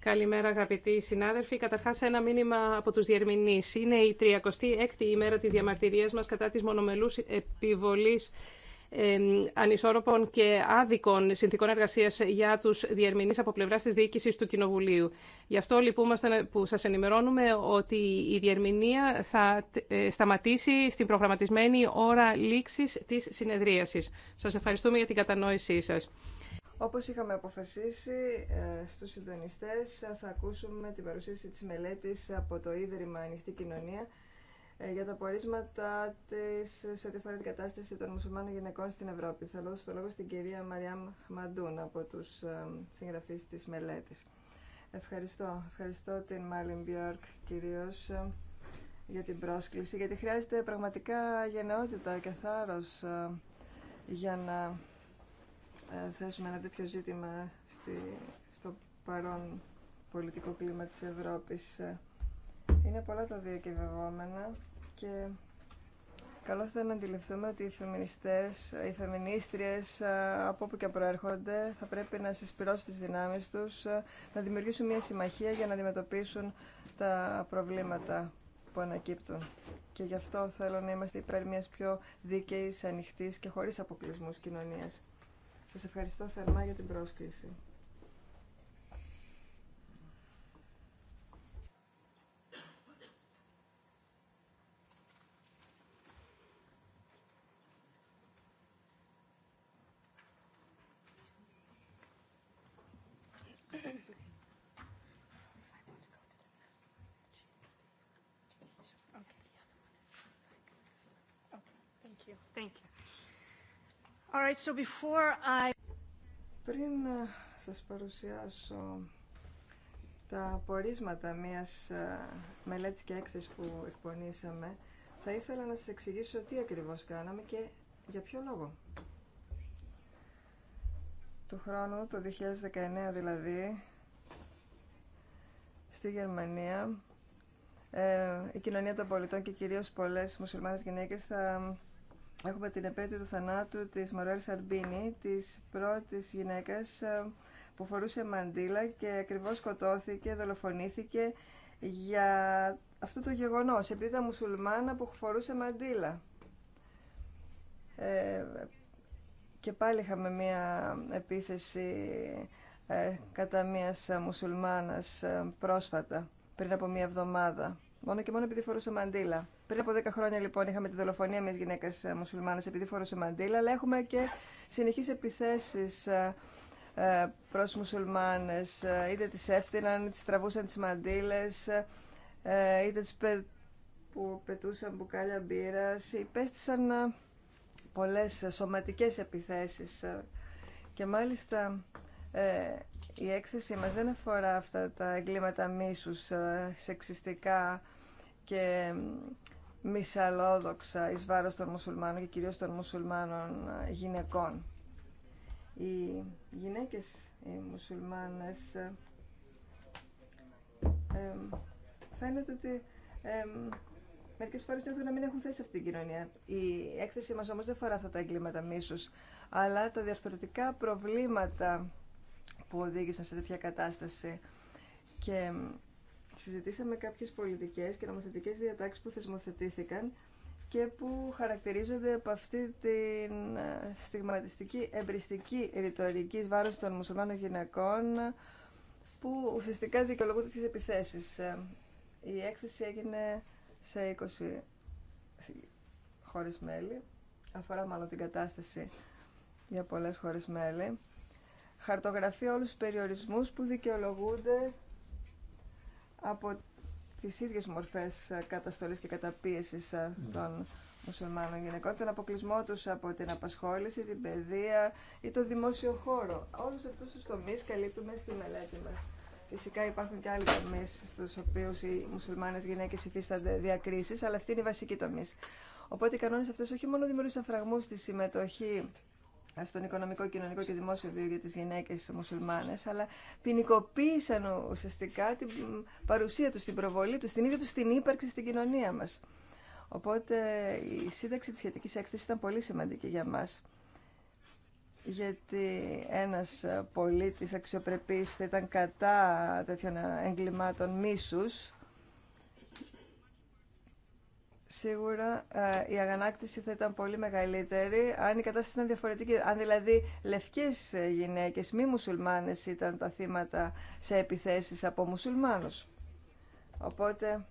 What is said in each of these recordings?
Καλημέρα αγαπητοί συνάδελφοι. Καταρχάς ένα μήνυμα από τους διερμηνείς. Είναι η 36η ημέρα της διαμαρτυρίας μας κατά της μονομελούς επιβολής ανισόρροπων και άδικων συνθήκων εργασία για του διερμηνεί από πλευρά τη διοίκηση του Κοινοβουλίου. Γι' αυτό λυπούμαστε λοιπόν, που σα ενημερώνουμε ότι η διερμηνία θα ε, σταματήσει στην προγραμματισμένη ώρα λήξη τη συνεδρίαση. Σα ευχαριστούμε για την κατανόησή σα. Όπως είχαμε αποφασίσει ε, στους συντονιστές θα ακούσουμε την παρουσίαση της μελέτης από το Ίδρυμα Ανοιχτή Κοινωνία ε, για τα πορίσματα τη σε ό,τι αφορά την κατάσταση των μουσουλμάνων γυναικών στην Ευρώπη. Θα δώσω το λόγο στην κυρία Μαριά Χμαντούν από του ε, συγγραφεί τη μελέτη. Ευχαριστώ. Ευχαριστώ την Μάλιν Μπιόρκ κυρίω ε, για την πρόσκληση, γιατί χρειάζεται πραγματικά γενναιότητα και θάρρο για να θέσουμε ένα τέτοιο ζήτημα στη, στο παρόν πολιτικό κλίμα της Ευρώπης είναι πολλά τα διακυβευόμενα και καλό θα είναι να αντιληφθούμε ότι οι φεμινιστές, οι φεμινίστριες από όπου και προέρχονται θα πρέπει να συσπυρώσουν τις δυνάμεις τους, να δημιουργήσουν μια συμμαχία για να αντιμετωπίσουν τα προβλήματα που ανακύπτουν. Και γι' αυτό θέλω να είμαστε υπέρ μια πιο δίκαιης, ανοιχτής και χωρίς αποκλεισμούς κοινωνίας. Σας ευχαριστώ θερμά για την πρόσκληση. so before I... Πριν ε, σας παρουσιάσω τα απορίσματα μιας ε, μελέτης και έκθεσης που εκπονήσαμε, θα ήθελα να σας εξηγήσω τι ακριβώς κάναμε και για ποιο λόγο. Του χρόνου, το 2019 δηλαδή, στη Γερμανία, ε, η κοινωνία των πολιτών και κυρίως πολλές μουσουλμάνες γυναίκες θα Έχουμε την επέτειο του θανάτου της Μαρουέλ Σαρμπίνη, της πρώτης γυναίκας ε, που φορούσε μαντίλα και ακριβώς σκοτώθηκε, δολοφονήθηκε για αυτό το γεγονός, επειδή ήταν μουσουλμάνα που φορούσε μαντίλα. Ε, και πάλι είχαμε μία επίθεση ε, κατά μίας μουσουλμάνας ε, πρόσφατα, πριν από μία εβδομάδα, μόνο και μόνο επειδή φορούσε μαντίλα. Πριν από 10 χρόνια λοιπόν είχαμε τη δολοφονία μιας γυναίκας ε, μουσουλμάνας επειδή φορούσε μαντήλα, αλλά έχουμε και συνεχείς επιθέσεις ε, ε, προς μουσουλμάνες, είτε τις έφτυναν, τις τραβούσαν τις μαντήλες, είτε τις που πετούσαν μπουκάλια μπύρας, υπέστησαν πολλές σωματικές επιθέσεις και μάλιστα η έκθεση μας δεν αφορά αυτά τα εγκλήματα μίσους, σεξιστικά και μισαλόδοξα εις βάρος των μουσουλμάνων και κυρίως των μουσουλμάνων ε, γυναικών. Οι γυναίκες οι μουσουλμάνες ε, φαίνεται ότι ε, μερικές φορές νιώθουν να μην έχουν θέση σε αυτήν την κοινωνία. Η έκθεση μας όμως δεν φορά αυτά τα εγκλήματα μίσους, αλλά τα διαρθρωτικά προβλήματα που οδήγησαν σε τέτοια κατάσταση. Και συζητήσαμε κάποιες πολιτικές και νομοθετικές διατάξεις που θεσμοθετήθηκαν και που χαρακτηρίζονται από αυτή την ε, στιγματιστική εμπριστική ρητορική βάρος των μουσουλμάνων γυναικών που ουσιαστικά δικαιολογούνται τις επιθέσεις. Ε, η έκθεση έγινε σε 20 χώρες μέλη, αφορά μάλλον την κατάσταση για πολλές χώρες μέλη. Χαρτογραφεί όλους τους περιορισμούς που δικαιολογούνται από τις ίδιες μορφές ε, καταστολής και καταπίεσης ε, ναι. των μουσουλμάνων γυναικών, τον αποκλεισμό τους από την απασχόληση, την παιδεία ή το δημόσιο χώρο. Όλους αυτούς τους τομείς καλύπτουμε στη μελέτη μας. Φυσικά υπάρχουν και άλλοι τομείς στους οποίους οι μουσουλμάνες γυναίκες υφίστανται διακρίσεις, αλλά αυτή είναι η βασική τομής. Οπότε οι κανόνες αυτές όχι μόνο δημιουργήσαν φραγμούς στη μελετη μας φυσικα υπαρχουν και αλλοι τομει στους οποιους οι μουσουλμανες γυναικες υφιστανται διακρισεις αλλα αυτη ειναι η βασικη τομη οποτε οι κανονες αυτες οχι μονο δημιουργησαν φραγμους στη συμμετοχη στον οικονομικό, κοινωνικό και δημόσιο βίο για τις γυναίκες μουσουλμάνες, αλλά ποινικοποίησαν ουσιαστικά την παρουσία τους, την προβολή τους, την ίδια τους την ύπαρξη στην κοινωνία μας. Οπότε η σύνταξη της σχετικής έκθεσης ήταν πολύ σημαντική για μας γιατί ένας πολίτης αξιοπρεπής θα ήταν κατά τέτοιων εγκλημάτων μίσους σίγουρα ε, η αγανάκτηση θα ήταν πολύ μεγαλύτερη αν η κατάσταση ήταν διαφορετική. Αν δηλαδή λευκές ε, γυναίκες, μη μουσουλμάνες ήταν τα θύματα σε επιθέσεις από μουσουλμάνους. Οπότε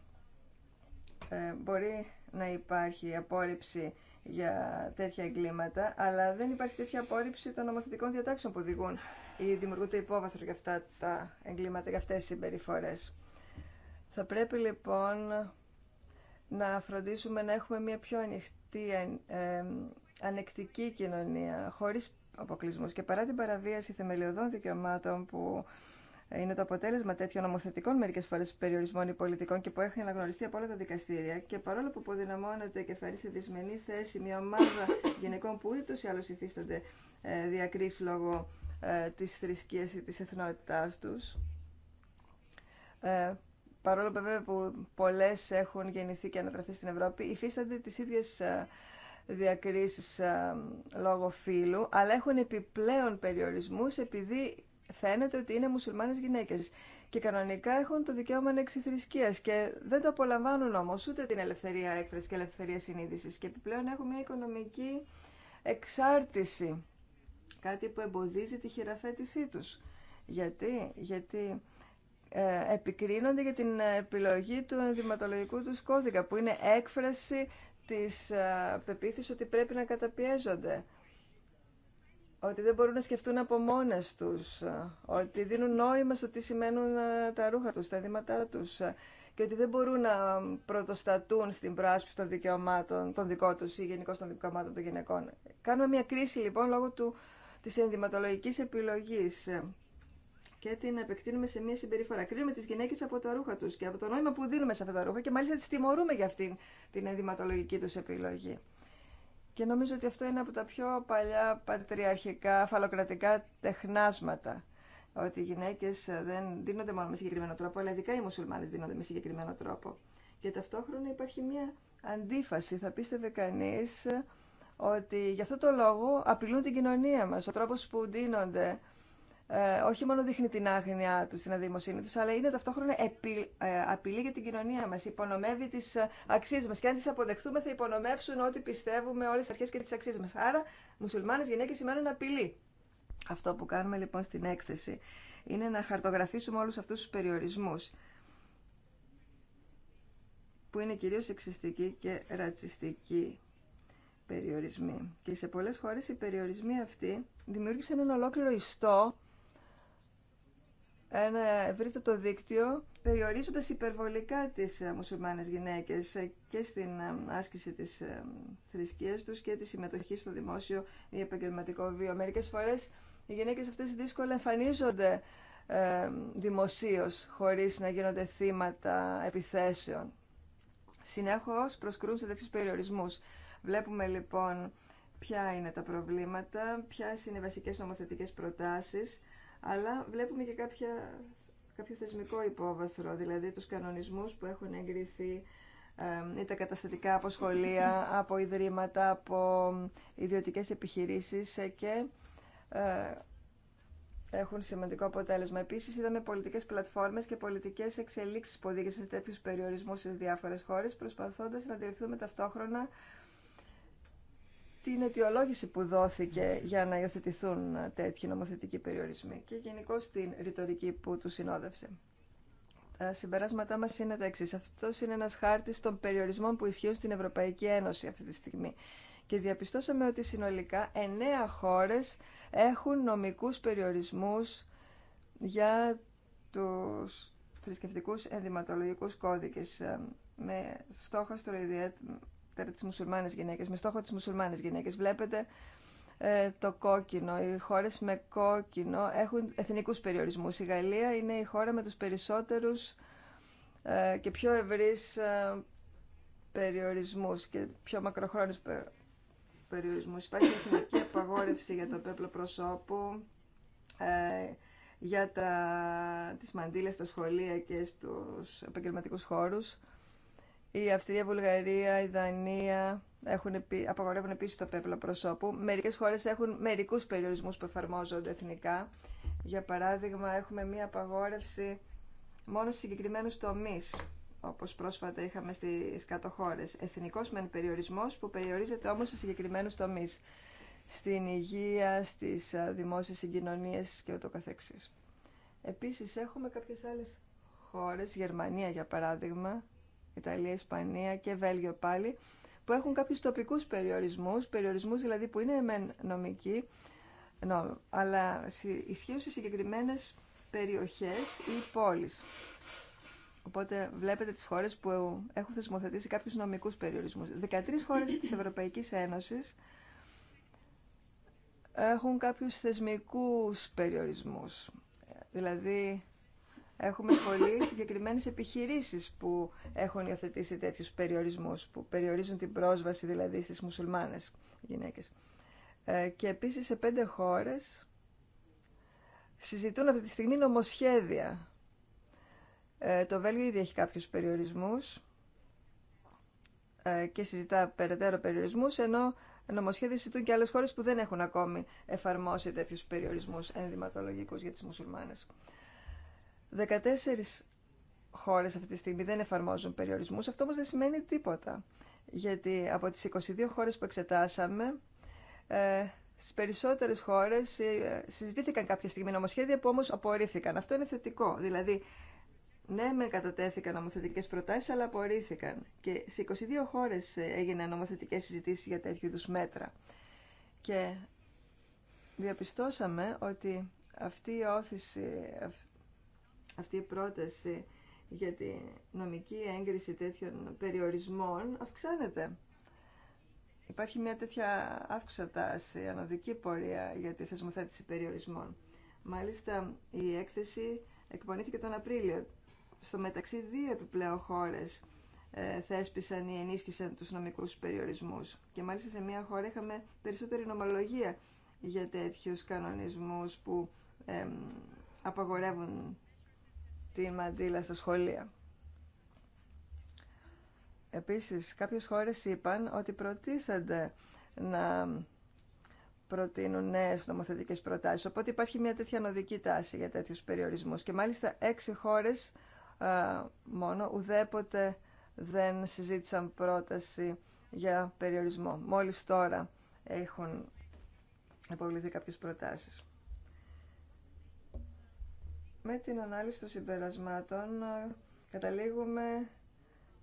ε, μπορεί να υπάρχει απόρριψη για τέτοια εγκλήματα, αλλά δεν υπάρχει τέτοια απόρριψη των νομοθετικών διατάξεων που οδηγούν ή δημιουργούνται υπόβαθρο για αυτά τα εγκλήματα, για αυτές τις συμπεριφορές. Θα πρέπει λοιπόν να φροντίσουμε να έχουμε μια πιο ανοιχτή, ανεκτική κοινωνία, χωρίς αποκλεισμούς. Και παρά την παραβίαση θεμελιωδών δικαιωμάτων που είναι το αποτέλεσμα τέτοιων νομοθετικών μερικέ φορέ περιορισμών ή πολιτικών και που έχει αναγνωριστεί από όλα τα δικαστήρια και παρόλο που αποδυναμώνεται και φέρει σε δυσμενή θέση μια ομάδα γυναικών που ούτω ή άλλω υφίστανται ε, διακρίσει λόγω ε, τη θρησκεία ή της εθνότητάς τους ε, παρόλο βέβαια που πολλές έχουν γεννηθεί και ανατραφεί στην Ευρώπη, υφίστανται τις ίδιες ε, διακρίσεις ε, λόγω φύλου, αλλά έχουν επιπλέον περιορισμούς επειδή φαίνεται ότι είναι μουσουλμάνες γυναίκες. Και κανονικά έχουν το δικαίωμα εξηθρησκεία και δεν το απολαμβάνουν όμω ούτε την ελευθερία έκφραση και ελευθερία συνείδηση. Και επιπλέον έχουν μια οικονομική εξάρτηση. Κάτι που εμποδίζει τη χειραφέτησή του. Γιατί, γιατί ε, επικρίνονται για την επιλογή του ενδυματολογικού τους κώδικα, που είναι έκφραση της ε, πεποίθησης ότι πρέπει να καταπιέζονται, ότι δεν μπορούν να σκεφτούν από μόνες τους, ε, ότι δίνουν νόημα στο τι σημαίνουν τα ρούχα τους, τα ενδύματά τους και ότι δεν μπορούν να πρωτοστατούν στην προάσπιση των δικαιωμάτων των δικών τους ή γενικώ των δικαιωμάτων των γυναικών. Κάνουμε μια κρίση λοιπόν λόγω του, της ενδυματολογικής επιλογής και την επεκτείνουμε σε μια συμπεριφορά. Κρίνουμε τι γυναίκε από τα ρούχα του και από το νόημα που δίνουμε σε αυτά τα ρούχα και μάλιστα τι τιμωρούμε για αυτήν την ενδυματολογική του επιλογή. Και νομίζω ότι αυτό είναι από τα πιο παλιά πατριαρχικά, φαλοκρατικά τεχνάσματα. Ότι οι γυναίκε ε, δεν δίνονται μόνο με συγκεκριμένο τρόπο, αλλά ειδικά οι μουσουλμάνε δίνονται με συγκεκριμένο τρόπο. Και ταυτόχρονα υπάρχει μια αντίφαση. Θα πίστευε κανεί ε, ότι γι' αυτό το λόγο απειλούν την κοινωνία μα. Ο τρόπο που ντύνονται, ε, όχι μόνο δείχνει την άγνοια του στην αδημοσύνη του, αλλά είναι ταυτόχρονα ε, απειλή για την κοινωνία μα. Υπονομεύει τι ε, αξίε μα. Και αν τι αποδεχτούμε θα υπονομεύσουν ό,τι πιστεύουμε, όλε τι αρχέ και τι αξίε μα. Άρα, μουσουλμάνε γυναίκε σημαίνουν απειλή. Αυτό που κάνουμε λοιπόν στην έκθεση είναι να χαρτογραφήσουμε όλου αυτού του περιορισμού που είναι κυρίω εξιστικοί και ρατσιστικοί περιορισμοί. Και σε πολλές χώρες οι περιορισμοί αυτοί δημιούργησαν ένα ολόκληρο ιστό ένα ευρύτατο δίκτυο περιορίζοντας υπερβολικά τις ε, μουσουλμάνες γυναίκες ε, και στην ε, άσκηση της θρησκείας τους και τη συμμετοχή στο δημόσιο ή επαγγελματικό βίο. Μερικές φορές οι γυναίκες αυτές δύσκολα εμφανίζονται ε, δημοσίως χωρίς να γίνονται θύματα επιθέσεων. Συνέχως προσκρούν σε τέτοιους περιορισμούς. Βλέπουμε λοιπόν ποια είναι τα προβλήματα, ποιε είναι οι βασικές νομοθετικές προτάσεις αλλά βλέπουμε και κάποια, κάποιο θεσμικό υπόβαθρο, δηλαδή τους κανονισμούς που έχουν εγκριθεί είτε καταστατικά από σχολεία, από ιδρύματα, από ιδιωτικές επιχειρήσεις ε, και ε, έχουν σημαντικό αποτέλεσμα. Επίσης, είδαμε πολιτικές πλατφόρμες και πολιτικές εξελίξεις που οδήγησαν σε τέτοιους περιορισμούς σε διάφορες χώρες, προσπαθώντας να αντιληφθούμε ταυτόχρονα την αιτιολόγηση που δόθηκε για να υιοθετηθούν τέτοιοι νομοθετικοί περιορισμοί και γενικώ την ρητορική που του συνόδευσε. Τα συμπεράσματά μας είναι τα εξή. Αυτό είναι ένας χάρτης των περιορισμών που ισχύουν στην Ευρωπαϊκή Ένωση αυτή τη στιγμή. Και διαπιστώσαμε ότι συνολικά εννέα χώρες έχουν νομικού περιορισμού για του θρησκευτικού ενδυματολογικού κώδικες ε, με της μουσουλμάνες γυναίκες, με στόχο τις μουσουλμάνες γυναίκες. Βλέπετε ε, το κόκκινο. Οι χώρες με κόκκινο έχουν εθνικούς περιορισμούς. Η Γαλλία είναι η χώρα με τους περισσότερους ε, και πιο ευρύς ε, περιορισμούς και πιο μακροχρόνιους περιορισμούς. Υπάρχει εθνική απαγόρευση για το πέπλο προσώπου, ε, για τα, τις μαντήλες στα σχολεία και στους επαγγελματικούς χώρους. Η Αυστρία, η Βουλγαρία, η Δανία έχουν, απαγορεύουν επίση το πέπλο προσώπου. Μερικέ χώρε έχουν μερικού περιορισμούς που εφαρμόζονται εθνικά. Για παράδειγμα, έχουμε μία απαγόρευση μόνο σε συγκεκριμένου τομεί, όπως πρόσφατα είχαμε κάτω χώρε. Εθνικό μεν περιορισμό που περιορίζεται όμω σε συγκεκριμένου τομεί. Στην υγεία, στι δημόσιε συγκοινωνίε και ούτω καθεξής. Επίση, έχουμε κάποιε άλλε χώρε, Γερμανία για παράδειγμα, Ιταλία, Ισπανία και Βέλγιο πάλι, που έχουν κάποιους τοπικούς περιορισμούς, περιορισμούς δηλαδή που είναι μεν νομικοί, αλλά ισχύουν σε συγκεκριμένες περιοχές ή πόλεις. Οπότε βλέπετε τις χώρες που έχουν θεσμοθετήσει κάποιους νομικούς περιορισμούς. 13 χώρες της Ευρωπαϊκής Ένωσης έχουν κάποιους θεσμικούς περιορισμούς. Δηλαδή Έχουμε σχολεί συγκεκριμένε επιχειρήσει που έχουν υιοθετήσει τέτοιου περιορισμού, που περιορίζουν την πρόσβαση δηλαδή στι μουσουλμάνε γυναίκε. Ε, και επίση σε πέντε χώρε συζητούν αυτή τη στιγμή νομοσχέδια. Ε, το Βέλγιο ήδη έχει κάποιου περιορισμού ε, και συζητά περαιτέρω περιορισμού, ενώ νομοσχέδια συζητούν και άλλε χώρε που δεν έχουν ακόμη εφαρμόσει τέτοιου περιορισμού ενδυματολογικού για τι μουσουλμάνες. 14 χώρες αυτή τη στιγμή δεν εφαρμόζουν περιορισμούς. Αυτό όμως δεν σημαίνει τίποτα. Γιατί από τις 22 χώρες που εξετάσαμε, ε, στις περισσότερες χώρες ε, συζητήθηκαν κάποια στιγμή νομοσχέδια που όμως απορρίφθηκαν. Αυτό είναι θετικό. Δηλαδή, ναι, με κατατέθηκαν νομοθετικέ προτάσει, αλλά απορρίφθηκαν. Και σε 22 χώρε ε, έγιναν νομοθετικέ συζητήσει για τέτοιου είδου μέτρα. Και διαπιστώσαμε ότι αυτή η όθηση, αυτή η πρόταση για τη νομική έγκριση τέτοιων περιορισμών αυξάνεται. Υπάρχει μια τέτοια αύξουσα τάση, ανωδική πορεία για τη θεσμοθέτηση περιορισμών. Μάλιστα, η έκθεση εκπονήθηκε τον Απρίλιο. Στο μεταξύ, δύο επιπλέον χώρε ε, θέσπισαν ή ενίσχυσαν του νομικού περιορισμού. Και μάλιστα σε μια χώρα είχαμε περισσότερη νομολογία για τέτοιου κανονισμού που απαγορεύουν τη μαντήλα στα σχολεία. Επίσης, κάποιες χώρες είπαν ότι προτίθενται να προτείνουν νέε νομοθετικές προτάσεις. Οπότε υπάρχει μια τέτοια νοδική τάση για τέτοιους περιορισμούς. Και μάλιστα έξι χώρες μόνο ουδέποτε δεν συζήτησαν πρόταση για περιορισμό. Μόλις τώρα έχουν υποβληθεί κάποιες προτάσεις με την ανάλυση των συμπερασμάτων ε, καταλήγουμε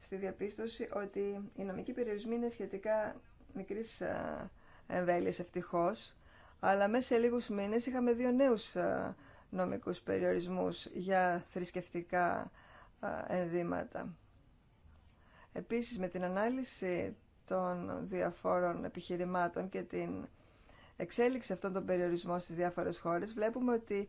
στη διαπίστωση ότι οι νομικοί περιορισμοί είναι σχετικά μικρής ε, εμβέλειας ευτυχώς, αλλά μέσα σε λίγους μήνες είχαμε δύο νέους ε, νομικούς περιορισμούς για θρησκευτικά ενδύματα. Επίσης, με την ανάλυση των διαφόρων επιχειρημάτων και την εξέλιξη αυτών των περιορισμών στις διάφορες χώρες, βλέπουμε ότι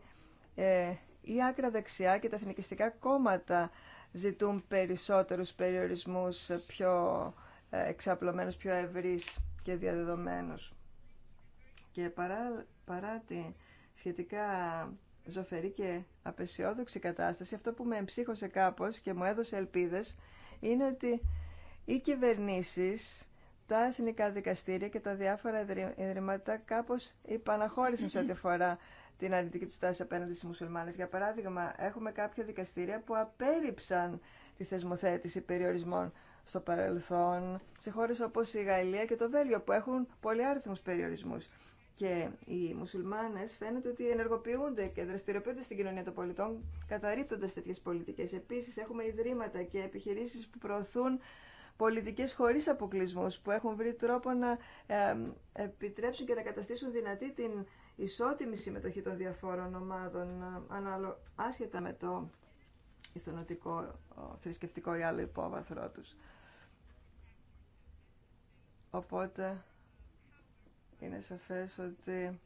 η άκρα δεξιά και τα εθνικιστικά κόμματα ζητούν περισσότερους περιορισμούς πιο ε, εξαπλωμένους, πιο ευρύς και διαδεδομένους. Και παρά, τη σχετικά ζωφερή και απεσιόδοξη κατάσταση, αυτό που με εμψύχωσε κάπως και μου έδωσε ελπίδες, είναι ότι οι κυβερνήσεις, τα εθνικά δικαστήρια και τα διάφορα ιδρύματα κάπως υπαναχώρησαν σε ό,τι αφορά την αρνητική του στάση απέναντι στι μουσουλμάνες. Για παράδειγμα, έχουμε κάποια δικαστήρια που απέρριψαν τη θεσμοθέτηση περιορισμών στο παρελθόν σε χώρε όπω η Γαλλία και το Βέλγιο που έχουν πολυάριθμους περιορισμού. Και οι μουσουλμάνες φαίνεται ότι ενεργοποιούνται και δραστηριοποιούνται στην κοινωνία των πολιτών καταρρύπτοντας τέτοιε πολιτικέ. Επίση, έχουμε ιδρύματα και επιχειρήσει που προωθούν πολιτικές χωρίς αποκλεισμούς που έχουν βρει τρόπο να ε, επιτρέψουν και να καταστήσουν δυνατή την ισότιμη συμμετοχή των διαφόρων ομάδων, ε, ανάλο, άσχετα με το ηθονοτικό, θρησκευτικό ή άλλο υπόβαθρό τους. Οπότε είναι σαφές ότι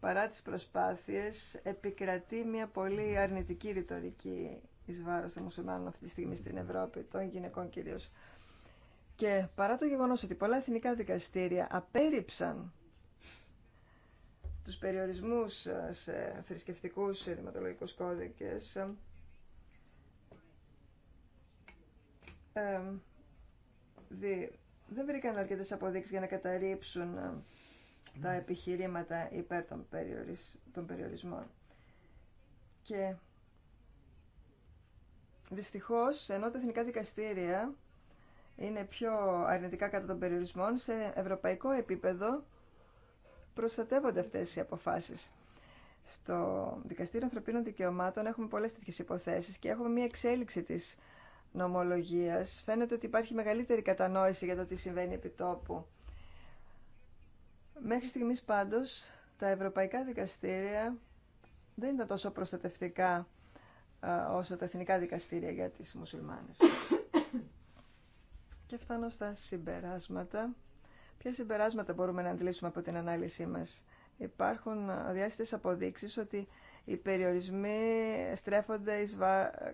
παρά τις προσπάθειες επικρατεί μια πολύ αρνητική ρητορική εις βάρος των μουσουλμάνων αυτή τη στιγμή στην Ευρώπη, των γυναικών κυρίως. Και παρά το γεγονός ότι πολλά εθνικά δικαστήρια απέρριψαν τους περιορισμούς ε, σε θρησκευτικούς ειδηματολογικούς κώδικες ε, ε, δεν βρήκαν αρκετές αποδείξεις για να καταρρύψουν τα ναι. επιχειρήματα υπέρ των, περιορισ... των περιορισμών. Και δυστυχώς, ενώ τα εθνικά δικαστήρια είναι πιο αρνητικά κατά των περιορισμών, σε ευρωπαϊκό επίπεδο προστατεύονται αυτές οι αποφάσεις. Στο Δικαστήριο Ανθρωπίνων Δικαιωμάτων έχουμε πολλές τέτοιες υποθέσεις και έχουμε μία εξέλιξη της νομολογίας. Φαίνεται ότι υπάρχει μεγαλύτερη κατανόηση για το τι συμβαίνει επί τόπου. Μέχρι στιγμής πάντως τα ευρωπαϊκά δικαστήρια δεν ήταν τόσο προστατευτικά όσο τα εθνικά δικαστήρια για τις μουσουλμάνες. και φτάνω στα συμπεράσματα Ποια συμπεράσματα μπορούμε να αντλήσουμε από την ανάλυση μας. Υπάρχουν αδιάστητες αποδείξεις ότι οι περιορισμοί στρέφονται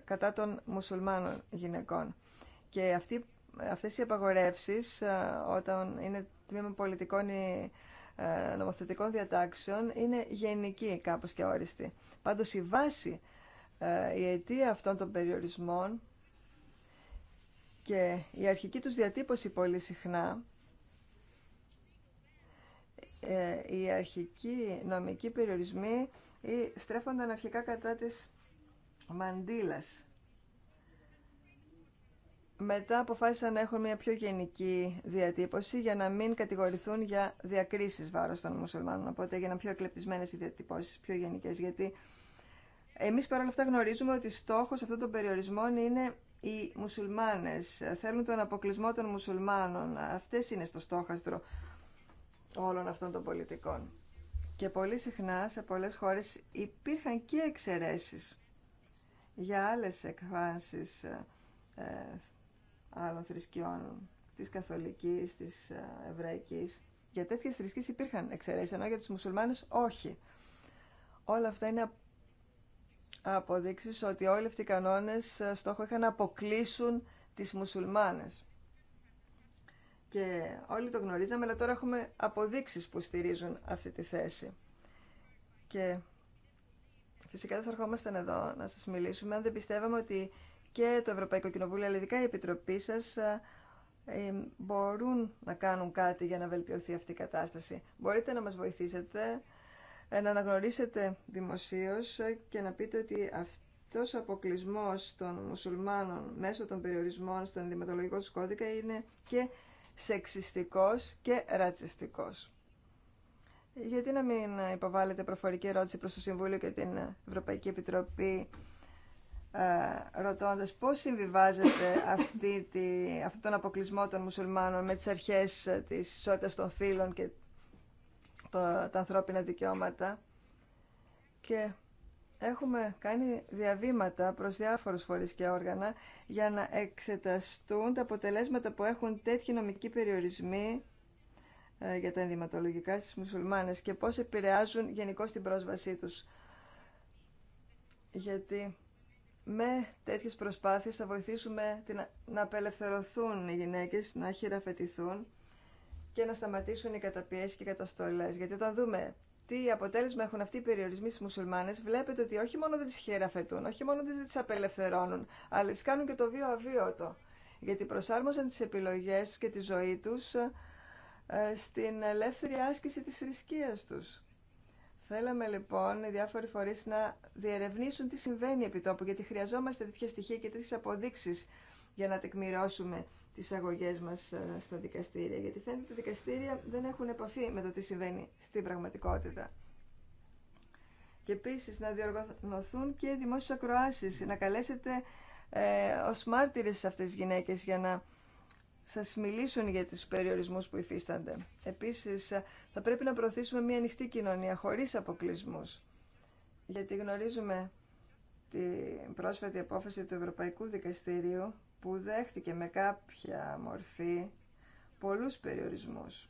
κατά των μουσουλμάνων γυναικών. Και αυτοί, αυτές οι απαγορεύσεις, ε, όταν είναι τμήμα πολιτικών ή ε, νομοθετικών διατάξεων, είναι γενική κάπως και όριστη. Πάντως η βάση, ε, η αιτία αυτών των περιορισμών και η αρχική τους διατύπωση πολύ συχνά ε, οι αρχικοί νομικοί περιορισμοί στρέφονταν αρχικά κατά της μαντήλας. Μετά αποφάσισαν να έχουν μια πιο γενική διατύπωση για να μην κατηγορηθούν για διακρίσεις βάρος των μουσουλμάνων. Οπότε έγιναν πιο εκλεπτισμένες οι διατυπώσεις, πιο γενικές, γιατί εμείς παρόλα αυτά γνωρίζουμε ότι στόχος αυτών των περιορισμών είναι οι μουσουλμάνες. Θέλουν τον αποκλεισμό των μουσουλμάνων. Αυτές είναι στο στόχαστρο όλων αυτών των πολιτικών. Και πολύ συχνά σε πολλές χώρες υπήρχαν και εξαιρέσεις για άλλες εκφάνσεις ε, ε, άλλων θρησκειών, της καθολικής, της ε, εβραϊκής. Για τέτοιες θρησκείς υπήρχαν εξαιρέσεις, ενώ για τους μουσουλμάνους όχι. Όλα αυτά είναι αποδείξεις ότι όλοι αυτοί οι κανόνες στόχο είχαν να αποκλείσουν τις μουσουλμάνες. Και όλοι το γνωρίζαμε, αλλά τώρα έχουμε αποδείξεις που στηρίζουν αυτή τη θέση. Και φυσικά δεν θα ερχόμασταν εδώ να σας μιλήσουμε αν δεν πιστεύαμε ότι και το Ευρωπαϊκό Κοινοβούλιο, αλλά ειδικά η Επιτροπή σας, ε, ε, μπορούν να κάνουν κάτι για να βελτιωθεί αυτή η κατάσταση. Μπορείτε να μας βοηθήσετε, ε, να αναγνωρίσετε δημοσίως και να πείτε ότι αυτός ο αποκλεισμός των μουσουλμάνων μέσω των περιορισμών στον ενδυματολογικό του κώδικα είναι και σεξιστικός και ρατσιστικός. Γιατί να μην υποβάλλετε προφορική ερώτηση προς το Συμβούλιο και την Ευρωπαϊκή Επιτροπή ε, ρωτώντας πώς συμβιβάζεται αυτή τη, αυτόν τον αποκλεισμό των μουσουλμάνων με τις αρχές της ισότητας των φύλων και το, τα ανθρώπινα δικαιώματα και έχουμε κάνει διαβήματα προς διάφορους φορείς και όργανα για να εξεταστούν τα αποτελέσματα που έχουν τέτοιοι νομικοί περιορισμοί ε, για τα ενδυματολογικά στις μουσουλμάνες και πώς επηρεάζουν γενικώ την πρόσβασή τους. Γιατί με τέτοιες προσπάθειες θα βοηθήσουμε να απελευθερωθούν οι γυναίκες, να χειραφετηθούν και να σταματήσουν οι καταπιέσεις και οι καταστολές. Γιατί όταν δούμε τι αποτέλεσμα έχουν αυτοί οι περιορισμοί στι μουσουλμάνε, βλέπετε ότι όχι μόνο δεν τι χειραφετούν, όχι μόνο δεν τι απελευθερώνουν, αλλά τι κάνουν και το βίο αβίωτο. Γιατί προσάρμοσαν τι επιλογέ του και τη ζωή του ε, στην ελεύθερη άσκηση της θρησκείας τους. Θέλαμε λοιπόν οι διάφοροι φορείς να διερευνήσουν τι συμβαίνει επί τόπου, γιατί χρειαζόμαστε τέτοια στοιχεία και τέτοιες αποδείξεις για να τεκμηρώσουμε τις αγωγέ μας ε, στα δικαστήρια, γιατί φαίνεται ότι τα δικαστήρια δεν έχουν επαφή με το τι συμβαίνει στην πραγματικότητα. Και επίση, να διοργανωθούν και δημόσιες ακροασει, να καλέσετε ε, ως μάρτυρες αυτές τι γυναίκες για να σας μιλήσουν για του περιορισμού που υφίστανται. Επίσης, ε, θα πρέπει να προωθήσουμε μια ανοιχτή κοινωνία, χωρί αποκλεισμού. Γιατί γνωρίζουμε την πρόσφατη απόφαση του Ευρωπαϊκού Δικαστηρίου που δέχτηκε με κάποια μορφή πολλούς περιορισμούς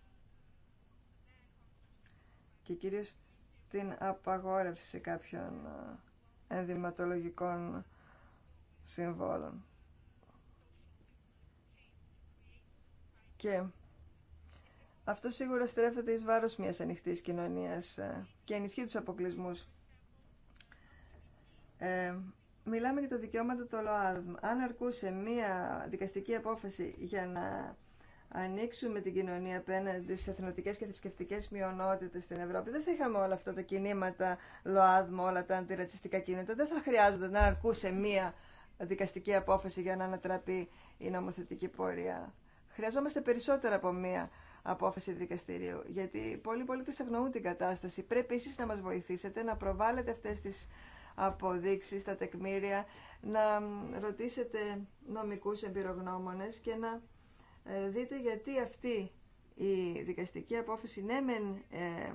και κυρίως την απαγόρευση κάποιων ε, ενδυματολογικών συμβόλων. Και αυτό σίγουρα στρέφεται εις βάρος μιας ανοιχτής κοινωνίας ε, και ενισχύει τους αποκλεισμούς. Ε, μιλάμε για τα δικαιώματα του ΛΟΑΔΜ. Αν αρκούσε μία δικαστική απόφαση για να ανοίξουμε την κοινωνία απέναντι στι εθνοτικέ και θρησκευτικέ μειονότητε στην Ευρώπη, δεν θα είχαμε όλα αυτά τα κινήματα ΛΟΑΔΜ, όλα τα αντιρατσιστικά κινήματα. Δεν θα χρειάζονται να αρκούσε μία δικαστική απόφαση για να ανατραπεί η νομοθετική πορεία. Χρειαζόμαστε περισσότερα από μία απόφαση δικαστηρίου. Γιατί πολλοί πολίτε αγνοούν την κατάσταση. Πρέπει εσεί να μα βοηθήσετε να προβάλλετε αυτέ τι αποδείξεις, τα τεκμήρια, να ρωτήσετε νομικούς εμπειρογνώμονες και να ε, δείτε γιατί αυτή η δικαστική απόφαση ναι μεν ε,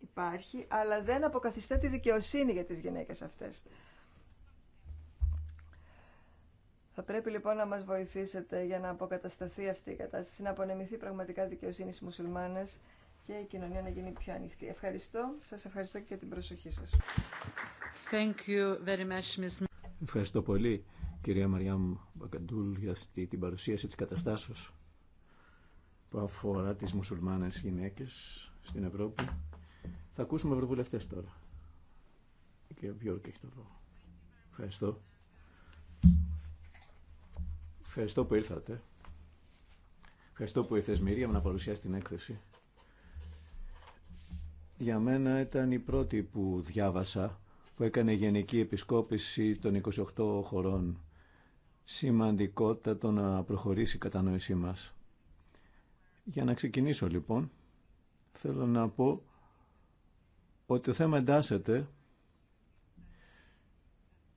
υπάρχει, αλλά δεν αποκαθιστά τη δικαιοσύνη για τις γυναίκες αυτές. Θα πρέπει λοιπόν να μας βοηθήσετε για να αποκατασταθεί αυτή η κατάσταση, να απονεμηθεί πραγματικά δικαιοσύνη στις μουσουλμάνες και η κοινωνία να γίνει πιο ανοιχτή. Ευχαριστώ. Σας ευχαριστώ και για την προσοχή σας. Thank Ευχαριστώ πολύ, κυρία Μαριάμ Μπακαντούλ, για αυτή την παρουσίαση της καταστάσεως που αφορά τις μουσουλμάνες γυναίκες στην Ευρώπη. Θα ακούσουμε ευρωβουλευτές τώρα. Και κυρία Βιόρκ έχει το λόγο. Ευχαριστώ. Ευχαριστώ που ήρθατε. Ευχαριστώ που ήρθες Μυρία να παρουσιάσει την έκθεση. Για μένα ήταν η πρώτη που διάβασα που έκανε γενική επισκόπηση των 28 χωρών. Σημαντικότατο να προχωρήσει η κατανόησή μας. Για να ξεκινήσω λοιπόν, θέλω να πω ότι το θέμα εντάσσεται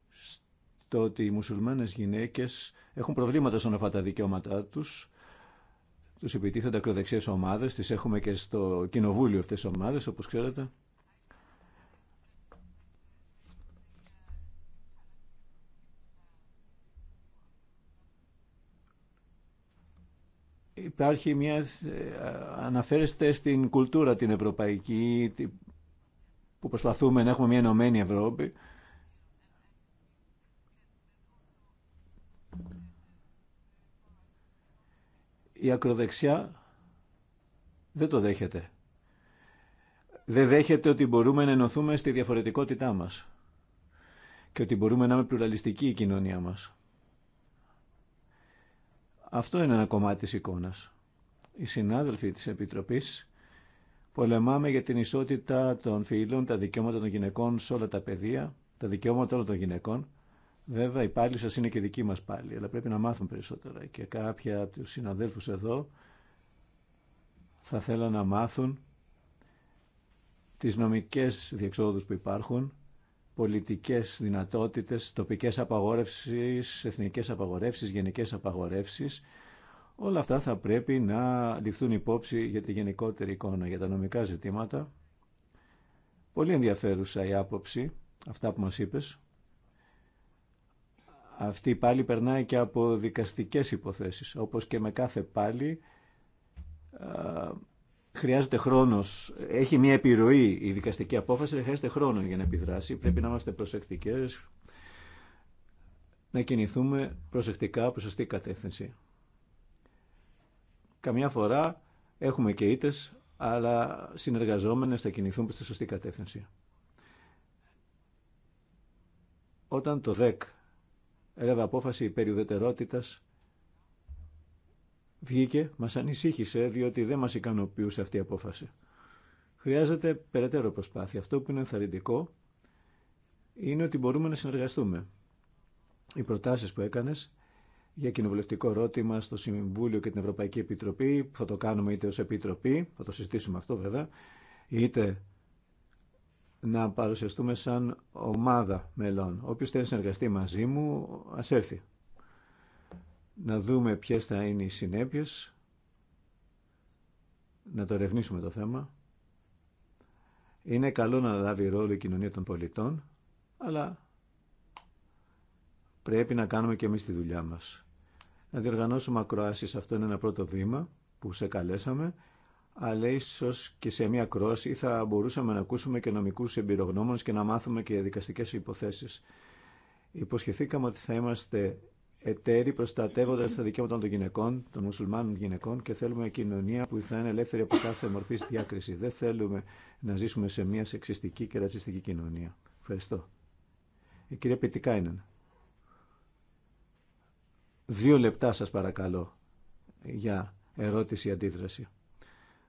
στο ότι οι μουσουλμάνες γυναίκες έχουν προβλήματα στον αυτά τα δικαιώματά τους, τους επιτίθενται ακροδεξιές ομάδες, τις έχουμε και στο κοινοβούλιο αυτές τις ομάδες, όπως ξέρετε, υπάρχει μια, ε, αναφέρεστε στην κουλτούρα την ευρωπαϊκή που προσπαθούμε να έχουμε μια ενωμένη Ευρώπη. Η ακροδεξιά δεν το δέχεται. Δεν δέχεται ότι μπορούμε να ενωθούμε στη διαφορετικότητά μας και ότι μπορούμε να είμαι πλουραλιστική η κοινωνία μας. Αυτό είναι ένα κομμάτι της εικόνας. Οι συνάδελφοι της Επιτροπής πολεμάμε για την ισότητα των φίλων, τα δικαιώματα των γυναικών σε όλα τα πεδία, τα δικαιώματα όλων των γυναικών. Βέβαια, οι πάλι σας είναι και δική μας πάλι, αλλά πρέπει να μάθουν περισσότερα. Και κάποια από τους συναδέλφους εδώ θα θέλουν να μάθουν τις νομικές διεξόδους που υπάρχουν, πολιτικές δυνατότητες, τοπικές απαγορεύσεις, εθνικές απαγορεύσεις, γενικές απαγορεύσεις. Όλα αυτά θα πρέπει να ληφθούν υπόψη για τη γενικότερη εικόνα, για τα νομικά ζητήματα. Πολύ ενδιαφέρουσα η άποψη, αυτά που μας είπες. Αυτή πάλι περνάει και από δικαστικές υποθέσεις, όπως και με κάθε πάλι χρειάζεται χρόνο. Έχει μια επιρροή η δικαστική απόφαση, χρειάζεται χρόνο για να επιδράσει. Πρέπει να είμαστε προσεκτικέ, να κινηθούμε προσεκτικά προ σωστή κατεύθυνση. Καμιά φορά έχουμε και ήττε, αλλά συνεργαζόμενε θα κινηθούν προ τη σωστή κατεύθυνση. Όταν το ΔΕΚ έλαβε απόφαση περί βγήκε μας ανησύχησε διότι δεν μας ικανοποιούσε αυτή η απόφαση. Χρειάζεται περαιτέρω προσπάθεια. Αυτό που είναι ενθαρρυντικό είναι ότι μπορούμε να συνεργαστούμε. Οι προτάσεις που έκανες για κοινοβουλευτικό ρώτημα στο Συμβούλιο και την Ευρωπαϊκή Επιτροπή, θα το κάνουμε είτε ως Επιτροπή, θα το συζητήσουμε αυτό βέβαια, είτε να παρουσιαστούμε σαν ομάδα μελών. Όποιος θέλει να συνεργαστεί μαζί μου, ας έρθει να δούμε ποιες θα είναι οι συνέπειες, να το ερευνήσουμε το θέμα. Είναι καλό να λάβει ρόλο η κοινωνία των πολιτών, αλλά πρέπει να κάνουμε και εμείς τη δουλειά μας. Να διοργανώσουμε ακροάσεις, αυτό είναι ένα πρώτο βήμα που σε καλέσαμε, αλλά ίσω και σε μια κρόση θα μπορούσαμε να ακούσουμε και νομικούς και να μάθουμε και δικαστικές υποθέσεις. Υποσχεθήκαμε ότι θα είμαστε εταίροι προστατεύοντας τα δικαιώματα των γυναικών, των μουσουλμάνων γυναικών και θέλουμε κοινωνία που θα είναι ελεύθερη από κάθε μορφή διάκριση. Δεν θέλουμε να ζήσουμε σε μια σεξιστική και ρατσιστική κοινωνία. Ευχαριστώ. Η κυρία Πιτικάινεν. Δύο λεπτά σας παρακαλώ για ερώτηση-αντίδραση.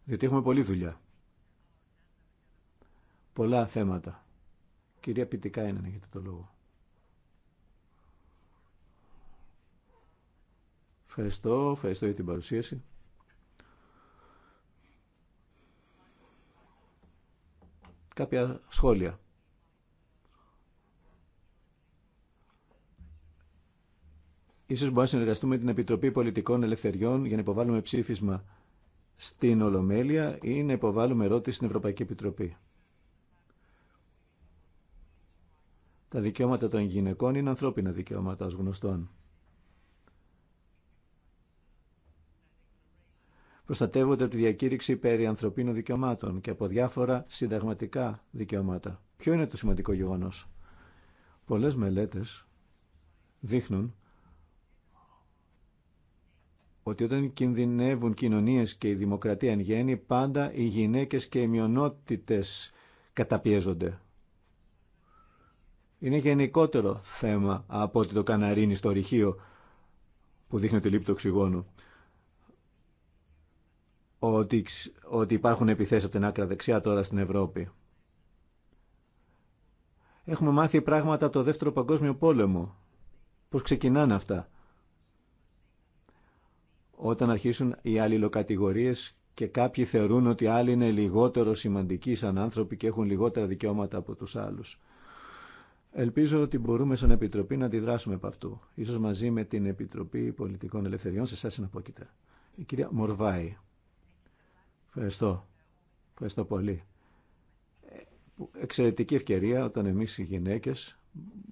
Διότι έχουμε πολλή δουλειά. Πολλά θέματα. Κυρία Πιτικάινεν έχετε το λόγο. Ευχαριστώ, ευχαριστώ για την παρουσίαση. Κάποια σχόλια. Ίσως μπορούμε να συνεργαστούμε με την Επιτροπή Πολιτικών Ελευθεριών για να υποβάλουμε ψήφισμα στην Ολομέλεια ή να υποβάλουμε ερώτηση στην Ευρωπαϊκή Επιτροπή. Τα δικαιώματα των γυναικών είναι ανθρώπινα δικαιώματα ως γνωστόν. προστατεύονται από τη διακήρυξη περί ανθρωπίνων δικαιωμάτων και από διάφορα συνταγματικά δικαιώματα. Ποιο είναι το σημαντικό γεγονό. Πολλέ μελέτες δείχνουν ότι όταν κινδυνεύουν κοινωνίες και η δημοκρατία εν γέννη, πάντα οι γυναίκες και οι μειονότητες καταπιέζονται. Είναι γενικότερο θέμα από ότι το καναρίνι στο ρηχείο που δείχνει ότι λείπει το οξυγόνο ότι, υπάρχουν επιθέσεις από την άκρα δεξιά τώρα στην Ευρώπη. Έχουμε μάθει πράγματα από το Δεύτερο Παγκόσμιο Πόλεμο. Πώς ξεκινάνε αυτά. Όταν αρχίσουν οι αλληλοκατηγορίες και κάποιοι θεωρούν ότι άλλοι είναι λιγότερο σημαντικοί σαν άνθρωποι και έχουν λιγότερα δικαιώματα από τους άλλους. Ελπίζω ότι μπορούμε σαν Επιτροπή να αντιδράσουμε από αυτού. Ίσως μαζί με την Επιτροπή Πολιτικών Ελευθεριών σε εσάς να Η κυρία Μορβάη. Ευχαριστώ. Ευχαριστώ πολύ. Εξαιρετική ευκαιρία όταν εμείς οι γυναίκες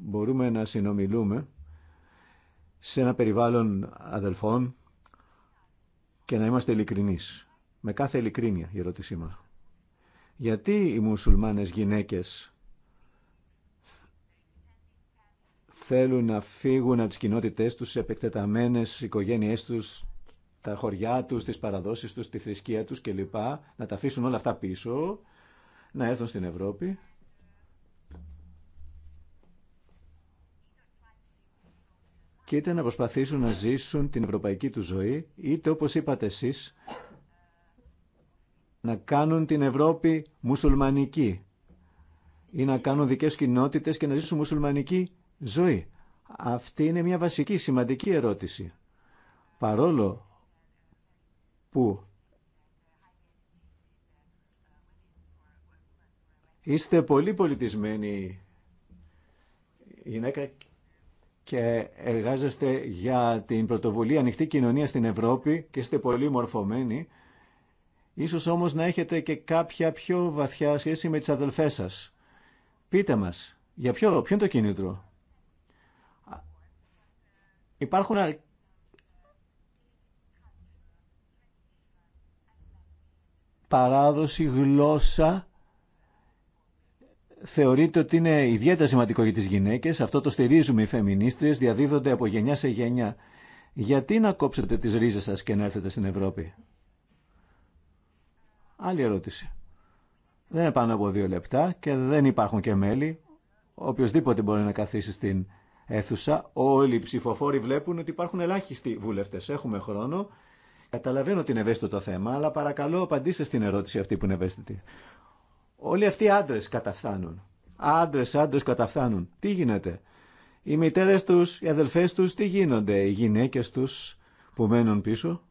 μπορούμε να συνομιλούμε σε ένα περιβάλλον αδελφών και να είμαστε ειλικρινεί. Με κάθε ειλικρίνεια η ερώτησή μας. Γιατί οι μουσουλμάνες γυναίκες θέλουν να φύγουν από τις κοινότητές τους σε επεκτεταμένες οικογένειές τους τα χωριά τους, τις παραδόσεις τους, τη θρησκεία τους κλπ. Να τα αφήσουν όλα αυτά πίσω, να έρθουν στην Ευρώπη. Και είτε να προσπαθήσουν να ζήσουν την ευρωπαϊκή του ζωή, είτε όπως είπατε εσείς, να κάνουν την Ευρώπη μουσουλμανική ή να κάνουν δικές κοινότητες και να ζήσουν μουσουλμανική ζωή. Αυτή είναι μια βασική σημαντική ερώτηση. Παρόλο που είστε πολύ πολιτισμένοι γυναίκα και εργάζεστε για την πρωτοβουλία ανοιχτή κοινωνία στην Ευρώπη και είστε πολύ μορφωμένοι. Ίσως όμως να έχετε και κάποια πιο βαθιά σχέση με τις αδελφές σας. Πείτε μας, για ποιο, ποιο είναι το κίνητρο. Υπάρχουν παράδοση, γλώσσα θεωρείται ότι είναι ιδιαίτερα σημαντικό για τις γυναίκες. Αυτό το στηρίζουμε οι φεμινίστριες, διαδίδονται από γενιά σε γενιά. Γιατί να κόψετε τις ρίζες σας και να έρθετε στην Ευρώπη. Άλλη ερώτηση. Δεν είναι πάνω από δύο λεπτά και δεν υπάρχουν και μέλη. Οποιοςδήποτε μπορεί να καθίσει στην αίθουσα. Όλοι οι ψηφοφόροι βλέπουν ότι υπάρχουν ελάχιστοι βουλευτές. Έχουμε χρόνο Καταλαβαίνω ότι είναι ευαίσθητο το θέμα, αλλά παρακαλώ απαντήστε στην ερώτηση αυτή που είναι ευαίσθητη. Όλοι αυτοί οι άντρε καταφθάνουν. Άντρε, άντρε καταφθάνουν. Τι γίνεται. Οι μητέρε του, οι αδελφέ του, τι γίνονται. Οι γυναίκε του που μένουν πίσω.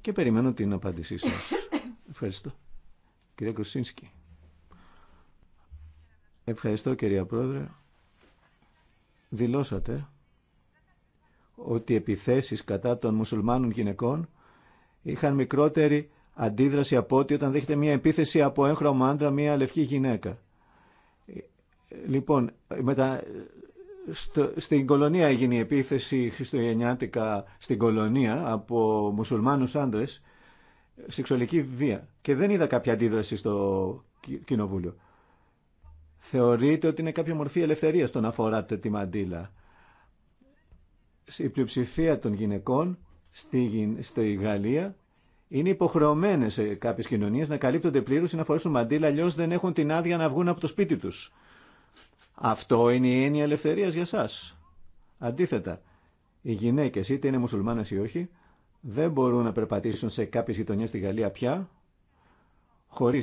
Και περιμένω την απάντησή σα. Ευχαριστώ. Κυρία Κρουσίνσκι. Ευχαριστώ κυρία Πρόεδρε. Δηλώσατε ότι οι επιθέσεις κατά των μουσουλμάνων γυναικών είχαν μικρότερη αντίδραση από ότι όταν δέχεται μια επίθεση από έγχρωμο άντρα μια λευκή γυναίκα. Λοιπόν, μετα... Στο... στην κολονία έγινε η επίθεση χριστουγεννιάτικα στην κολονία από μουσουλμάνους άντρες σεξουαλική βία και δεν είδα κάποια αντίδραση στο κοινοβούλιο. Θεωρείτε ότι είναι κάποια μορφή ελευθερίας το να φοράτε τη μαντήλα η πλειοψηφία των γυναικών στη, στη Γαλλία είναι υποχρεωμένε σε κάποιε κοινωνίε να καλύπτονται πλήρω ή να φορέσουν μαντήλα, αλλιώ δεν έχουν την άδεια να βγουν από το σπίτι του. Αυτό είναι η έννοια ελευθερία για εσά. Αντίθετα, οι γυναίκε, είτε είναι μουσουλμάνε ή όχι, δεν μπορούν να περπατήσουν σε κάποιε γειτονιέ στη Γαλλία πια χωρί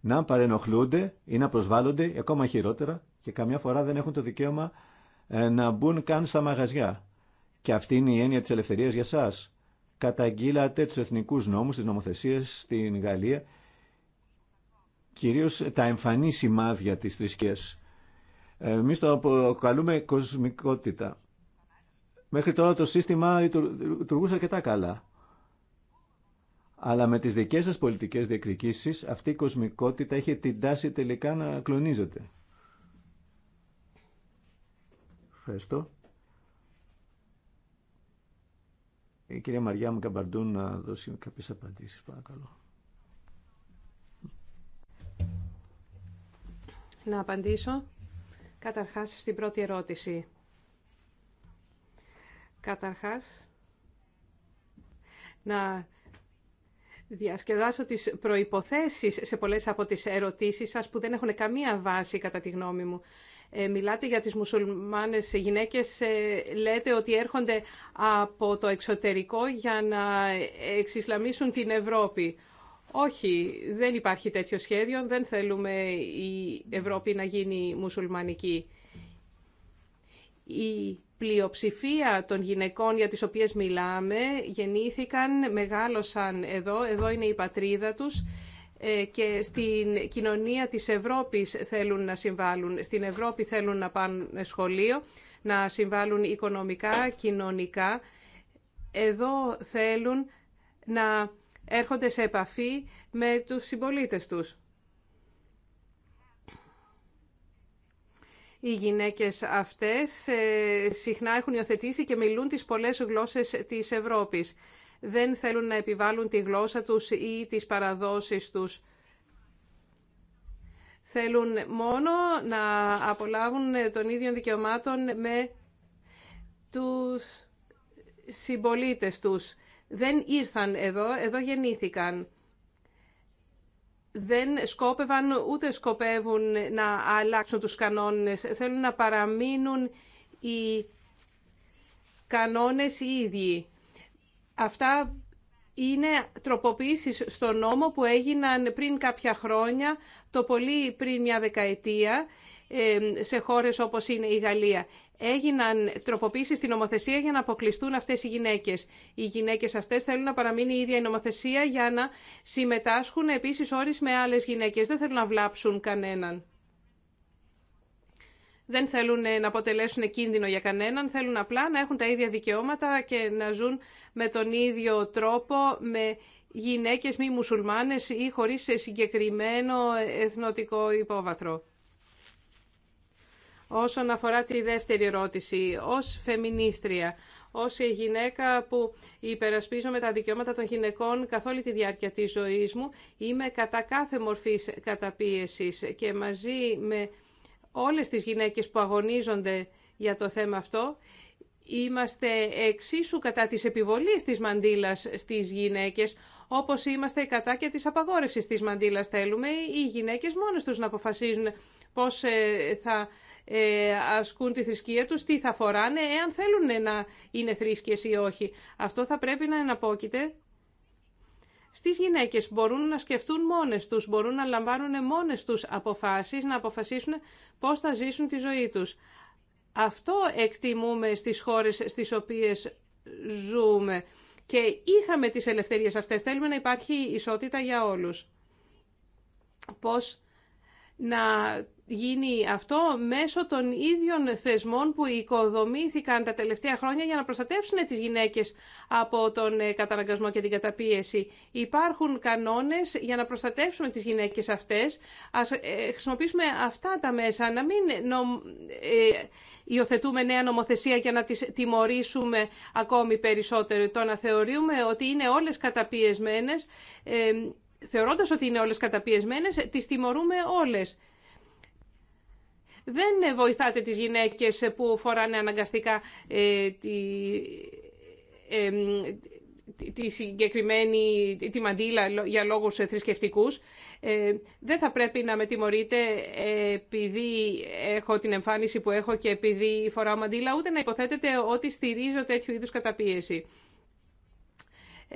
να παρενοχλούνται ή να προσβάλλονται, ακόμα χειρότερα, και καμιά φορά δεν έχουν το δικαίωμα ε, να μπουν καν στα μαγαζιά. Και αυτή είναι η έννοια της ελευθερίας για σας. Καταγγείλατε τους εθνικούς νόμους, τις νομοθεσίες στην Γαλλία, κυρίως τα εμφανή σημάδια της θρησκεία. Εμεί το αποκαλούμε κοσμικότητα. Μέχρι τώρα το σύστημα λειτουργούσε αρκετά καλά. Αλλά με τις δικές σας πολιτικές διεκδικήσεις αυτή η κοσμικότητα έχει την τάση τελικά να κλονίζεται. Ευχαριστώ. η κυρία Μαριά μου να δώσει κάποιες απαντήσεις, παρακαλώ. Να απαντήσω καταρχάς στην πρώτη ερώτηση. Καταρχάς, να διασκεδάσω τις προϋποθέσεις σε πολλές από τις ερωτήσεις σας που δεν έχουν καμία βάση κατά τη γνώμη μου. Ε, μιλάτε για τις μουσουλμάνες γυναίκες, ε, λέτε ότι έρχονται από το εξωτερικό για να εξισλαμίσουν την Ευρώπη. Όχι, δεν υπάρχει τέτοιο σχέδιο, δεν θέλουμε η Ευρώπη να γίνει μουσουλμανική. Η πλειοψηφία των γυναικών για τις οποίες μιλάμε γεννήθηκαν, μεγάλωσαν εδώ, εδώ είναι η πατρίδα τους ε, και στην κοινωνία της Ευρώπης θέλουν να συμβάλλουν. Στην Ευρώπη θέλουν να πάνε σχολείο, να συμβάλλουν οικονομικά, κοινωνικά. Εδώ θέλουν να έρχονται σε επαφή με τους συμπολίτες τους. Οι γυναίκες αυτές ε, συχνά έχουν υιοθετήσει και μιλούν τις πολλές γλώσσες της Ευρώπης δεν θέλουν να επιβάλλουν τη γλώσσα τους ή τις παραδόσεις τους. Θέλουν μόνο να απολάβουν των ίδιων δικαιωμάτων με τους συμπολίτες τους. Δεν ήρθαν εδώ, εδώ γεννήθηκαν. Δεν σκόπευαν ούτε σκοπεύουν να αλλάξουν τους κανόνες. Θέλουν να παραμείνουν οι κανόνες οι ίδιοι. Αυτά είναι τροποποιήσεις στο νόμο που έγιναν πριν κάποια χρόνια, το πολύ πριν μια δεκαετία, ε, σε χώρες όπως είναι η Γαλλία. Έγιναν τροποποίησεις στην νομοθεσία για να αποκλειστούν αυτές οι γυναίκες. Οι γυναίκες αυτές θέλουν να παραμείνει η ίδια η νομοθεσία για να συμμετάσχουν επίσης όρις με άλλες γυναίκες. Δεν θέλουν να βλάψουν κανέναν δεν θέλουν ε, να αποτελέσουν κίνδυνο για κανέναν, θέλουν απλά να έχουν τα ίδια δικαιώματα και να ζουν με τον ίδιο τρόπο με γυναίκες μη μουσουλμάνες ή χωρίς ε, συγκεκριμένο ε, εθνοτικό υπόβαθρο. Όσον αφορά τη δεύτερη ερώτηση, ως φεμινίστρια, ως γυναίκα που υπερασπίζομαι τα δικαιώματα των γυναικών καθ' όλη τη διάρκεια της ζωής μου, είμαι κατά κάθε μορφής καταπίεσης και μαζί με όλες τις γυναίκες που αγωνίζονται για το θέμα αυτό, είμαστε εξίσου κατά της επιβολής της μαντήλας στις γυναίκες, όπως είμαστε κατά και της απαγόρευσης της μαντήλας. Θέλουμε οι γυναίκες μόνες τους να αποφασίζουν πώς ε, θα ε, ασκούν τη θρησκεία τους, τι θα φοράνε, εάν θέλουν να είναι θρήσκες ή όχι. Αυτό θα πρέπει να εναπόκειται στις γυναίκες. Μπορούν να σκεφτούν μόνες τους, μπορούν να λαμβάνουν μόνες τους αποφάσεις, να αποφασίσουν πώς θα ζήσουν τη ζωή τους. Αυτό εκτιμούμε στις χώρες στις οποίες ζούμε. Και είχαμε τις ελευθερίες αυτές. Θέλουμε να υπάρχει ισότητα για όλους. Πώς να γίνει αυτό μέσω των ίδιων θεσμών που οικοδομήθηκαν τα τελευταία χρόνια για να προστατεύσουν τις γυναίκες από τον ε, καταναγκασμό και την καταπίεση. Υπάρχουν κανόνες για να προστατεύσουμε τις γυναίκες αυτές. Ας ε, χρησιμοποιήσουμε αυτά τα μέσα, να μην ε, υιοθετούμε νέα νομοθεσία για να τις τιμωρήσουμε ακόμη περισσότερο. Το να θεωρούμε ότι είναι όλες καταπιεσμένες θεωρώντας ότι είναι όλες καταπιεσμένες, τις τιμωρούμε όλες. Δεν βοηθάτε τις γυναίκες που φοράνε αναγκαστικά ε, ε, τη, τη συγκεκριμένη τη μαντήλα για λόγους θρησκευτικού. Ε, δεν θα πρέπει να με τιμωρείτε επειδή έχω την εμφάνιση που έχω και επειδή φοράω μαντήλα, ούτε να υποθέτετε ότι στηρίζω τέτοιου είδους καταπίεση.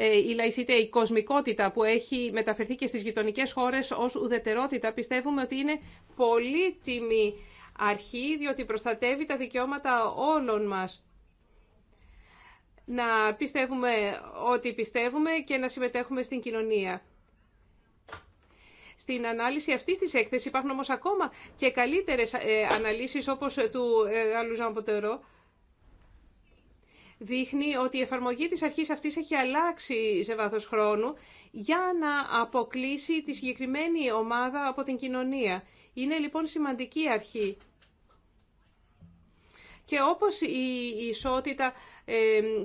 Ε, η λαϊσίτε, η κοσμικότητα που έχει μεταφερθεί και στις γειτονικές χώρες ως ουδετερότητα, πιστεύουμε ότι είναι πολύτιμη αρχή, διότι προστατεύει τα δικαιώματα όλων μας. Να πιστεύουμε ότι πιστεύουμε και να συμμετέχουμε στην κοινωνία. Στην ανάλυση αυτή τη έκθεση υπάρχουν όμω ακόμα και καλύτερε αναλύσει όπω του ε, Γάλλου Ζαμποτέρο δείχνει ότι η εφαρμογή της αρχής αυτής έχει αλλάξει σε βάθος χρόνου για να αποκλείσει τη συγκεκριμένη ομάδα από την κοινωνία. Είναι λοιπόν σημαντική αρχή. Και όπως η ισότητα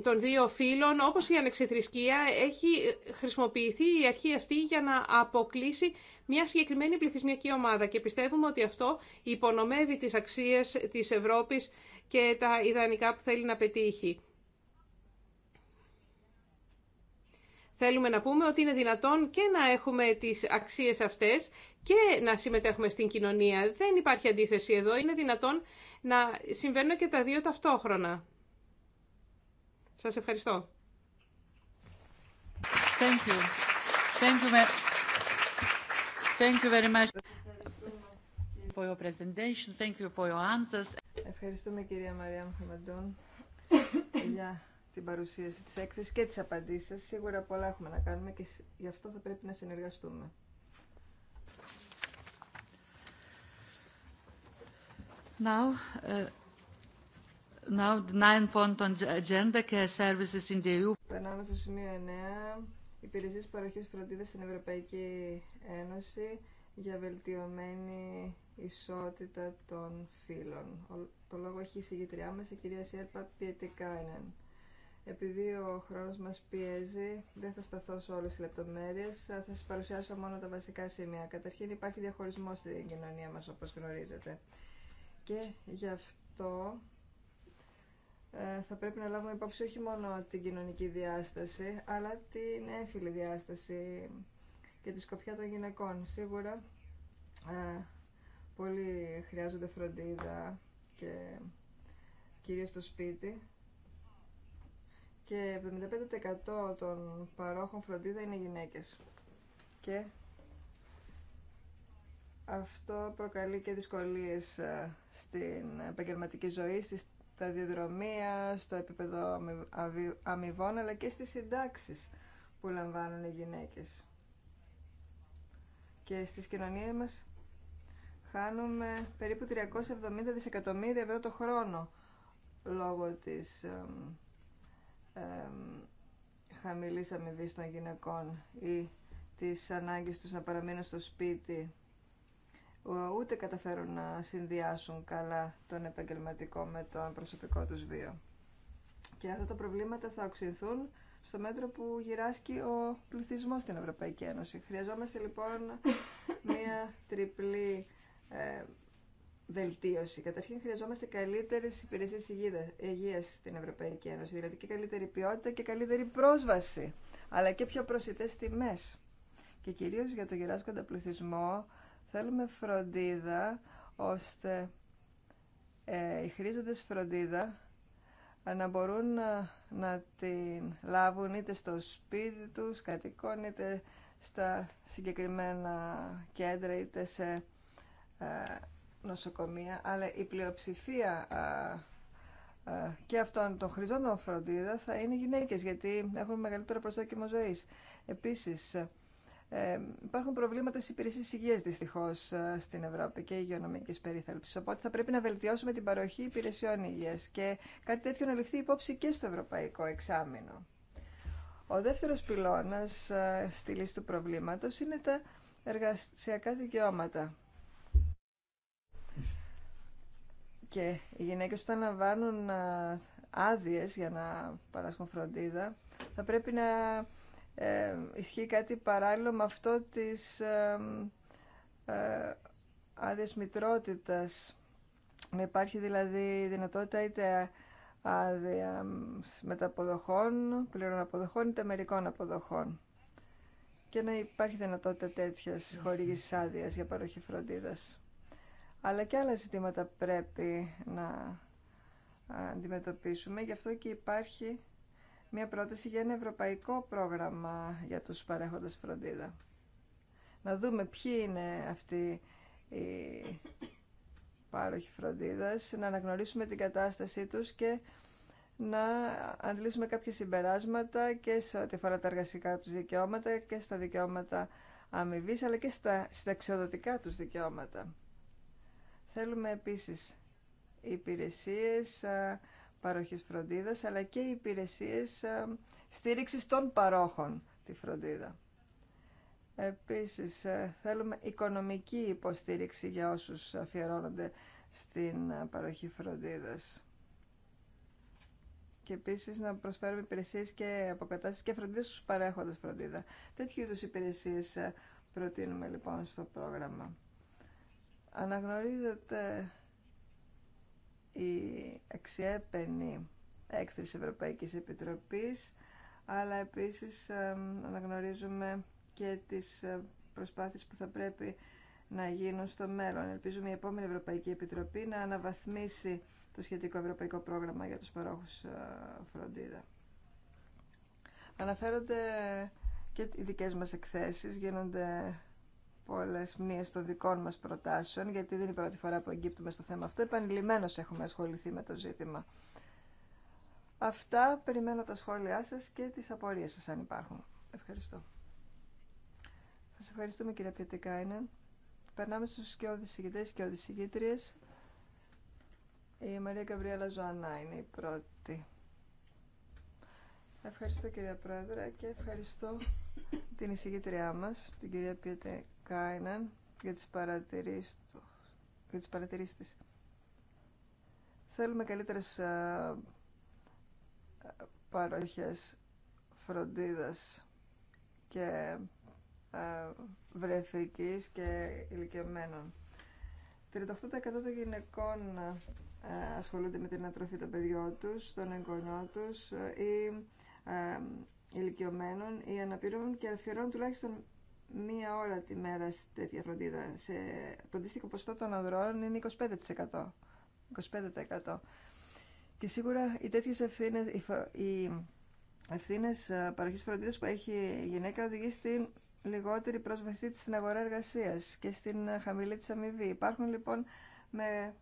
των δύο φύλων, όπως η ανεξιθρησκεία, έχει χρησιμοποιηθεί η αρχή αυτή για να αποκλείσει μια συγκεκριμένη πληθυσμιακή ομάδα. Και πιστεύουμε ότι αυτό υπονομεύει τις αξίες της Ευρώπης και τα ιδανικά που θέλει να πετύχει. Θέλουμε να πούμε ότι είναι δυνατόν και να έχουμε τις αξίες αυτές και να συμμετέχουμε στην κοινωνία. Δεν υπάρχει αντίθεση εδώ. Είναι δυνατόν να συμβαίνουν και τα δύο ταυτόχρονα. Σας ευχαριστώ. Thank you. Thank you very, Thank you for your presentation. Thank you for your answers. Ευχαριστούμε κυρία Μαρία Μουχαμεντούν για την παρουσίαση της έκθεσης και τις απαντήσεις σας. Σίγουρα πολλά έχουμε να κάνουμε και γι' αυτό θα πρέπει να συνεργαστούμε. Now, uh, now the nine on agenda care services e Περνάμε στο σημείο 9. Υπηρεσίες παροχής φροντίδας στην Ευρωπαϊκή Ένωση για βελτιωμένη ισότητα των φύλων. Το λόγο έχει η συγκεκριά μας, η κυρία Σιέρπα Πιετικάινεν. Επειδή ο χρόνος μας πιέζει, δεν θα σταθώ σε όλες τις λεπτομέρειες, θα σας παρουσιάσω μόνο τα βασικά σημεία. Καταρχήν υπάρχει διαχωρισμός στην κοινωνία μας, όπως γνωρίζετε. Και γι' αυτό ε, θα πρέπει να λάβουμε υπόψη όχι μόνο την κοινωνική διάσταση, αλλά την έμφυλη διάσταση και τη σκοπιά των γυναικών. Σίγουρα ε, πολλοί χρειάζονται φροντίδα και κυρίως στο σπίτι και 75% των παρόχων φροντίδα είναι γυναίκες. Και αυτό προκαλεί και δυσκολίες ε, στην επαγγελματική ζωή, στη σταδιοδρομία, στο επίπεδο αμοιβών, αλλά και στις συντάξεις που λαμβάνουν οι γυναίκες. Και στις κοινωνίες μας χάνουμε περίπου 370 δισεκατομμύρια ευρώ το χρόνο λόγω της χαμηλής αμοιβή των γυναικών ή τις ανάγκες τους να παραμείνουν στο σπίτι ούτε καταφέρουν να συνδυάσουν καλά τον επαγγελματικό με τον προσωπικό τους βίο. Και αυτά τα προβλήματα θα οξυνθούν στο μέτρο που γυράσκει ο πληθυσμός στην Ευρωπαϊκή Ένωση. Χρειαζόμαστε λοιπόν μια τριπλή ε, βελτίωση. Καταρχήν χρειαζόμαστε καλύτερε υπηρεσίε υγεία στην Ευρωπαϊκή Ένωση, δηλαδή και καλύτερη ποιότητα και καλύτερη πρόσβαση, αλλά και πιο προσιτέ τιμέ. Και κυρίω για το γεράσκοντα πληθυσμό θέλουμε φροντίδα ώστε ε, οι χρήζοντες φροντίδα να μπορούν να, ε, να την λάβουν είτε στο σπίτι τους κατοικών είτε στα συγκεκριμένα κέντρα είτε σε ε, νοσοκομεία, αλλά η πλειοψηφία α, α, και αυτών των των φροντίδα θα είναι γυναίκες, γιατί έχουν μεγαλύτερο προσδόκιμο ζωής. Επίσης, ε, υπάρχουν προβλήματα στι υπηρεσίε υγεία δυστυχώ ε, στην Ευρώπη και υγειονομική περίθαλψη. Οπότε θα πρέπει να βελτιώσουμε την παροχή υπηρεσιών υγεία και κάτι τέτοιο να ληφθεί υπόψη και στο ευρωπαϊκό εξάμεινο. Ο δεύτερο πυλώνα ε, στη λύση του προβλήματο είναι τα εργασιακά δικαιώματα. Και οι γυναίκες όταν λαμβάνουν άδειε για να παράσχουν φροντίδα, θα πρέπει να ε, ισχύει κάτι παράλληλο με αυτό της ε, ε μητρότητας. Να υπάρχει δηλαδή δυνατότητα είτε άδεια μεταποδοχών, πλήρων αποδοχών, είτε μερικών αποδοχών. Και να υπάρχει δυνατότητα τέτοια χορήγησης άδειας για παροχή φροντίδας αλλά και άλλα ζητήματα πρέπει να αντιμετωπίσουμε. Γι' αυτό και υπάρχει μια πρόταση για ένα ευρωπαϊκό πρόγραμμα για τους παρέχοντες φροντίδα. Να δούμε ποιοι είναι αυτοί οι πάροχοι φροντίδας, να αναγνωρίσουμε την κατάστασή τους και να αντιλήσουμε κάποια συμπεράσματα και σε ό,τι αφορά τα εργασικά τους δικαιώματα και στα δικαιώματα αμοιβή, αλλά και στα συνταξιοδοτικά τους δικαιώματα. Θέλουμε επίσης υπηρεσίες παροχής φροντίδας, αλλά και υπηρεσίες στήριξης των παρόχων τη φροντίδα. Επίσης, θέλουμε οικονομική υποστήριξη για όσους αφιερώνονται στην παροχή φροντίδας. Και επίσης να προσφέρουμε υπηρεσίες και αποκατάσταση και φροντίδα στους παρέχοντες φροντίδα. Τέτοιου είδους υπηρεσίες προτείνουμε λοιπόν στο πρόγραμμα αναγνωρίζεται η αξιέπαινη έκθεση Ευρωπαϊκής Επιτροπής αλλά επίσης αναγνωρίζουμε και τις ε, προσπάθειες που θα πρέπει να γίνουν στο μέλλον. Ελπίζουμε η επόμενη Ευρωπαϊκή Επιτροπή να αναβαθμίσει το σχετικό ευρωπαϊκό πρόγραμμα για τους παρόχους ε, φροντίδα. Αναφέρονται και οι δικές μας εκθέσεις, γίνονται Πολλέ μνήες των δικών μα προτάσεων, γιατί δεν είναι η πρώτη φορά που εγκύπτουμε στο θέμα αυτό. Επανειλημμένω έχουμε ασχοληθεί με το ζήτημα. Αυτά περιμένω τα σχόλιά σα και τι απορίε σα αν υπάρχουν. Ευχαριστώ. Σα ευχαριστούμε κύριε Πιετικάινεν. Περνάμε στου και οδησηγητές και οδησηγήτριε. Η Μαρία Καβριέλα Ζωανά είναι η πρώτη. Ευχαριστώ κυρία Πρόεδρε και ευχαριστώ την εισηγήτριά μας, την κυρία Πιέτε για τις παρατηρήσεις του. Για τις παρατηρήσεις Θέλουμε καλύτερες ε, παροχές φροντίδας και ε, βρεφικής και ηλικιωμένων. 38% των γυναικών ε, ασχολούνται με την ανατροφή των παιδιών τους, των εγγονιών τους ή ηλικιωμένων ή αναπηρών και αφιερώνουν τουλάχιστον μία ώρα τη μέρα σε τέτοια φροντίδα. Σε... Το αντίστοιχο ποσοστό των ανδρών είναι 25%. 25%. Και σίγουρα οι τέτοιε ευθύνες, οι ευθύνε παροχή φροντίδας που έχει η γυναίκα οδηγεί στην λιγότερη πρόσβασή τη στην αγορά εργασία και στην ε, χαμηλή τη αμοιβή. Υπάρχουν λοιπόν με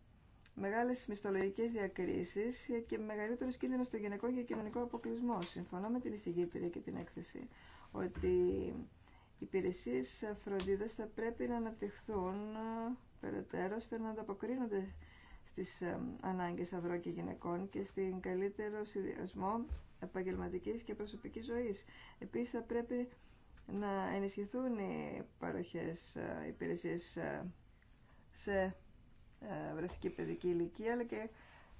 μεγάλες μισθολογικές διακρίσεις και μεγαλύτερος κίνδυνος στο γυναικό και κοινωνικό αποκλεισμό. Συμφωνώ με την εισηγήτρια και την έκθεση ότι οι υπηρεσίες φροντίδας θα πρέπει να αναπτυχθούν ε, περαιτέρω ώστε να ανταποκρίνονται στις ε, ανάγκες ανδρών και γυναικών και στην καλύτερο συνδυασμό επαγγελματικής και προσωπικής ζωής. Επίσης θα πρέπει να ενισχυθούν οι παροχές ε, υπηρεσίες σε βρεφική παιδική ηλικία αλλά και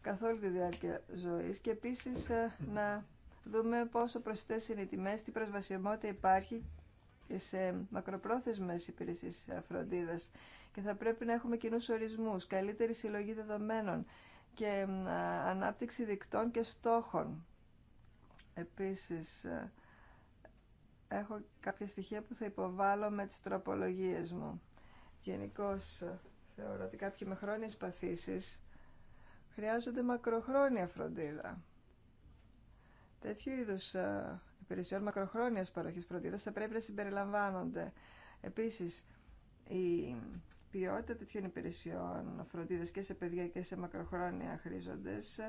καθ' όλη τη διάρκεια ζωής και επίσης να δούμε πόσο προσιτές είναι οι τιμές, τι προσβασιμότητα υπάρχει και σε μακροπρόθεσμες υπηρεσίες φροντίδας και θα πρέπει να έχουμε κοινούς ορισμούς, καλύτερη συλλογή δεδομένων και ανάπτυξη δικτών και στόχων. Επίσης, ε, έχω κάποια στοιχεία που θα υποβάλω με τις τροπολογίες μου. Γενικώ ε, θεωρώ ότι κάποιοι με χρόνιες παθήσεις χρειάζονται μακροχρόνια φροντίδα. Τέτοιου είδους ε, υπηρεσιών μακροχρόνιας παροχής φροντίδας θα πρέπει να συμπεριλαμβάνονται. Επίσης, η ποιότητα τέτοιων υπηρεσιών φροντίδας και σε παιδιά και σε μακροχρόνια χρήζοντες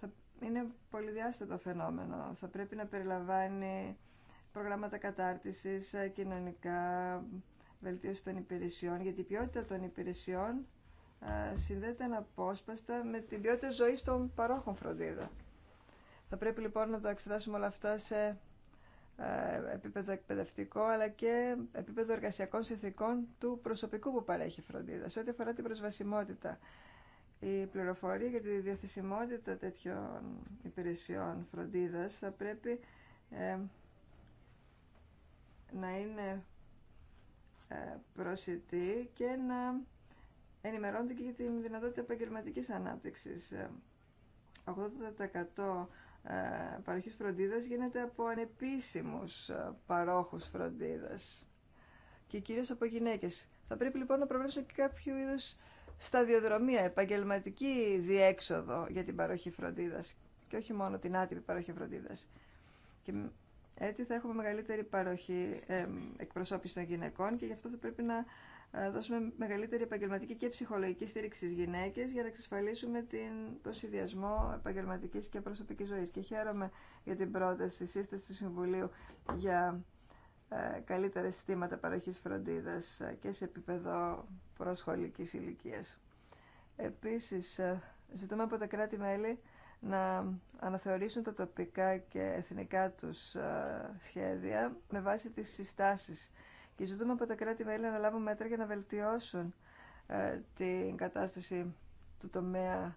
θα είναι πολυδιάστατο φαινόμενο. Θα πρέπει να περιλαμβάνει προγράμματα κατάρτισης, κοινωνικά, βελτίωση των υπηρεσιών, γιατί η ποιότητα των υπηρεσιών συνδέεται αναπόσπαστα με την ποιότητα ζωής των παρόχων φροντίδα. Θα πρέπει λοιπόν να τα εξετάσουμε όλα αυτά σε ε, επίπεδο εκπαιδευτικό αλλά και επίπεδο εργασιακών συνθήκων του προσωπικού που παρέχει φροντίδα. Σε ό,τι αφορά την προσβασιμότητα, η πληροφορία για τη διαθεσιμότητα τέτοιων υπηρεσιών φροντίδας θα πρέπει ε, να είναι ε, προσιτή και να ενημερώνεται και για την δυνατότητα επαγγελματική ανάπτυξης. 80% ε, ε, παροχής φροντίδας γίνεται από ανεπίσημους ε, παρόχους φροντίδας και κυρίως από γυναίκες. Θα πρέπει λοιπόν να προβλέψουμε και κάποιο είδους σταδιοδρομία, επαγγελματική διέξοδο για την παροχή φροντίδας και όχι μόνο την άτυπη παροχή φροντίδας. Και έτσι θα έχουμε μεγαλύτερη παροχή ε, εκπροσώπηση των γυναικών και γι' αυτό θα πρέπει να ε, δώσουμε μεγαλύτερη επαγγελματική και ψυχολογική στήριξη στις γυναίκες για να εξασφαλίσουμε την, τον συνδυασμό επαγγελματικής και προσωπικής ζωής. Και χαίρομαι για την πρόταση σύσταση του Συμβουλίου για ε, καλύτερα συστήματα παροχής φροντίδας ε, και σε επίπεδο προσχολικής ηλικίας. Επίσης, ε, ζητούμε από τα κράτη-μέλη να αναθεωρήσουν τα τοπικά και εθνικά τους σχέδια με βάση τις συστάσεις και ζητούμε από τα κράτη-μέλη να λάβουν μέτρα για να βελτιώσουν ε, την κατάσταση του τομέα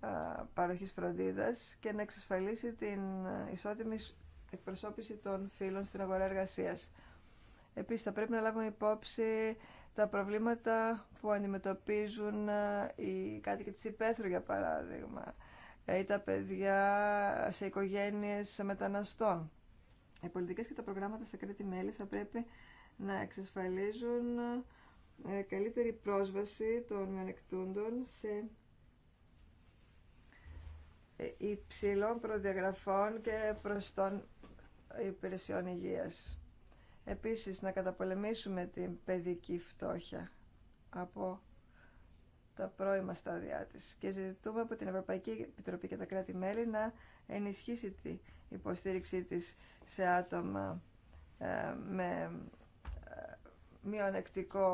ε, παροχής φροντίδας και να εξασφαλίσει την ε, ισότιμη εκπροσώπηση των φύλων στην αγορά εργασίας. Επίσης, θα πρέπει να λάβουμε υπόψη τα προβλήματα που αντιμετωπίζουν οι κάτοικοι της υπαίθρου, για παράδειγμα, ή τα παιδιά σε οικογένειες μεταναστών. Οι πολιτικές και τα προγράμματα στα κράτη-μέλη θα πρέπει να εξασφαλίζουν ε, καλύτερη πρόσβαση των μειονεκτούντων σε ε, υψηλών προδιαγραφών και των υπηρεσιών υγείας. Επίσης, να καταπολεμήσουμε την παιδική φτώχεια από τα πρώιμα στάδια της και ζητούμε από την Ευρωπαϊκή Επιτροπή και τα κράτη-μέλη να ενισχύσει την υποστήριξή της σε άτομα ε, με μειονεκτικό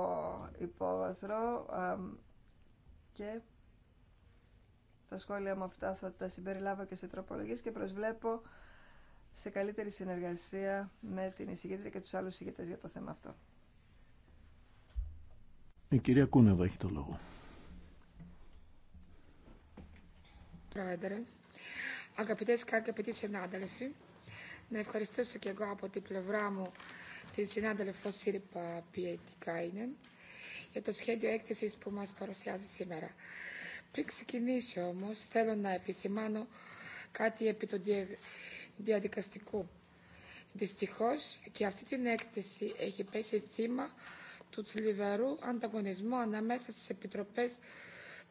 υπόβαθρο και τα σχόλια μου αυτά θα τα συμπεριλάβω και σε τροπολογίες και προσβλέπω σε καλύτερη συνεργασία με την εισηγήτρια και τους άλλους ηγέτες για το θέμα αυτό. Η κυρία Κούνεβα έχει το λόγο. Πρόεδρε, αγαπητές και αγαπητοί συνάδελφοι, να ευχαριστήσω και εγώ από την πλευρά μου την συνάδελφο Σύρπα Πιετικάινεν για το σχέδιο έκθεσης που μας παρουσιάζει σήμερα. Πριν ξεκινήσω όμως, θέλω να επισημάνω κάτι επί το διαδικαστικού. Δυστυχώς και αυτή την έκθεση έχει πέσει θύμα του θλιβερού ανταγωνισμού ανάμεσα στις επιτροπές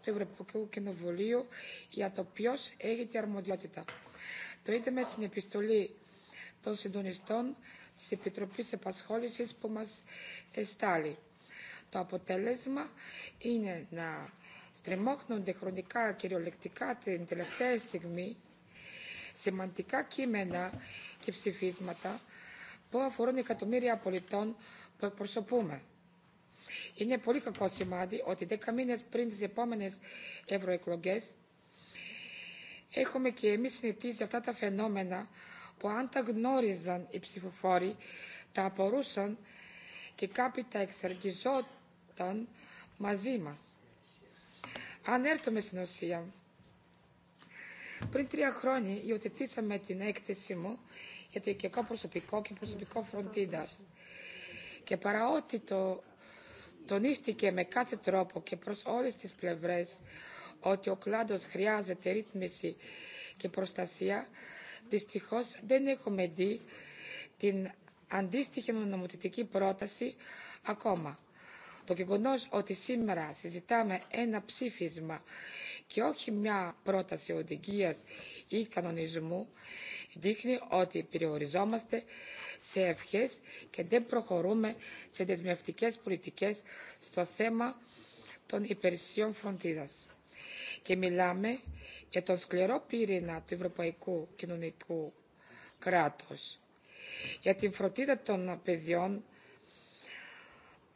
του Ευρωπαϊκού Κοινοβουλίου για το ποιο έχει τη αρμοδιότητα. Το είδαμε στην επιστολή των συντονιστών της Επιτροπής Επασχόλησης που μας εστάλει. Το αποτέλεσμα είναι να στριμώχνονται χρονικά κυριολεκτικά την τελευταία στιγμή σημαντικά κείμενα και ψηφίσματα που αφορούν εκατομμύρια πολιτών που εκπροσωπούμε. Είναι πολύ κακό σημάδι ότι δέκα μήνες πριν τις επόμενες ευρωεκλογές έχουμε και εμείς συνηθίσει αυτά τα φαινόμενα που αν τα γνώριζαν οι ψηφοφόροι τα απορούσαν και τα εξαρκιζόταν μαζί μας. Αν έρθουμε στην ουσία, πριν τρία χρόνια υιοθετήσαμε την έκθεση μου για το οικιακό προσωπικό και προσωπικό φροντίδας. Και παρά ότι το τονίστηκε με κάθε τρόπο και προς όλες τις πλευρές ότι ο κλάδος χρειάζεται ρύθμιση και προστασία, Δυστυχώς δεν έχουμε δει την αντίστοιχη νομοθετική πρόταση ακόμα. Το γεγονό ότι σήμερα συζητάμε ένα ψήφισμα και όχι μια πρόταση οδηγία ή κανονισμού δείχνει ότι περιοριζόμαστε σε ευχές και δεν προχωρούμε σε δεσμευτικές πολιτικές στο θέμα των υπηρεσιών φροντίδας και μιλάμε για τον σκληρό πύρινα του ευρωπαϊκού κοινωνικού κράτους, για την φροντίδα των παιδιών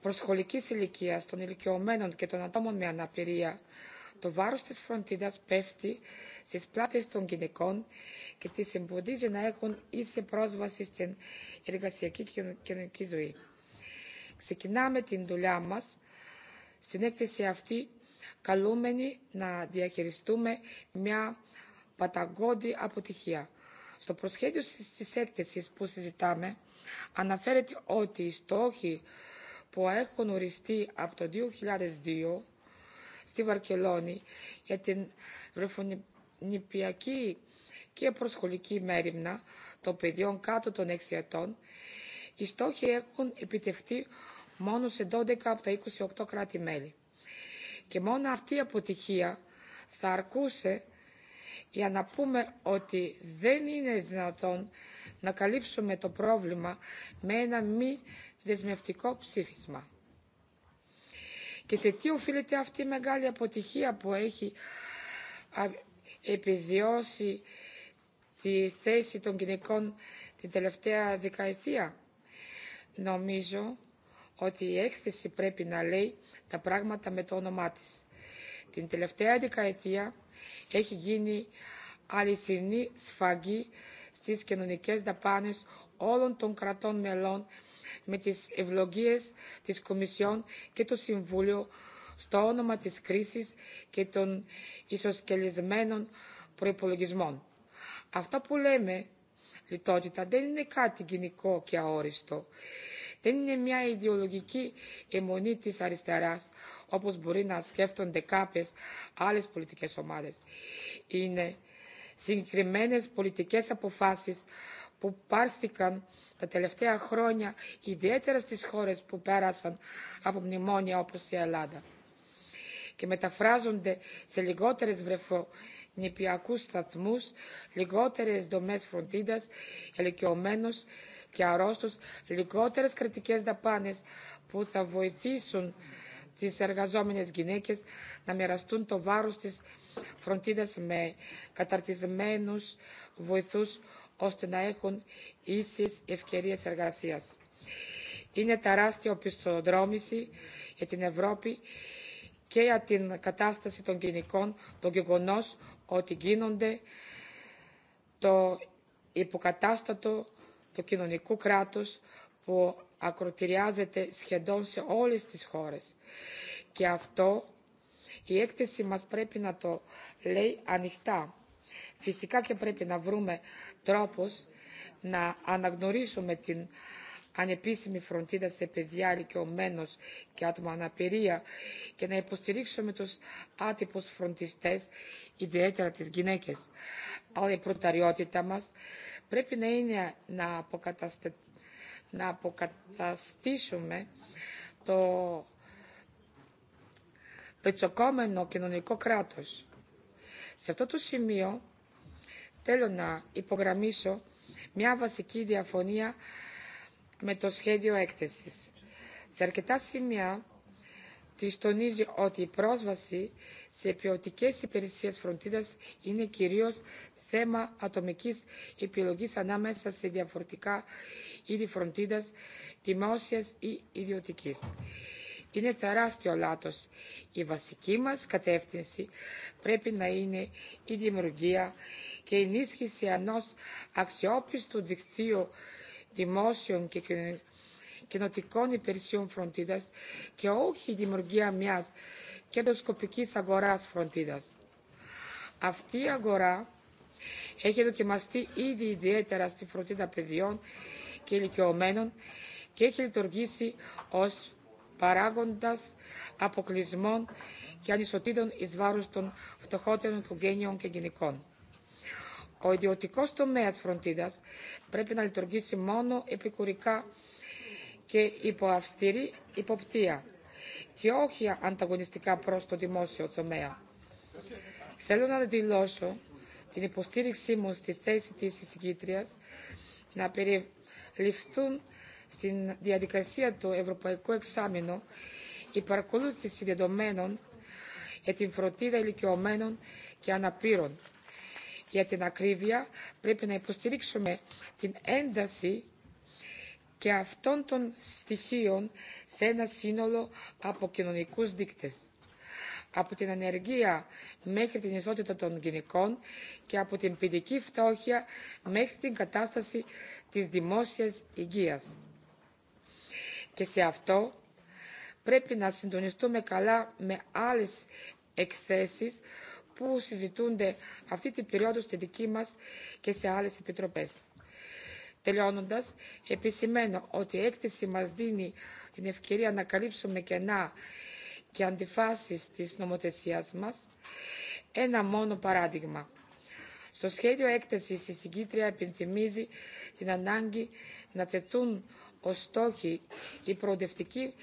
προσχολικής ηλικία των ηλικιωμένων και των ατόμων με αναπηρία, το βάρος της φροντίδας πέφτει στις πλάτες των γυναικών και τις εμποδίζει να έχουν ίση πρόσβαση στην εργασιακή και κοινωνική ζωή. Ξεκινάμε την δουλειά μας στην έκθεση αυτή καλούμενοι να διαχειριστούμε μια παταγώδη αποτυχία. Στο προσχέδιο της έκθεση που συζητάμε αναφέρεται ότι οι στόχοι που έχουν οριστεί από το 2002 στη Βαρκελόνη για την βρεφονιπιακή και προσχολική μέρημνα των παιδιών κάτω των 6 ετών, οι στόχοι έχουν επιτευχθεί μόνο σε 12 από τα 28 κράτη-μέλη. Και μόνο αυτή η αποτυχία θα αρκούσε για να πούμε ότι δεν είναι δυνατόν να καλύψουμε το πρόβλημα με ένα μη δεσμευτικό ψήφισμα. Και σε τι οφείλεται αυτή η μεγάλη αποτυχία που έχει επιβιώσει τη θέση των γυναικών την τελευταία δεκαετία. Νομίζω ότι η έκθεση πρέπει να λέει τα πράγματα με το όνομά της. Την τελευταία δεκαετία έχει γίνει αληθινή σφαγή στις κοινωνικές δαπάνες όλων των κρατών μελών με τις ευλογίες της Κομισιόν και του Συμβούλιο στο όνομα της κρίσης και των ισοσκελισμένων προϋπολογισμών. Αυτό που λέμε λιτότητα δεν είναι κάτι γενικό και αόριστο δεν είναι μια ιδεολογική αιμονή της αριστεράς, όπως μπορεί να σκέφτονται κάποιες άλλες πολιτικές ομάδες. Είναι συγκεκριμένες πολιτικές αποφάσεις που πάρθηκαν τα τελευταία χρόνια, ιδιαίτερα στις χώρες που πέρασαν από μνημόνια όπως η Ελλάδα και μεταφράζονται σε λιγότερες βρεφο νηπιακούς σταθμούς, λιγότερες δομές φροντίδας, ηλικιωμένους και αρρώστους, λιγότερες κριτικές δαπάνες που θα βοηθήσουν τις εργαζόμενες γυναίκες να μοιραστούν το βάρος της φροντίδας με καταρτισμένους βοηθούς ώστε να έχουν ίσες ευκαιρίες εργασίας. Είναι τεράστια οπισθοδρόμηση για την Ευρώπη και για την κατάσταση των γυναικών, το γεγονό ότι γίνονται το υποκατάστατο του κοινωνικού κράτους που ακροτηριάζεται σχεδόν σε όλες τις χώρες. Και αυτό η έκθεση μας πρέπει να το λέει ανοιχτά. Φυσικά και πρέπει να βρούμε τρόπους να αναγνωρίσουμε την ανεπίσημη φροντίδα σε παιδιά ηλικιωμένους και άτομα αναπηρία και να υποστηρίξουμε τους άτυπους φροντιστές, ιδιαίτερα τις γυναίκες. Αλλά η προτεραιότητα μας πρέπει να είναι να, να αποκαταστήσουμε το πετσοκόμενο κοινωνικό κράτος. Σε αυτό το σημείο θέλω να υπογραμμίσω μια βασική διαφωνία με το σχέδιο έκθεσης. Σε αρκετά σημεία τη τονίζει ότι η πρόσβαση σε ποιοτικέ υπηρεσίε φροντίδα είναι κυρίω θέμα ατομική επιλογή ανάμεσα σε διαφορετικά είδη φροντίδα, δημόσια ή ιδιωτική. Είναι τεράστιο λάθο. Η βασική μα κατεύθυνση πρέπει να είναι η δημιουργία και η ενίσχυση ενό αξιόπιστου δικτύου δημόσιων και κοινοτικών υπηρεσιών φροντίδα, και όχι η δημιουργία μια κερδοσκοπική αγοράς φροντίδας. Αυτή η αγορά έχει δοκιμαστεί ήδη ιδιαίτερα στη φροντίδα παιδιών και ηλικιωμένων και έχει λειτουργήσει ως παράγοντας αποκλεισμών και ανισοτήτων εις βάρος των φτωχότερων οικογένειων και γενικών. Ο ιδιωτικό τομέα φροντίδα πρέπει να λειτουργήσει μόνο επικουρικά και υπό αυστηρή υποπτία και όχι ανταγωνιστικά προς το δημόσιο τομέα. Θέλω να δηλώσω την υποστήριξή μου στη θέση της εισηγήτρια να περιληφθούν στην διαδικασία του Ευρωπαϊκού Εξάμεινου η παρακολούθηση δεδομένων για την φροντίδα ηλικιωμένων και αναπήρων για την ακρίβεια πρέπει να υποστηρίξουμε την ένταση και αυτών των στοιχείων σε ένα σύνολο από κοινωνικούς δείκτες. Από την ανεργία μέχρι την ισότητα των γυναικών και από την ποινική φτώχεια μέχρι την κατάσταση της δημόσιας υγείας. Και σε αυτό πρέπει να συντονιστούμε καλά με άλλες εκθέσεις που συζητούνται αυτή την περίοδο στη δική μας και σε άλλες επιτροπές. Τελειώνοντας, επισημαίνω ότι η έκθεση μας δίνει την ευκαιρία να καλύψουμε κενά και αντιφάσεις της νομοθεσίας μας. Ένα μόνο παράδειγμα. Στο σχέδιο έκθεση η συγκήτρια επιθυμίζει την ανάγκη να τεθούν ως στόχοι η προοδευτική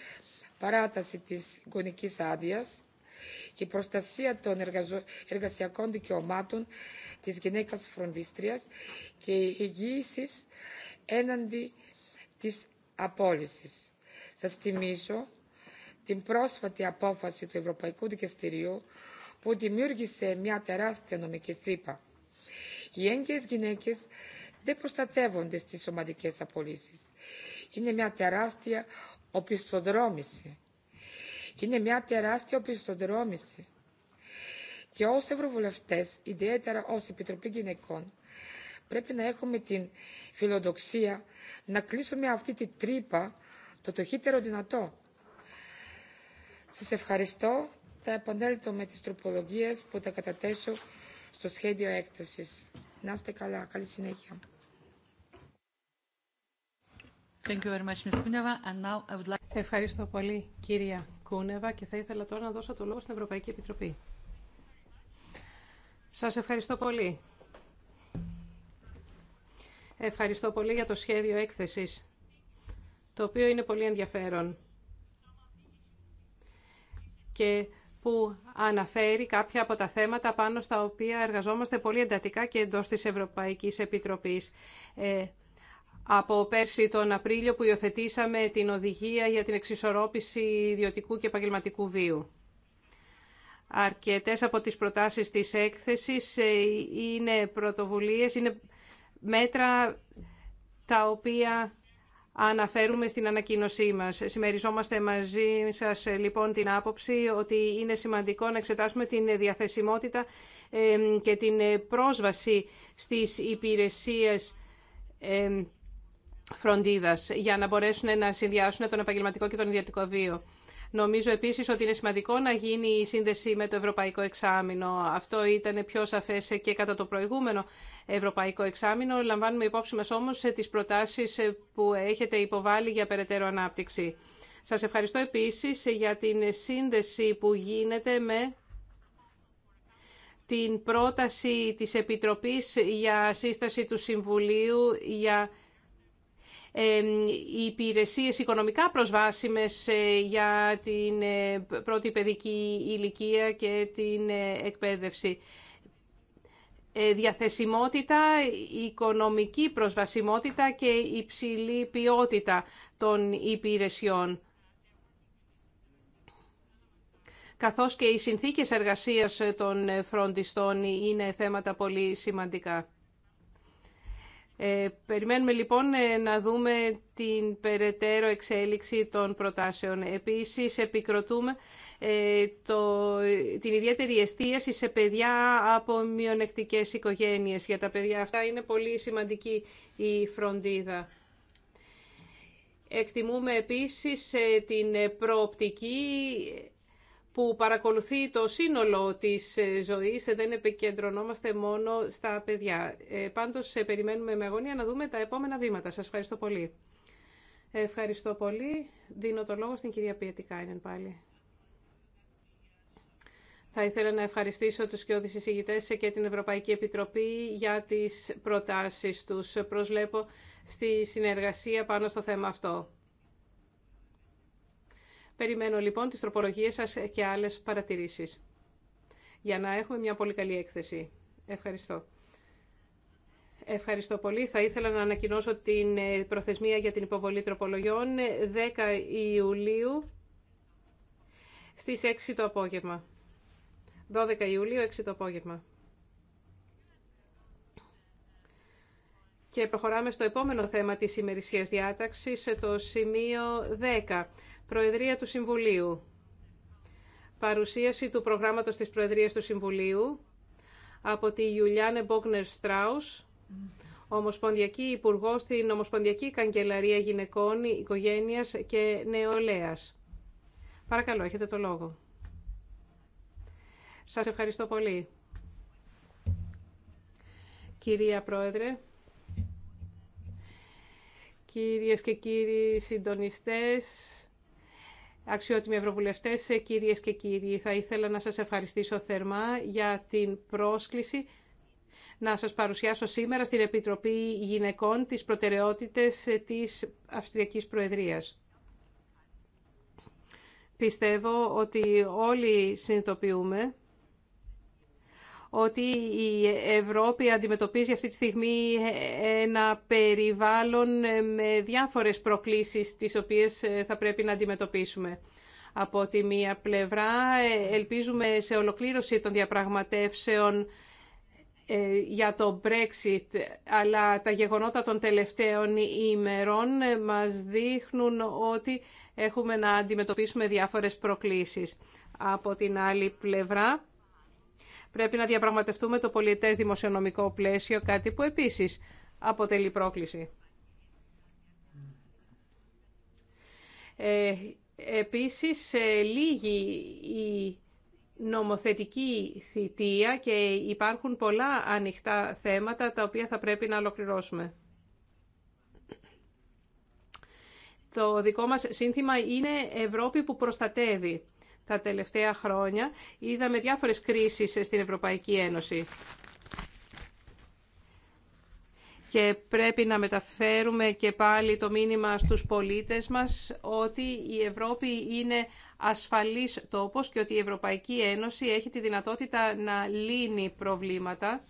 παράταση της γονικής άδειας, η προστασία των εργασιακών δικαιωμάτων της γυναίκας φροντίστριας και η έναντι της απόλυσης. Σας θυμίσω την πρόσφατη απόφαση του Ευρωπαϊκού Δικαστηρίου που δημιούργησε μια τεράστια νομική θρύπα. Οι έγκυες γυναίκες δεν προστατεύονται στις σωματικές απολύσεις. Είναι μια τεράστια οπισθοδρόμηση είναι μια τεράστια οπισθοδρόμηση. Και ως Ευρωβουλευτές, ιδιαίτερα ως Επιτροπή Γυναικών, πρέπει να έχουμε την φιλοδοξία να κλείσουμε αυτή τη τρύπα το τοχύτερο δυνατό. Σας ευχαριστώ. Θα επανέλθω με τις τροπολογίες που θα καταθέσω στο σχέδιο έκτασης. Να είστε καλά. Καλή συνέχεια. Ευχαριστώ πολύ, κυρία Κούνεβα και θα ήθελα τώρα να δώσω το λόγο στην Ευρωπαϊκή Επιτροπή. Σας ευχαριστώ πολύ. Ευχαριστώ πολύ για το σχέδιο έκθεσης, το οποίο είναι πολύ ενδιαφέρον και που αναφέρει κάποια από τα θέματα πάνω στα οποία εργαζόμαστε πολύ εντατικά και εντός της Ευρωπαϊκής Επιτροπής. Ε, από πέρσι τον Απρίλιο που υιοθετήσαμε την οδηγία για την εξισορρόπηση ιδιωτικού και επαγγελματικού βίου. Αρκετές από τις προτάσεις της έκθεσης ε, είναι πρωτοβουλίες, είναι μέτρα τα οποία αναφέρουμε στην ανακοίνωσή μας. Συμμεριζόμαστε μαζί σας ε, λοιπόν την άποψη ότι είναι σημαντικό να εξετάσουμε την διαθεσιμότητα ε, και την πρόσβαση στις υπηρεσίες φροντίδας για να μπορέσουν να συνδυάσουν τον επαγγελματικό και τον ιδιωτικό βίο. Νομίζω επίσης ότι είναι σημαντικό να γίνει η σύνδεση με το Ευρωπαϊκό Εξάμεινο. Αυτό ήταν πιο σαφές και κατά το προηγούμενο Ευρωπαϊκό Εξάμεινο. Λαμβάνουμε υπόψη μας όμως τις προτάσεις που έχετε υποβάλει για περαιτέρω ανάπτυξη. Σας ευχαριστώ επίσης για την σύνδεση που γίνεται με την πρόταση της Επιτροπής για σύσταση του Συμβουλίου για οι υπηρεσίες οικονομικά προσβάσιμες ε, για την ε, πρώτη παιδική ηλικία και την ε, εκπαίδευση. Διαθεσιμότητα, οικονομική προσβασιμότητα και υψηλή ποιότητα των υπηρεσιών. Καθώς και οι συνθήκες εργασίας των φροντιστών είναι θέματα πολύ σημαντικά. Ε, περιμένουμε λοιπόν ε, να δούμε την περαιτέρω εξέλιξη των προτάσεων. Επίσης, επικροτούμε ε, το, την ιδιαίτερη εστίαση σε παιδιά από μειονεκτικές οικογένειες. Για τα παιδιά αυτά είναι πολύ σημαντική η φροντίδα. Εκτιμούμε επίσης την προοπτική που παρακολουθεί το σύνολο της ε, ζωής, ε, δεν επικεντρωνόμαστε μόνο στα παιδιά. Ε, πάντως, περιμένουμε με αγωνία να δούμε τα επόμενα βήματα. Σας ευχαριστώ πολύ. Ευχαριστώ πολύ. Δίνω το λόγο στην κυρία Πιετικάινεν πάλι. Θα ήθελα να ευχαριστήσω τους και οδησυσυγητές και την Ευρωπαϊκή Επιτροπή για τις προτάσεις τους. Προσλέπω στη συνεργασία πάνω στο θέμα αυτό. Περιμένω λοιπόν τις τροπολογίες σας και άλλες παρατηρήσεις για να έχουμε μια πολύ καλή έκθεση. Ευχαριστώ. Ευχαριστώ πολύ. Θα ήθελα να ανακοινώσω την ε, προθεσμία για την υποβολή τροπολογιών 10 ε, Ιουλίου στις 6 το απόγευμα. 12 Ιουλίου, 6 το απόγευμα. Και προχωράμε στο επόμενο θέμα της ημερησίας διάταξης, ε, το σημείο 10. Προεδρία του Συμβουλίου. Παρουσίαση του προγράμματος της Προεδρίας του Συμβουλίου από τη Ιουλιάνε Μπόκνερ Στράους, Ομοσπονδιακή Υπουργό στην Ομοσπονδιακή Καγκελαρία Γυναικών, Οικογένειας και Νεολαίας. Παρακαλώ, έχετε το λόγο. Σας ευχαριστώ πολύ. Κυρία Πρόεδρε, κυρίες και κύριοι συντονιστές, Αξιότιμοι Ευρωβουλευτές, ε, κυρίες και κύριοι, θα ήθελα να σας ευχαριστήσω θερμά για την πρόσκληση να σας παρουσιάσω σήμερα στην Επιτροπή Γυναικών της προτεραιότητες ε, της Αυστριακής Προεδρίας. Πιστεύω ότι όλοι συνειδητοποιούμε ότι η Ευρώπη αντιμετωπίζει αυτή τη στιγμή ένα περιβάλλον με διάφορες προκλήσεις τις οποίες θα πρέπει να αντιμετωπίσουμε. Από τη μία πλευρά ελπίζουμε σε ολοκλήρωση των διαπραγματεύσεων ε, για το Brexit, αλλά τα γεγονότα των τελευταίων ημερών μας δείχνουν ότι έχουμε να αντιμετωπίσουμε διάφορες προκλήσεις. Από την άλλη πλευρά, Πρέπει να διαπραγματευτούμε το πολιετές δημοσιονομικό πλαίσιο, κάτι που επίσης αποτελεί πρόκληση. Ε, επίσης, λίγη η νομοθετική θητεία και υπάρχουν πολλά ανοιχτά θέματα τα οποία θα πρέπει να ολοκληρώσουμε. Το δικό μας σύνθημα είναι Ευρώπη που προστατεύει τα τελευταία χρόνια. Είδαμε διάφορες κρίσεις στην Ευρωπαϊκή Ένωση. Και πρέπει να μεταφέρουμε και πάλι το μήνυμα στους πολίτες μας ότι η Ευρώπη είναι ασφαλής τόπος και ότι η Ευρωπαϊκή Ένωση έχει τη δυνατότητα να λύνει προβλήματα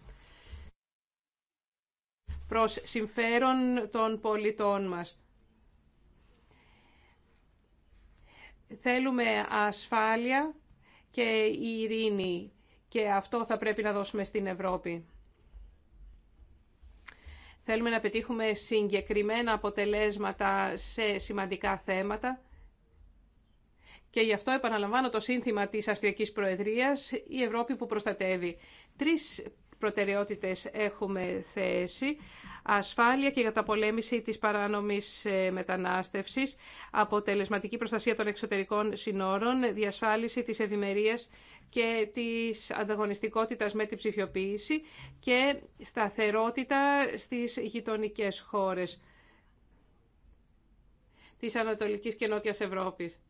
προς συμφέρον των πολιτών μας. Θέλουμε ασφάλεια και ειρήνη και αυτό θα πρέπει να δώσουμε στην Ευρώπη. Θέλουμε να πετύχουμε συγκεκριμένα αποτελέσματα σε σημαντικά θέματα και γι' αυτό επαναλαμβάνω το σύνθημα της Αυστριακής Προεδρίας «Η Ευρώπη που προστατεύει». Τρεις προτεραιότητες έχουμε θέσει ασφάλεια και καταπολέμηση της παράνομης ε, μετανάστευσης, αποτελεσματική προστασία των εξωτερικών συνόρων, διασφάλιση της ευημερία και της ανταγωνιστικότητας με την ψηφιοποίηση και σταθερότητα στις γειτονικές χώρες της Ανατολικής και Νότιας Ευρώπης.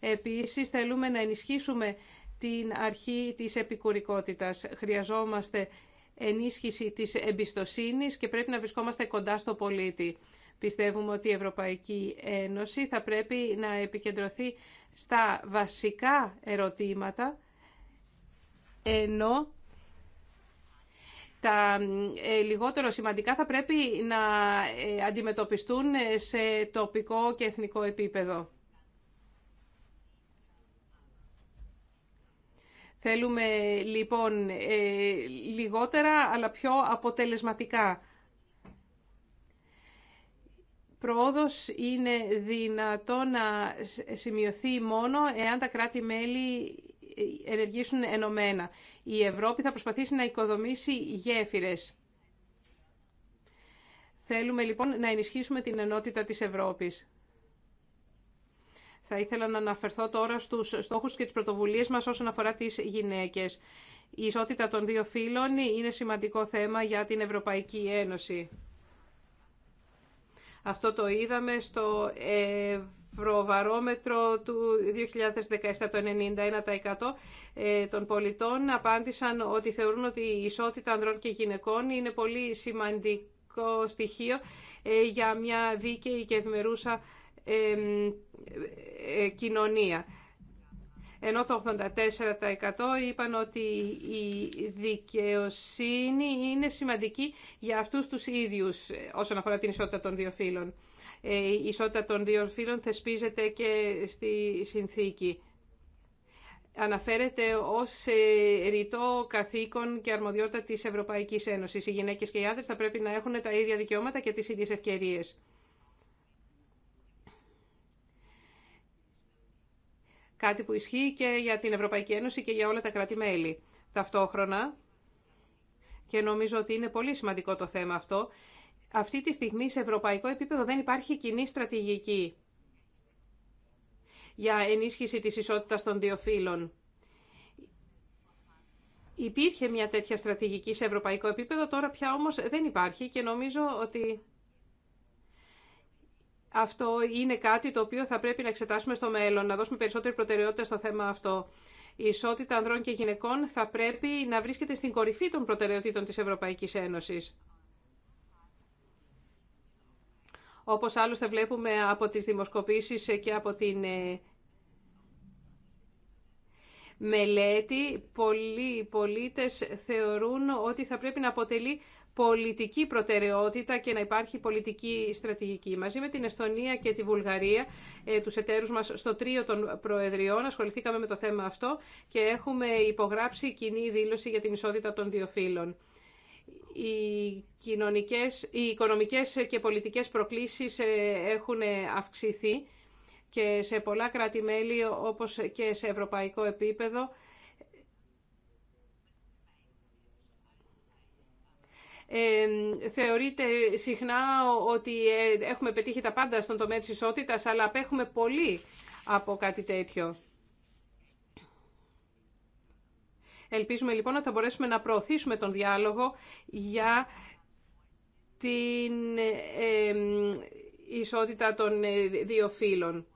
Επίσης, θέλουμε να ενισχύσουμε την αρχή της επικουρικότητας. Χρειαζόμαστε ενίσχυση της εμπιστοσύνης και πρέπει να βρισκόμαστε κοντά στο πολίτη. Πιστεύουμε ότι η Ευρωπαϊκή Ένωση θα πρέπει να επικεντρωθεί στα βασικά ερωτήματα, ενώ τα ε, λιγότερο σημαντικά θα πρέπει να ε, αντιμετωπιστούν σε τοπικό και εθνικό επίπεδο. Θέλουμε λοιπόν ε, λιγότερα αλλά πιο αποτελεσματικά. Πρόοδος είναι δυνατό να σημειωθεί μόνο εάν τα κράτη-μέλη ε, ενεργήσουν ενωμένα. Η Ευρώπη θα προσπαθήσει να οικοδομήσει γέφυρες. Θέλουμε λοιπόν να ενισχύσουμε την ενότητα της Ευρώπης. Θα ήθελα να αναφερθώ τώρα στους στόχους και τις πρωτοβουλίες μας όσον αφορά τις γυναίκες. Η ισότητα των δύο φύλων είναι σημαντικό θέμα για την Ευρωπαϊκή Ένωση. Αυτό το είδαμε στο Ευρωβαρόμετρο του 2017, το 91% ε, των πολιτών απάντησαν ότι θεωρούν ότι η ισότητα ανδρών και γυναικών είναι πολύ σημαντικό στοιχείο ε, για μια δίκαιη και ευμερούσα ε, κοινωνία. Ενώ το 84% είπαν ότι η δικαιοσύνη είναι σημαντική για αυτούς τους ίδιους ε, όσον αφορά την ισότητα των δύο φύλων. Ε, η ισότητα των δύο φύλων θεσπίζεται και στη συνθήκη. Αναφέρεται ως ρητό καθήκον και αρμοδιότητα της Ευρωπαϊκής Ένωσης. Οι γυναίκες και οι άντρες θα πρέπει να έχουν τα ίδια δικαιώματα και τις ίδιες ευκαιρίες. κάτι που ισχύει και για την Ευρωπαϊκή Ένωση και για όλα τα κράτη-μέλη. Ταυτόχρονα, και νομίζω ότι είναι πολύ σημαντικό το θέμα αυτό, αυτή τη στιγμή σε ευρωπαϊκό επίπεδο δεν υπάρχει κοινή στρατηγική για ενίσχυση της ισότητας των δύο φύλων. Υπήρχε μια τέτοια στρατηγική σε ευρωπαϊκό επίπεδο, τώρα πια όμως δεν υπάρχει και νομίζω ότι αυτό είναι κάτι το οποίο θα πρέπει να εξετάσουμε στο μέλλον, να δώσουμε περισσότερη προτεραιότητα στο θέμα αυτό. Η ισότητα ανδρών και γυναικών θα πρέπει να βρίσκεται στην κορυφή των προτεραιοτήτων της Ευρωπαϊκής Ένωσης. Όπως άλλωστε βλέπουμε από τις δημοσκοπήσεις και από την ε, μελέτη, πολλοί πολίτες θεωρούν ότι θα πρέπει να αποτελεί πολιτική προτεραιότητα και να υπάρχει πολιτική στρατηγική. Μαζί με την Εστονία και τη Βουλγαρία, ε, τους εταίρους μας στο τρίο των Προεδριών, ασχοληθήκαμε με το θέμα αυτό και έχουμε υπογράψει κοινή δήλωση για την ισότητα των δύο φύλων. Οι, κοινωνικές, οι οικονομικές και πολιτικές προκλήσεις ε, έχουν αυξηθεί και σε πολλά κράτη-μέλη όπως και σε ευρωπαϊκό επίπεδο θεωρείται συχνά ότι ε, έχουμε πετύχει τα πάντα στον τομέα της ισότητας, αλλά απέχουμε πολύ από κάτι τέτοιο. Ελπίζουμε λοιπόν ότι θα μπορέσουμε να προωθήσουμε τον διάλογο για την ισότητα των ε, δύο φύλων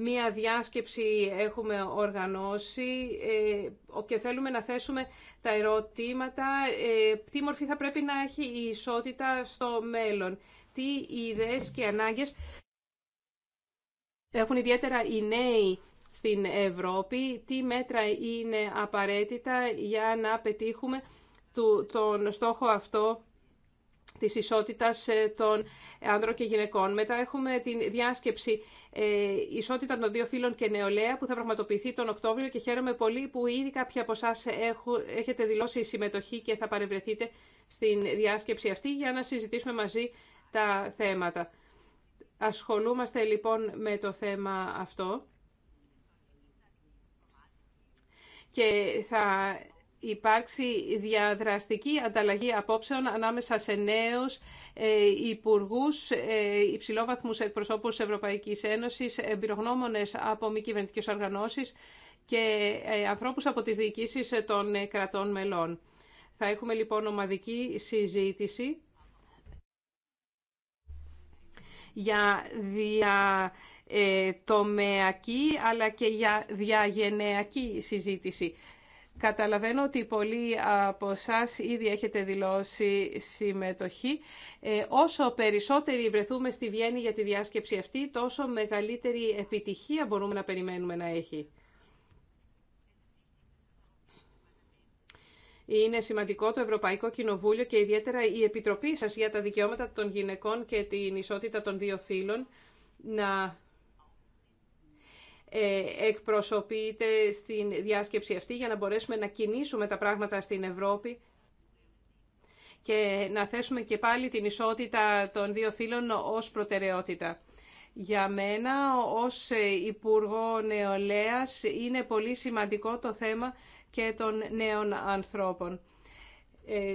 μία διάσκεψη έχουμε οργανώσει ε, και θέλουμε να θέσουμε τα ερωτήματα ε, τι μορφή θα πρέπει να έχει η ισότητα στο μέλλον, τι ιδέες και ανάγκες έχουν ιδιαίτερα οι νέοι στην Ευρώπη, τι μέτρα είναι απαραίτητα για να πετύχουμε τον στόχο αυτό της ισότητας ε, των άνδρων και γυναικών. Μετά έχουμε τη διάσκεψη ε, ισότητα των δύο φύλων και νεολαία που θα πραγματοποιηθεί τον Οκτώβριο και χαίρομαι πολύ που ήδη κάποιοι από εσά έχετε δηλώσει συμμετοχή και θα παρευρεθείτε στην διάσκεψη αυτή για να συζητήσουμε μαζί τα θέματα. Ασχολούμαστε λοιπόν με το θέμα αυτό και θα υπάρξει διαδραστική ανταλλαγή απόψεων ανάμεσα σε νέους ε, υπουργούς, ε, υψηλόβαθμους εκπροσώπους της Ευρωπαϊκής Ένωσης, εμπειρογνώμονες από μη κυβερνητικές οργανώσεις και ε, ανθρώπους από τις διοικήσεις των κρατών μελών. Θα έχουμε λοιπόν ομαδική συζήτηση για δια τομεακή αλλά και για διαγενειακή συζήτηση. Καταλαβαίνω ότι πολλοί από εσά ήδη έχετε δηλώσει συμμετοχή. Ε, όσο περισσότεροι βρεθούμε στη Βιέννη για τη διάσκεψη αυτή, τόσο μεγαλύτερη επιτυχία μπορούμε να περιμένουμε να έχει. Είναι σημαντικό το Ευρωπαϊκό Κοινοβούλιο και ιδιαίτερα η Επιτροπή σας για τα δικαιώματα των γυναικών και την ισότητα των δύο φύλων να ε, εκπροσωπείται στην διάσκεψη αυτή για να μπορέσουμε να κινήσουμε τα πράγματα στην Ευρώπη και να θέσουμε και πάλι την ισότητα των δύο φύλων ως προτεραιότητα. Για μένα, ως Υπουργό Νεολαίας, είναι πολύ σημαντικό το θέμα και των νέων ανθρώπων. Ε,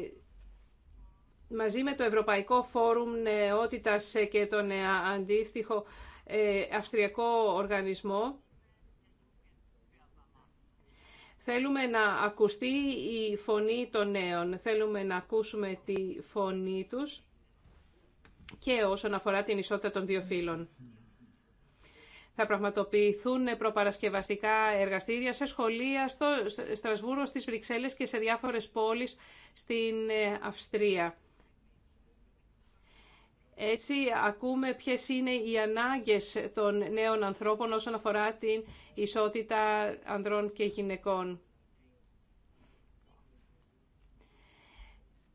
μαζί με το Ευρωπαϊκό Φόρουμ Νεότητας και τον ε, αντίστοιχο ε, Αυστριακό Οργανισμό, Θέλουμε να ακουστεί η φωνή των νέων, θέλουμε να ακούσουμε τη φωνή τους και όσον αφορά την ισότητα των δύο φύλων. Θα πραγματοποιηθούν προπαρασκευαστικά εργαστήρια σε σχολεία, στο Στρασβούργο, στις Βρυξέλλες και σε διάφορες πόλεις στην ε, Αυστρία. Έτσι ακούμε ποιες είναι οι ανάγκες των νέων ανθρώπων όσον αφορά την ισότητα ανδρών και γυναικών.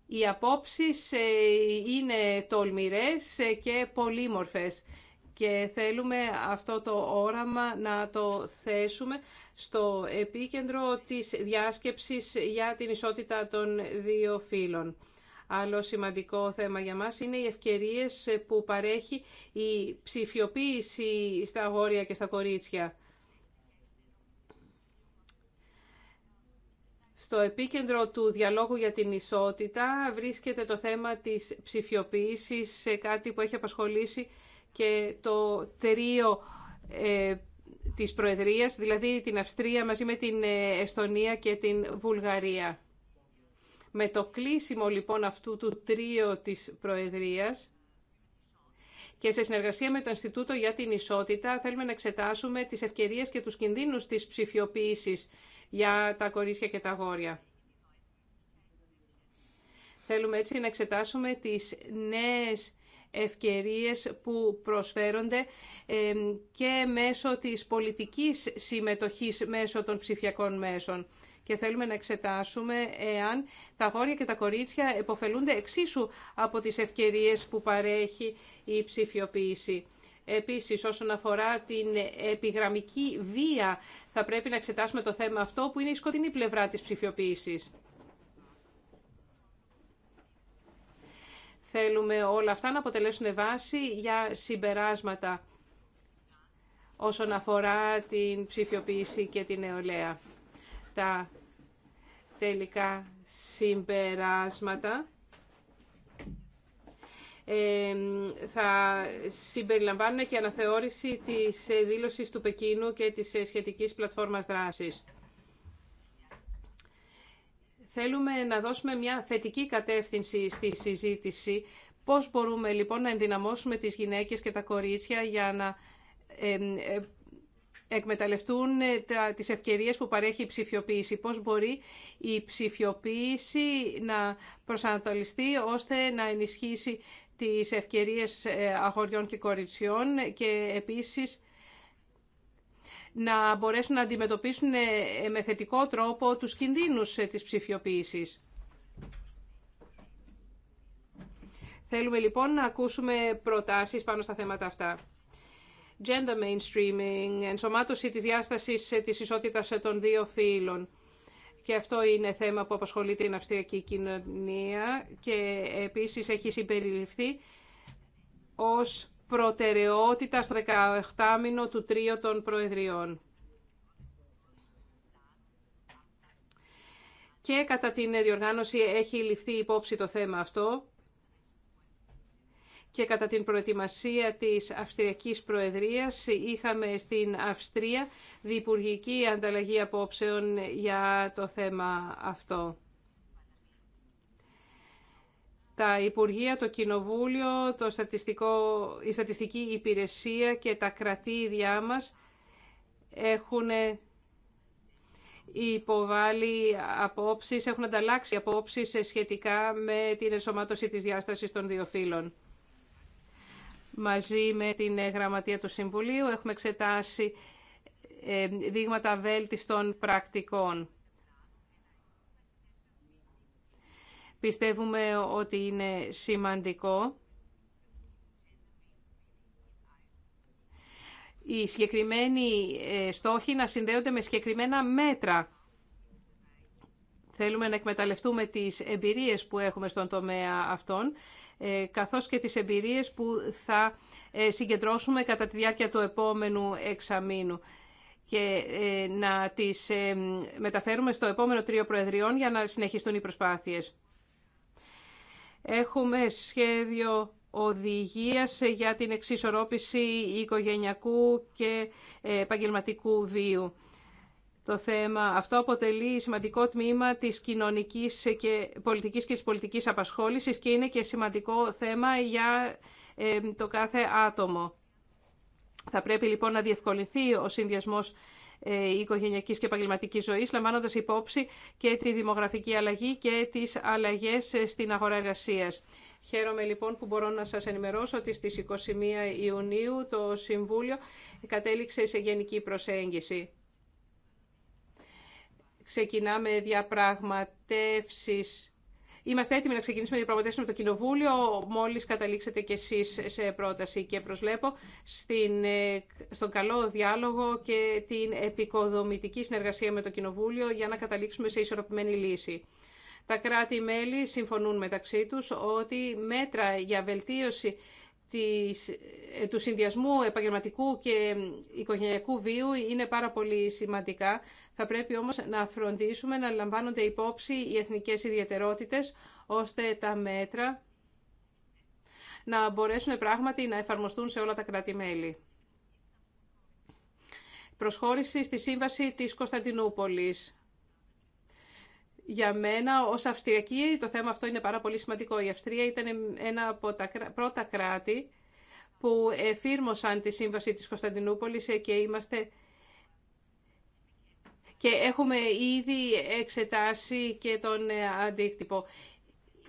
Οι απόψεις ε, είναι τολμηρές και πολύμορφες και θέλουμε αυτό το όραμα να το θέσουμε στο επίκεντρο της διάσκεψης για την ισότητα των δύο φύλων. Άλλο σημαντικό θέμα για μας είναι οι ευκαιρίες που παρέχει η ψηφιοποίηση στα αγόρια και στα κορίτσια. Στο επίκεντρο του διαλόγου για την ισότητα βρίσκεται το θέμα της ψηφιοποίησης, σε κάτι που έχει απασχολήσει και το τρίο ε, της Προεδρίας, δηλαδή την Αυστρία μαζί με την ε, Εστονία και την Βουλγαρία. Με το κλείσιμο λοιπόν αυτού του τρίου της Προεδρίας και σε συνεργασία με το Ινστιτούτο για την Ισότητα θέλουμε να εξετάσουμε τις ευκαιρίες και τους κινδύνους της ψηφιοποίησης για τα κορίτσια και τα γόρια. Θέλουμε έτσι να εξετάσουμε τις νέες ευκαιρίες που προσφέρονται και μέσω της πολιτικής συμμετοχής μέσω των ψηφιακών μέσων και θέλουμε να εξετάσουμε εάν τα γόρια και τα κορίτσια υποφελούνται εξίσου από τις ευκαιρίες που παρέχει η ψηφιοποίηση. Επίσης, όσον αφορά την επιγραμμική βία, θα πρέπει να εξετάσουμε το θέμα αυτό που είναι η σκοτεινή πλευρά της ψηφιοποίησης. Θέλουμε όλα αυτά να αποτελέσουν βάση για συμπεράσματα όσον αφορά την ψηφιοποίηση και την νεολαία τα τελικά συμπεράσματα ε, θα συμπεριλαμβάνουν και αναθεώρηση της δήλωσης του Πεκίνου και της σχετικής πλατφόρμας δράσης. Θέλουμε να δώσουμε μια θετική κατεύθυνση στη συζήτηση. Πώς μπορούμε λοιπόν να ενδυναμώσουμε τις γυναίκες και τα κορίτσια για να ε, ε, εκμεταλλευτούν ε, τα, τις ευκαιρίες που παρέχει η ψηφιοποίηση. Πώς μπορεί η ψηφιοποίηση να προσανατολιστεί ώστε να ενισχύσει τις ευκαιρίες ε, αγοριών και κοριτσιών και επίσης να μπορέσουν να αντιμετωπίσουν ε, με θετικό τρόπο τους κινδύνους της ψηφιοποίησης. Θέλουμε λοιπόν να ακούσουμε προτάσεις πάνω στα θέματα αυτά gender mainstreaming, ενσωμάτωση της διάστασης ε, της ισότητας ε, των δύο φύλων. Και αυτό είναι θέμα που απασχολεί την αυστριακή κοινωνία και επίσης έχει συμπεριληφθεί ως προτεραιότητα στο 18μηνο του τρίου των Προεδριών. Και κατά την διοργάνωση έχει ληφθεί υπόψη το θέμα αυτό και κατά την προετοιμασία της Αυστριακής Προεδρίας είχαμε στην Αυστρία διπουργική ανταλλαγή απόψεων για το θέμα αυτό. Τα Υπουργεία, το Κοινοβούλιο, το στατιστικό, η Στατιστική Υπηρεσία και τα κρατήδια μας έχουν υποβάλει απόψεις, έχουν ανταλλάξει απόψεις σχετικά με την ενσωμάτωση της διάστασης των δύο φύλων μαζί με την ε, Γραμματεία του Συμβουλίου. Έχουμε εξετάσει ε, δείγματα βέλτιστων πρακτικών. Πιστεύουμε ότι είναι σημαντικό οι συγκεκριμένοι ε, στόχοι να συνδέονται με συγκεκριμένα μέτρα. Θέλουμε να εκμεταλλευτούμε τις εμπειρίες που έχουμε στον τομέα αυτών ε, καθώς και τις εμπειρίες που θα ε, συγκεντρώσουμε κατά τη διάρκεια του επόμενου εξαμήνου και ε, να τις μεταφέρουμε στο επόμενο τρίο προεδριών για να συνεχιστούν οι προσπάθειες. Έχουμε σχέδιο οδηγίας για την εξισορρόπηση οικογενειακού και επαγγελματικού βίου. Το θέμα αυτό αποτελεί σημαντικό τμήμα της κοινωνικής και πολιτικής και της πολιτικής απασχόλησης και είναι και σημαντικό θέμα για ε, το κάθε άτομο. Θα πρέπει λοιπόν να διευκολυνθεί ο συνδυασμός ε, οικογενειακής και επαγγελματική ζωής, λαμβάνοντας υπόψη και τη δημογραφική αλλαγή και τις αλλαγές στην αγορά εργασία. Χαίρομαι λοιπόν που μπορώ να σας ενημερώσω ότι στις 21 Ιουνίου το Συμβούλιο κατέληξε σε γενική προσέγγιση ξεκινάμε διαπραγματεύσεις. Είμαστε έτοιμοι να ξεκινήσουμε διαπραγματεύσεις με το Κοινοβούλιο, μόλις καταλήξετε κι εσείς σε πρόταση και προσλέπω στην, ε, στον καλό διάλογο και την επικοδομητική συνεργασία με το Κοινοβούλιο για να καταλήξουμε σε ισορροπημένη λύση. Τα κράτη-μέλη συμφωνούν μεταξύ τους ότι μέτρα για βελτίωση ε, του συνδυασμού επαγγελματικού και οικογενειακού βίου είναι πάρα πολύ σημαντικά. Θα πρέπει όμως να φροντίσουμε να λαμβάνονται υπόψη οι εθνικές ιδιαιτερότητες, ώστε τα μέτρα να μπορέσουν πράγματι να εφαρμοστούν σε όλα τα κράτη-μέλη. Προσχώρηση στη Σύμβαση της Κωνσταντινούπολης για μένα ως Αυστριακή το θέμα αυτό είναι πάρα πολύ σημαντικό. Η Αυστρία ήταν ένα από τα πρώτα κράτη που εφήρμοσαν τη σύμβαση της Κωνσταντινούπολης και είμαστε και έχουμε ήδη εξετάσει και τον ε, αντίκτυπο.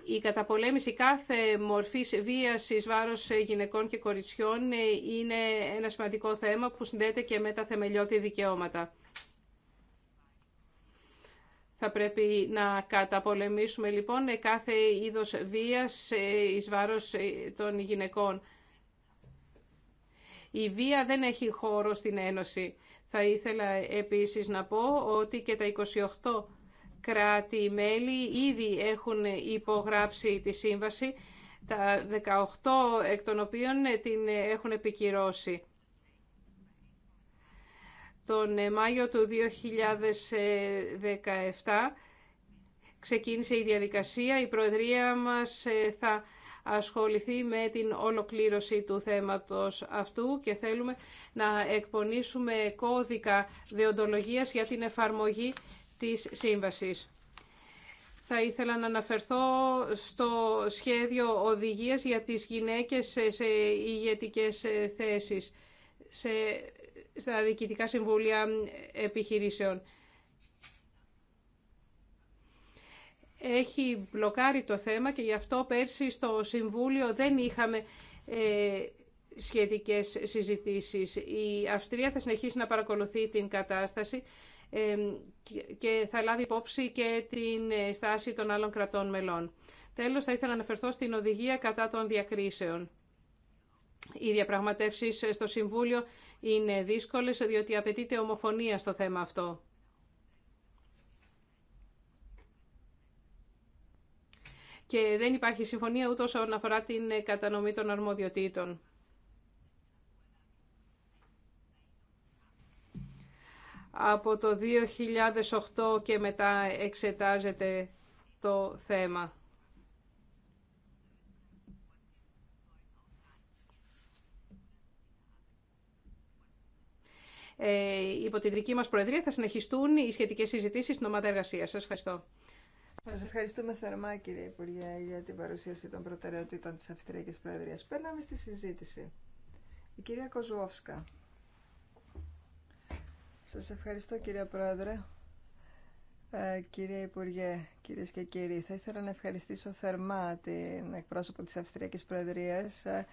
Η καταπολέμηση κάθε μορφής βίας εις βάρος γυναικών και κοριτσιών ε, είναι ένα σημαντικό θέμα που συνδέεται και με τα θεμελιώδη δικαιώματα. Θα πρέπει να καταπολεμήσουμε λοιπόν κάθε είδος βίας ε, εις βάρος ε, των γυναικών. Η βία δεν έχει χώρο στην Ένωση. Θα ήθελα επίσης να πω ότι και τα 28 κράτη-μέλη ήδη έχουν υπογράψει τη σύμβαση, τα 18 εκ των οποίων την έχουν επικυρώσει. Τον ε, Μάιο του 2017 ξεκίνησε η διαδικασία. Η Προεδρία μας ε, θα ασχοληθεί με την ολοκλήρωση του θέματος αυτού και θέλουμε να εκπονήσουμε κώδικα δεοντολογίας για την εφαρμογή της σύμβασης. Θα ήθελα να αναφερθώ στο σχέδιο οδηγίας για τις γυναίκες σε ηγετικές ε, θέσεις. Σε στα διοικητικά συμβούλια επιχειρήσεων. Έχει μπλοκάρει το θέμα και γι' αυτό πέρσι στο Συμβούλιο δεν είχαμε ε, σχετικές συζητήσεις. Η Αυστρία θα συνεχίσει να παρακολουθεί την κατάσταση ε, και θα λάβει υπόψη και την ε, στάση των άλλων κρατών μελών. Τέλος, θα ήθελα να αναφερθώ στην οδηγία κατά των διακρίσεων. Οι διαπραγματεύσεις στο Συμβούλιο είναι δύσκολες, διότι απαιτείται ομοφωνία στο θέμα αυτό. Και δεν υπάρχει συμφωνία ούτε όσον αφορά την κατανομή των αρμοδιοτήτων. Από το 2008 και μετά εξετάζεται το θέμα. Ε, υπό την δική μας Προεδρία θα συνεχιστούν οι σχετικές συζητήσεις στην ομάδα εργασίας. Σας ευχαριστώ. Σα ευχαριστούμε θερμά κύριε Υπουργέ για την παρουσίαση των προτεραιοτήτων τη Αυστριακή Προεδρία. Παίρναμε στη συζήτηση. Η κυρία Κοζουόφσκα. Σα ευχαριστώ κύριε Πρόεδρε. Ε, κύριε Υπουργέ, κύριε και κύριοι, θα ήθελα να ευχαριστήσω θερμά την εκπρόσωπο της Προεδρία Προεδρίας ε,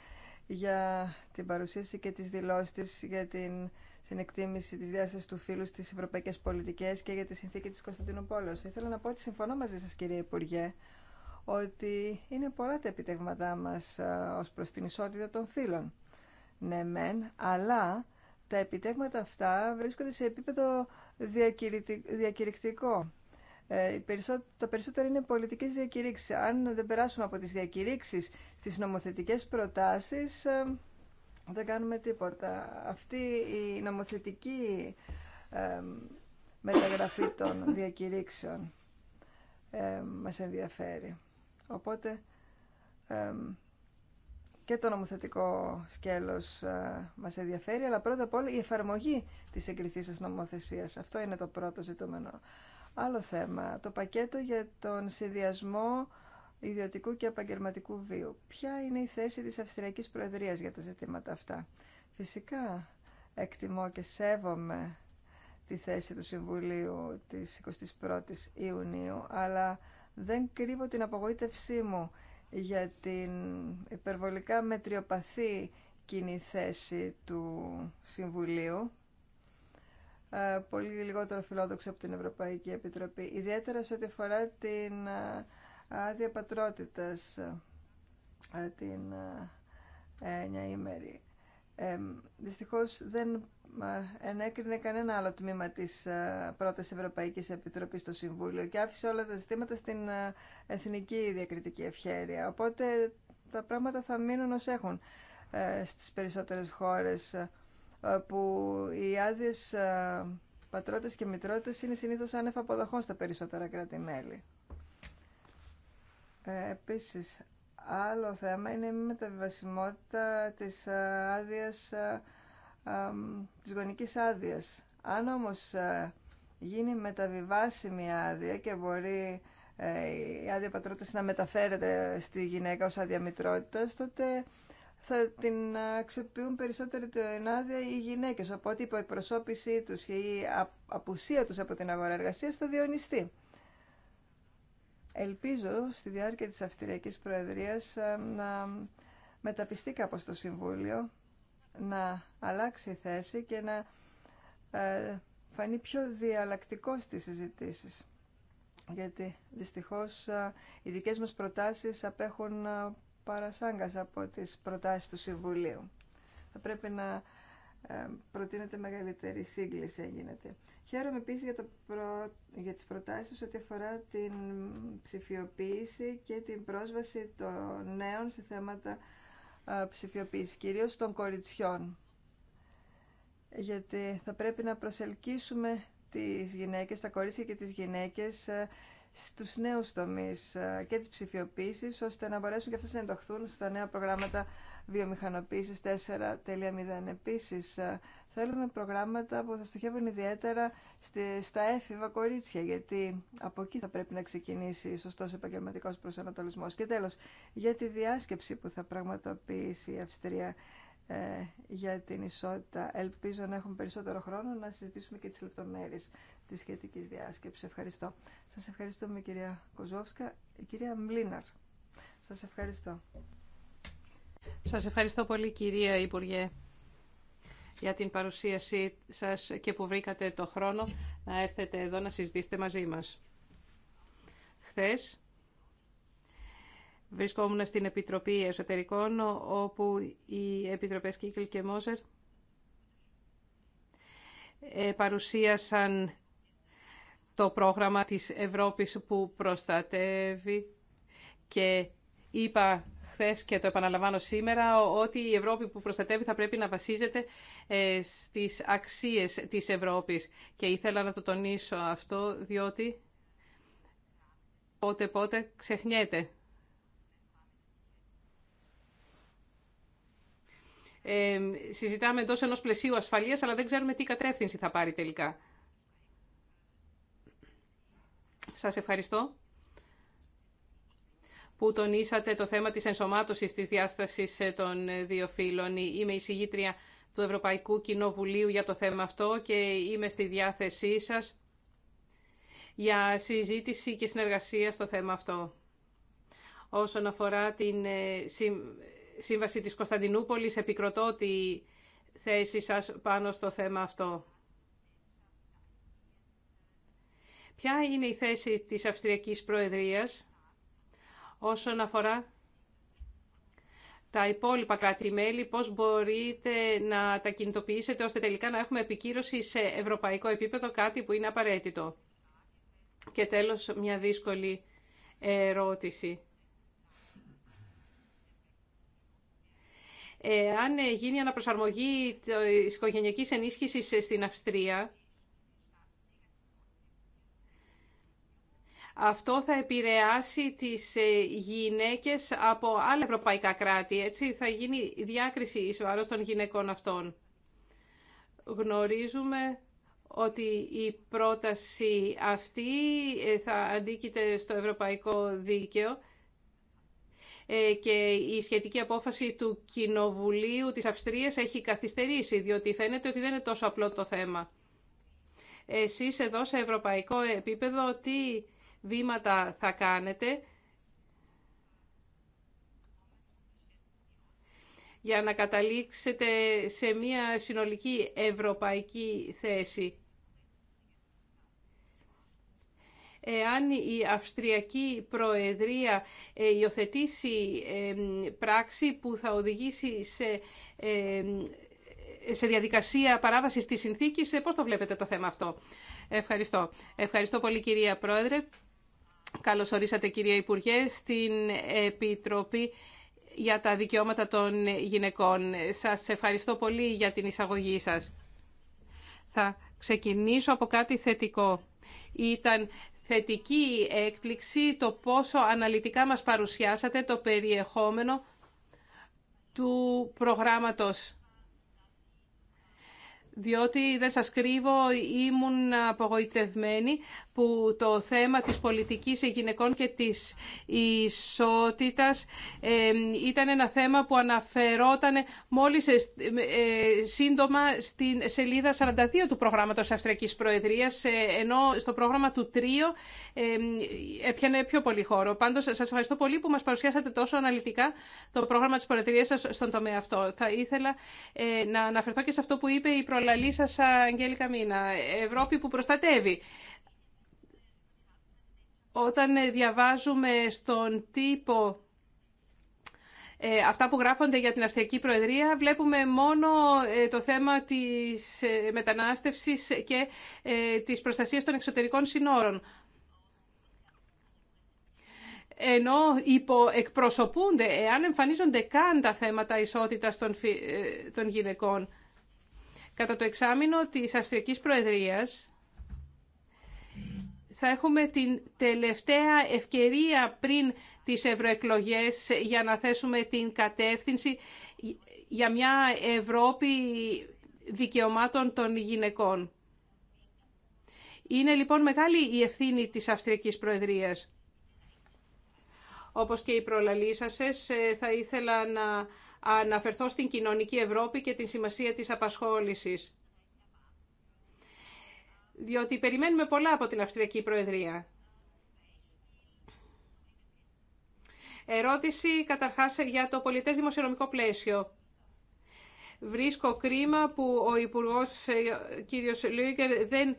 για την παρουσίαση και τι δηλώσει τη για την στην εκτίμηση τη διάσταση του φίλου στι ευρωπαϊκέ πολιτικέ και για τη συνθήκη τη Κωνσταντινούπολη. Ήθελα να πω ότι συμφωνώ μαζί σα, κύριε Υπουργέ, ότι είναι πολλά τα επιτεύγματά μα ε, ω προ την ισότητα των φίλων, Ναι, μεν, αλλά τα επιτεύγματα αυτά βρίσκονται σε επίπεδο διακηρυκτικό. Ε, τα περισσότερα είναι πολιτικέ διακηρύξει. Αν δεν περάσουμε από τις διακηρύξεις στις νομοθετικές προτάσεις, ε, δεν κάνουμε τίποτα. Αυτή η νομοθετική ε, μεταγραφή των διακηρύξεων ε, μας ενδιαφέρει. Οπότε και το νομοθετικό σκέλος ε, μας ενδιαφέρει, αλλά πρώτα απ' όλα η εφαρμογή της εγκριθής νομοθεσίας. Αυτό είναι το πρώτο ζητούμενο. Άλλο θέμα, το πακέτο για τον συνδυασμό ιδιωτικού και επαγγελματικού βίου. Ποια είναι η θέση της Αυστριακής Προεδρίας για τα ζητήματα αυτά. Φυσικά εκτιμώ και σέβομαι τη θέση του Συμβουλίου της 21ης Ιουνίου, αλλά δεν κρύβω την απογοήτευσή μου για την υπερβολικά μετριοπαθή κοινή θέση του Συμβουλίου, ε, πολύ λιγότερο φιλόδοξη από την Ευρωπαϊκή Επιτροπή, ιδιαίτερα σε ό,τι αφορά την ε, άδεια πατρότητας ε, την εννιά ημέρη. Ε, δυστυχώς δεν ε, ενέκρινε κανένα άλλο τμήμα της πρώτης Ευρωπαϊκής Επιτροπής στο Συμβούλιο και άφησε όλα τα ζητήματα στην εθνική διακριτική ευχέρεια. Οπότε τα πράγματα θα μείνουν ως έχουν στις περισσότερες χώρες που οι άδειε πατρότες και μητρότες είναι συνήθως άνευ αποδοχών στα περισσότερα κράτη-μέλη. Ε, επίσης, άλλο θέμα είναι η μεταβιβασιμότητα της ε, άδειας, ε, της γονικής άδειας. Αν όμως γίνει μεταβιβάσιμη άδεια και μπορεί η άδεια πατρότητας να μεταφέρεται στη γυναίκα ως άδεια μητρότητας, τότε θα την αξιοποιούν περισσότερο την άδεια οι γυναίκες, οπότε η υποεκπροσώπησή τους και η απουσία τους από την αγορά εργασίας θα διονυστεί. Ελπίζω στη διάρκεια της Αυστριακής Προεδρίας ε, να μεταπιστεί κάπως το Συμβούλιο, να αλλάξει θέση και να ε, φανεί πιο διαλλακτικό στις συζητήσεις. Γιατί δυστυχώς ε, οι δικές μας προτάσεις απέχουν παρασάγκας από τις προτάσεις του Συμβουλίου. Θα πρέπει να ε, προτείνεται μεγαλύτερη σύγκληση έγινε. Χαίρομαι επίσης για, το προ... τις προτάσεις ό,τι αφορά την ψηφιοποίηση και την πρόσβαση των νέων σε θέματα ε, ψηφιοποίησης κυρίως των κοριτσιών. Γιατί θα πρέπει να προσελκύσουμε τις γυναίκες, τα κορίτσια και τις γυναίκες ε, στους νέους τομείς και τις ψηφιοποίησεις ώστε να μπορέσουν και αυτές να εντοχθούν στα νέα προγράμματα βιομηχανοποίησης 4.0. Επίσης, ε, θέλουμε προγράμματα που θα στοχεύουν ιδιαίτερα στα έφηβα κορίτσια, γιατί από εκεί θα πρέπει να ξεκινήσει σωστό επαγγελματικό προσανατολισμό. Και τέλο, για τη διάσκεψη που θα πραγματοποιήσει η Αυστρία ε, για την ισότητα. Ελπίζω να έχουμε περισσότερο χρόνο να συζητήσουμε και τι λεπτομέρειε τη σχετική διάσκεψη. Ευχαριστώ. Σα ευχαριστούμε, κυρία Κοζόφσκα. κυρία Μλίναρ. Σα ευχαριστώ. Σας ευχαριστώ πολύ κυρία Υπουργέ για την παρουσίασή σας και που βρήκατε το χρόνο να έρθετε εδώ να συζητήσετε μαζί μας. Χθες βρισκόμουν στην Επιτροπή Εσωτερικών όπου οι Επιτροπές Κίκλ και Μόζερ ε, παρουσίασαν το πρόγραμμα της Ευρώπης που προστατεύει και είπα και το επαναλαμβάνω σήμερα ότι η Ευρώπη που προστατεύει θα πρέπει να βασίζεται ε, στι αξίες της Ευρώπης. Και ήθελα να το τονίσω αυτό διότι πότε πότε ξεχνιέται. Ε, συζητάμε εντό ενό πλαισίου ασφαλεία, αλλά δεν ξέρουμε τι κατεύθυνση θα πάρει τελικά. Σας ευχαριστώ που τονίσατε το θέμα της ενσωμάτωσης της διάστασης ε, των ε, δύο φύλων. Είμαι η συγγήτρια του Ευρωπαϊκού Κοινοβουλίου για το θέμα αυτό και είμαι στη διάθεσή σας για συζήτηση και συνεργασία στο θέμα αυτό. Όσον αφορά την ε, Σύμβαση της Κωνσταντινούπολης, επικροτώ τη θέση σας πάνω στο θέμα αυτό. Ποια είναι η θέση της Αυστριακής Προεδρίας Όσον αφορά τα υπόλοιπα κράτη-μέλη, πώς μπορείτε να τα κινητοποιήσετε ώστε τελικά να έχουμε επικύρωση σε ευρωπαϊκό επίπεδο, κάτι που είναι απαραίτητο. Και τέλος, μια δύσκολη ερώτηση. Ε, αν γίνει αναπροσαρμογή της οικογενειακής ενίσχυσης στην Αυστρία, Αυτό θα επηρεάσει τις ε, γυναίκες από άλλα ευρωπαϊκά κράτη. Έτσι θα γίνει διάκριση εις βάρος των γυναικών αυτών. Γνωρίζουμε ότι η πρόταση αυτή ε, θα αντίκειται στο ευρωπαϊκό δίκαιο ε, και η σχετική απόφαση του Κοινοβουλίου της Αυστρίας έχει καθυστερήσει, διότι φαίνεται ότι δεν είναι τόσο απλό το θέμα. Εσείς εδώ σε ευρωπαϊκό επίπεδο τι βήματα θα κάνετε για να καταλήξετε σε μια συνολική ευρωπαϊκή θέση. Εάν η Αυστριακή Προεδρία ε, υιοθετήσει πράξη που θα οδηγήσει σε σε διαδικασία παράβασης της συνθήκης. Ε, πώς το βλέπετε το θέμα αυτό. Ευχαριστώ. Ευχαριστώ πολύ κυρία Πρόεδρε. Καλώς ορίσατε κυρία Υπουργέ στην Επιτροπή για τα δικαιώματα των γυναικών. Σας ευχαριστώ πολύ για την εισαγωγή σας. Θα ξεκινήσω από κάτι θετικό. Ήταν θετική έκπληξη το πόσο αναλυτικά μας παρουσιάσατε το περιεχόμενο του προγράμματος. Διότι δεν σας κρύβω, ήμουν απογοητευμένη που το θέμα της πολιτικής γυναικών και της ισότητας ήταν ένα θέμα που αναφερόταν μόλις ε, ε, σύντομα στην σελίδα 42 του προγράμματος Αυστριακής Προεδρίας, ε, ενώ στο πρόγραμμα του Τρίο έπιανε πιο πολύ χώρο. Πάντως, σας ευχαριστώ πολύ που μας παρουσιάσατε τόσο αναλυτικά το πρόγραμμα της Προεδρίας σας στον τομέα αυτό. Θα ήθελα να αναφερθώ και σε αυτό που είπε η προλαλή σας Αγγέλικα Μίνα. Ευρώπη που προστατεύει. Όταν ε, διαβάζουμε στον τύπο ε, αυτά που γράφονται για την Αυστριακή Προεδρία, βλέπουμε μόνο ε, το θέμα της ε, μετανάστευσης και ε, της προστασίας των εξωτερικών συνόρων. Ενώ υποεκπροσωπούνται, εάν εμφανίζονται καν τα θέματα ισότητας των, των γυναικών. Κατά το εξάμεινο της Αυστριακής Προεδρίας, θα έχουμε την τελευταία ευκαιρία πριν τις ευρωεκλογές για να θέσουμε την κατεύθυνση για μια Ευρώπη δικαιωμάτων των γυναικών. Είναι λοιπόν μεγάλη η ευθύνη της Αυστριακής Προεδρίας. Όπως και οι προλαλήσασες, ε, θα ήθελα να αναφερθώ στην κοινωνική Ευρώπη και την σημασία της απασχόλησης διότι περιμένουμε πολλά από την Αυστριακή Προεδρία. Ερώτηση καταρχάς για το πολιτές δημοσιονομικό πλαίσιο. Βρίσκω κρίμα που ο Υπουργός ε, κύριος Λούγκερ δεν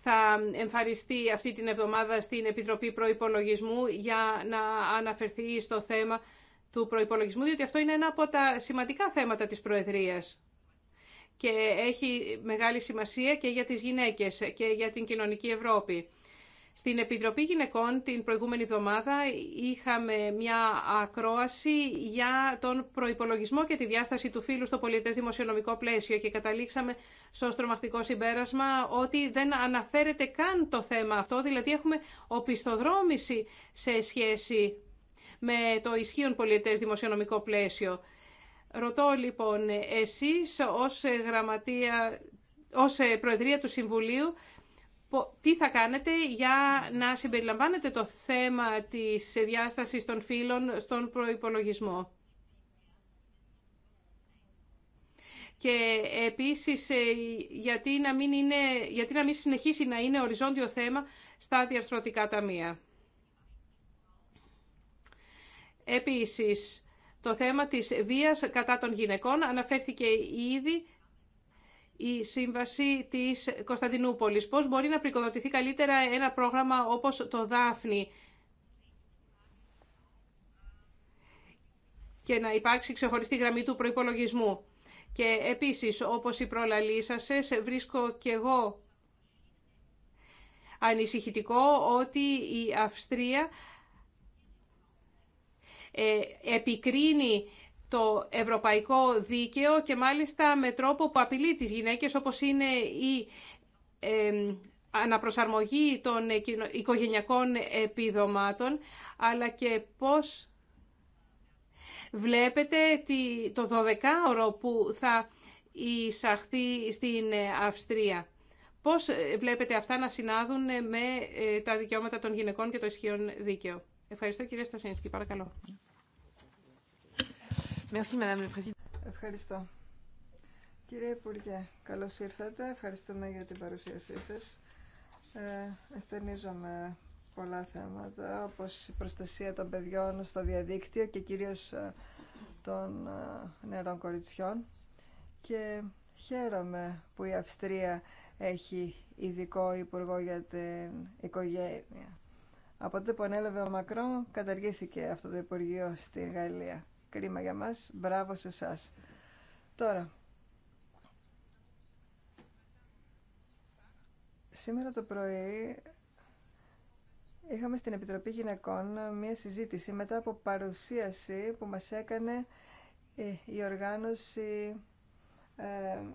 θα εμφανιστεί αυτή την εβδομάδα στην Επιτροπή Προϋπολογισμού για να αναφερθεί στο θέμα του προϋπολογισμού, διότι αυτό είναι ένα από τα σημαντικά θέματα της Προεδρίας και έχει μεγάλη σημασία και για τις γυναίκες και για την κοινωνική Ευρώπη. Στην Επιτροπή Γυναικών την προηγούμενη εβδομάδα είχαμε μια ακρόαση για τον προϋπολογισμό και τη διάσταση του φύλου στο πολιτές δημοσιονομικό πλαίσιο και καταλήξαμε στο στρομακτικό συμπέρασμα ότι δεν αναφέρεται καν το θέμα αυτό, δηλαδή έχουμε οπισθοδρόμηση σε σχέση με το ισχύον πολιτές δημοσιονομικό πλαίσιο. Ρωτώ λοιπόν, εσείς ως, γραμματεία, ως Προεδρία του Συμβουλίου, τι θα κάνετε για να συμπεριλαμβάνετε το θέμα της διάστασης των φύλων στον προϋπολογισμό. Και επίσης, ε, γιατί να μην, είναι, γιατί να μην συνεχίσει να είναι οριζόντιο θέμα στα διαρθρωτικά ταμεία. Επίσης, το θέμα της βίας κατά των γυναικών αναφέρθηκε ήδη η σύμβαση της Κωνσταντινούπολης. Πώς μπορεί να πρικοδοτηθεί καλύτερα ένα πρόγραμμα όπως το Δάφνη και να υπάρξει ξεχωριστή γραμμή του προϋπολογισμού. Και επίσης, όπως η προλαλή βρίσκω και εγώ ανησυχητικό ότι η Αυστρία ε, επικρίνει το ευρωπαϊκό δίκαιο και μάλιστα με τρόπο που απειλεί τις γυναίκες όπως είναι η αναπροσαρμογή των οικογενειακών επιδομάτων αλλά και πώς βλέπετε το 12ωρο που θα εισαχθεί στην Αυστρία. Πώς ε, βλέπετε αυτά να συνάδουν με ε, τα δικαιώματα των γυναικών και το ισχύον δίκαιο. Ευχαριστώ Κύριε Στοσίνσκη. Παρακαλώ. Ευχαριστώ. Κύριε Υπουργέ, καλώς ήρθατε. Ευχαριστούμε για την παρουσίασή σας. Ε, ασθενίζομαι πολλά θέματα, όπω η προστασία των παιδιών στο διαδίκτυο και κυρίως ε, των ε, νερών κοριτσιών. Και χαίρομαι που η Αυστρία έχει ειδικό υπουργό για την οικογένεια από τότε που ανέλαβε ο Μακρό, καταργήθηκε αυτό το Υπουργείο στην Γαλλία. Κρίμα για μας. Μπράβο σε εσά. Τώρα, σήμερα το πρωί είχαμε στην Επιτροπή Γυναικών μία συζήτηση μετά από παρουσίαση που μας έκανε ε, η οργάνωση ε,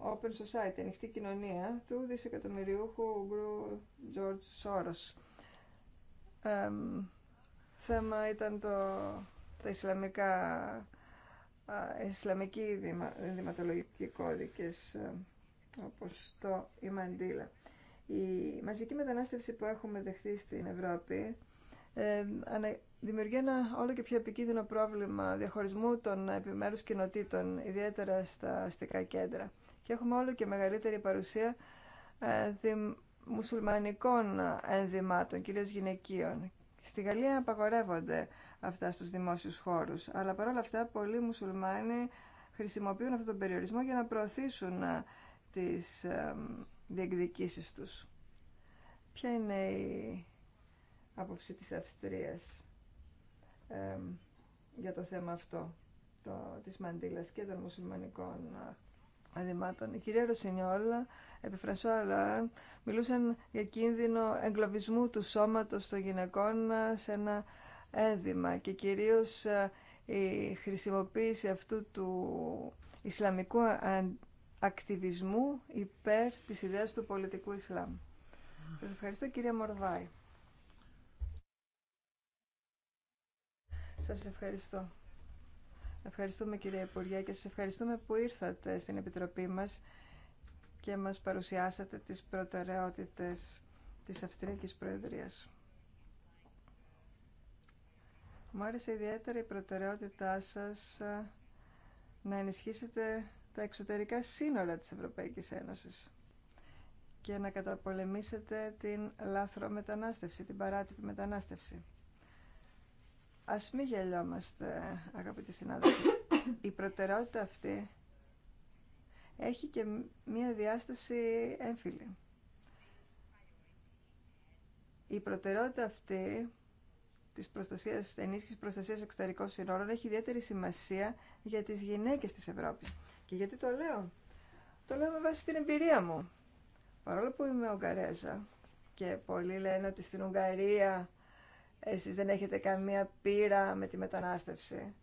Open Society, Ανοιχτή Κοινωνία, του δισεκατομμυριούχου γκρου George Σόρος θέμα ήταν το, τα Ισλαμικά, ε, Ισλαμικοί δημα, δηματολογικοί κώδικες, ε, όπως το η Μαντήλα. Η μαζική μετανάστευση που έχουμε δεχτεί στην Ευρώπη δημιουργεί ένα όλο και πιο επικίνδυνο πρόβλημα διαχωρισμού των επιμέρους κοινοτήτων, ιδιαίτερα στα αστικά κέντρα. Και έχουμε όλο και μεγαλύτερη παρουσία ε, δημ μουσουλμανικών ενδυμάτων, κυρίως γυναικείων. Στη Γαλλία απαγορεύονται αυτά στους δημόσιους χώρους, αλλά παρόλα αυτά πολλοί μουσουλμάνοι χρησιμοποιούν αυτόν τον περιορισμό για να προωθήσουν ε, τις ε, διεκδικήσεις τους. Ποια είναι η άποψη της Αυστρίας ε, για το θέμα αυτό, το, της μαντήλας και των μουσουλμανικών η κυρία Ρωσινιόλα, επί Αλάν, μιλούσαν για κίνδυνο εγκλωβισμού του σώματος των γυναικών σε ένα ένδυμα και κυρίως ε, η χρησιμοποίηση αυτού του Ισλαμικού ακτιβισμού υπέρ της ιδέας του πολιτικού Ισλάμ. Σας ευχαριστώ κυρία Μορβάη. Σας ευχαριστώ. Ευχαριστούμε κυρία Υπουργέ και σας ευχαριστούμε που ήρθατε στην Επιτροπή μας και μας παρουσιάσατε τις προτεραιότητες της Αυστριακής Προεδρίας. Μου άρεσε ιδιαίτερα η προτεραιότητά σας ε, να ενισχύσετε τα εξωτερικά σύνορα της Ευρωπαϊκής Ένωσης και να καταπολεμήσετε την λάθρο μετανάστευση, την παράτυπη μετανάστευση. Ας μην γελιόμαστε, αγαπητοί συνάδελφοι. Η προτεραιότητα αυτή έχει και μία διάσταση έμφυλη. Η προτεραιότητα αυτή της προστασίας, της ενίσχυσης προστασίας εξωτερικών συνόρων έχει ιδιαίτερη σημασία για τις γυναίκες της Ευρώπης. Και γιατί το λέω. Το λέω με βάση την εμπειρία μου. Παρόλο που είμαι Ουγγαρέζα και πολλοί λένε ότι στην Ουγγαρία εσείς δεν έχετε καμία πείρα με τη μετανάστευση.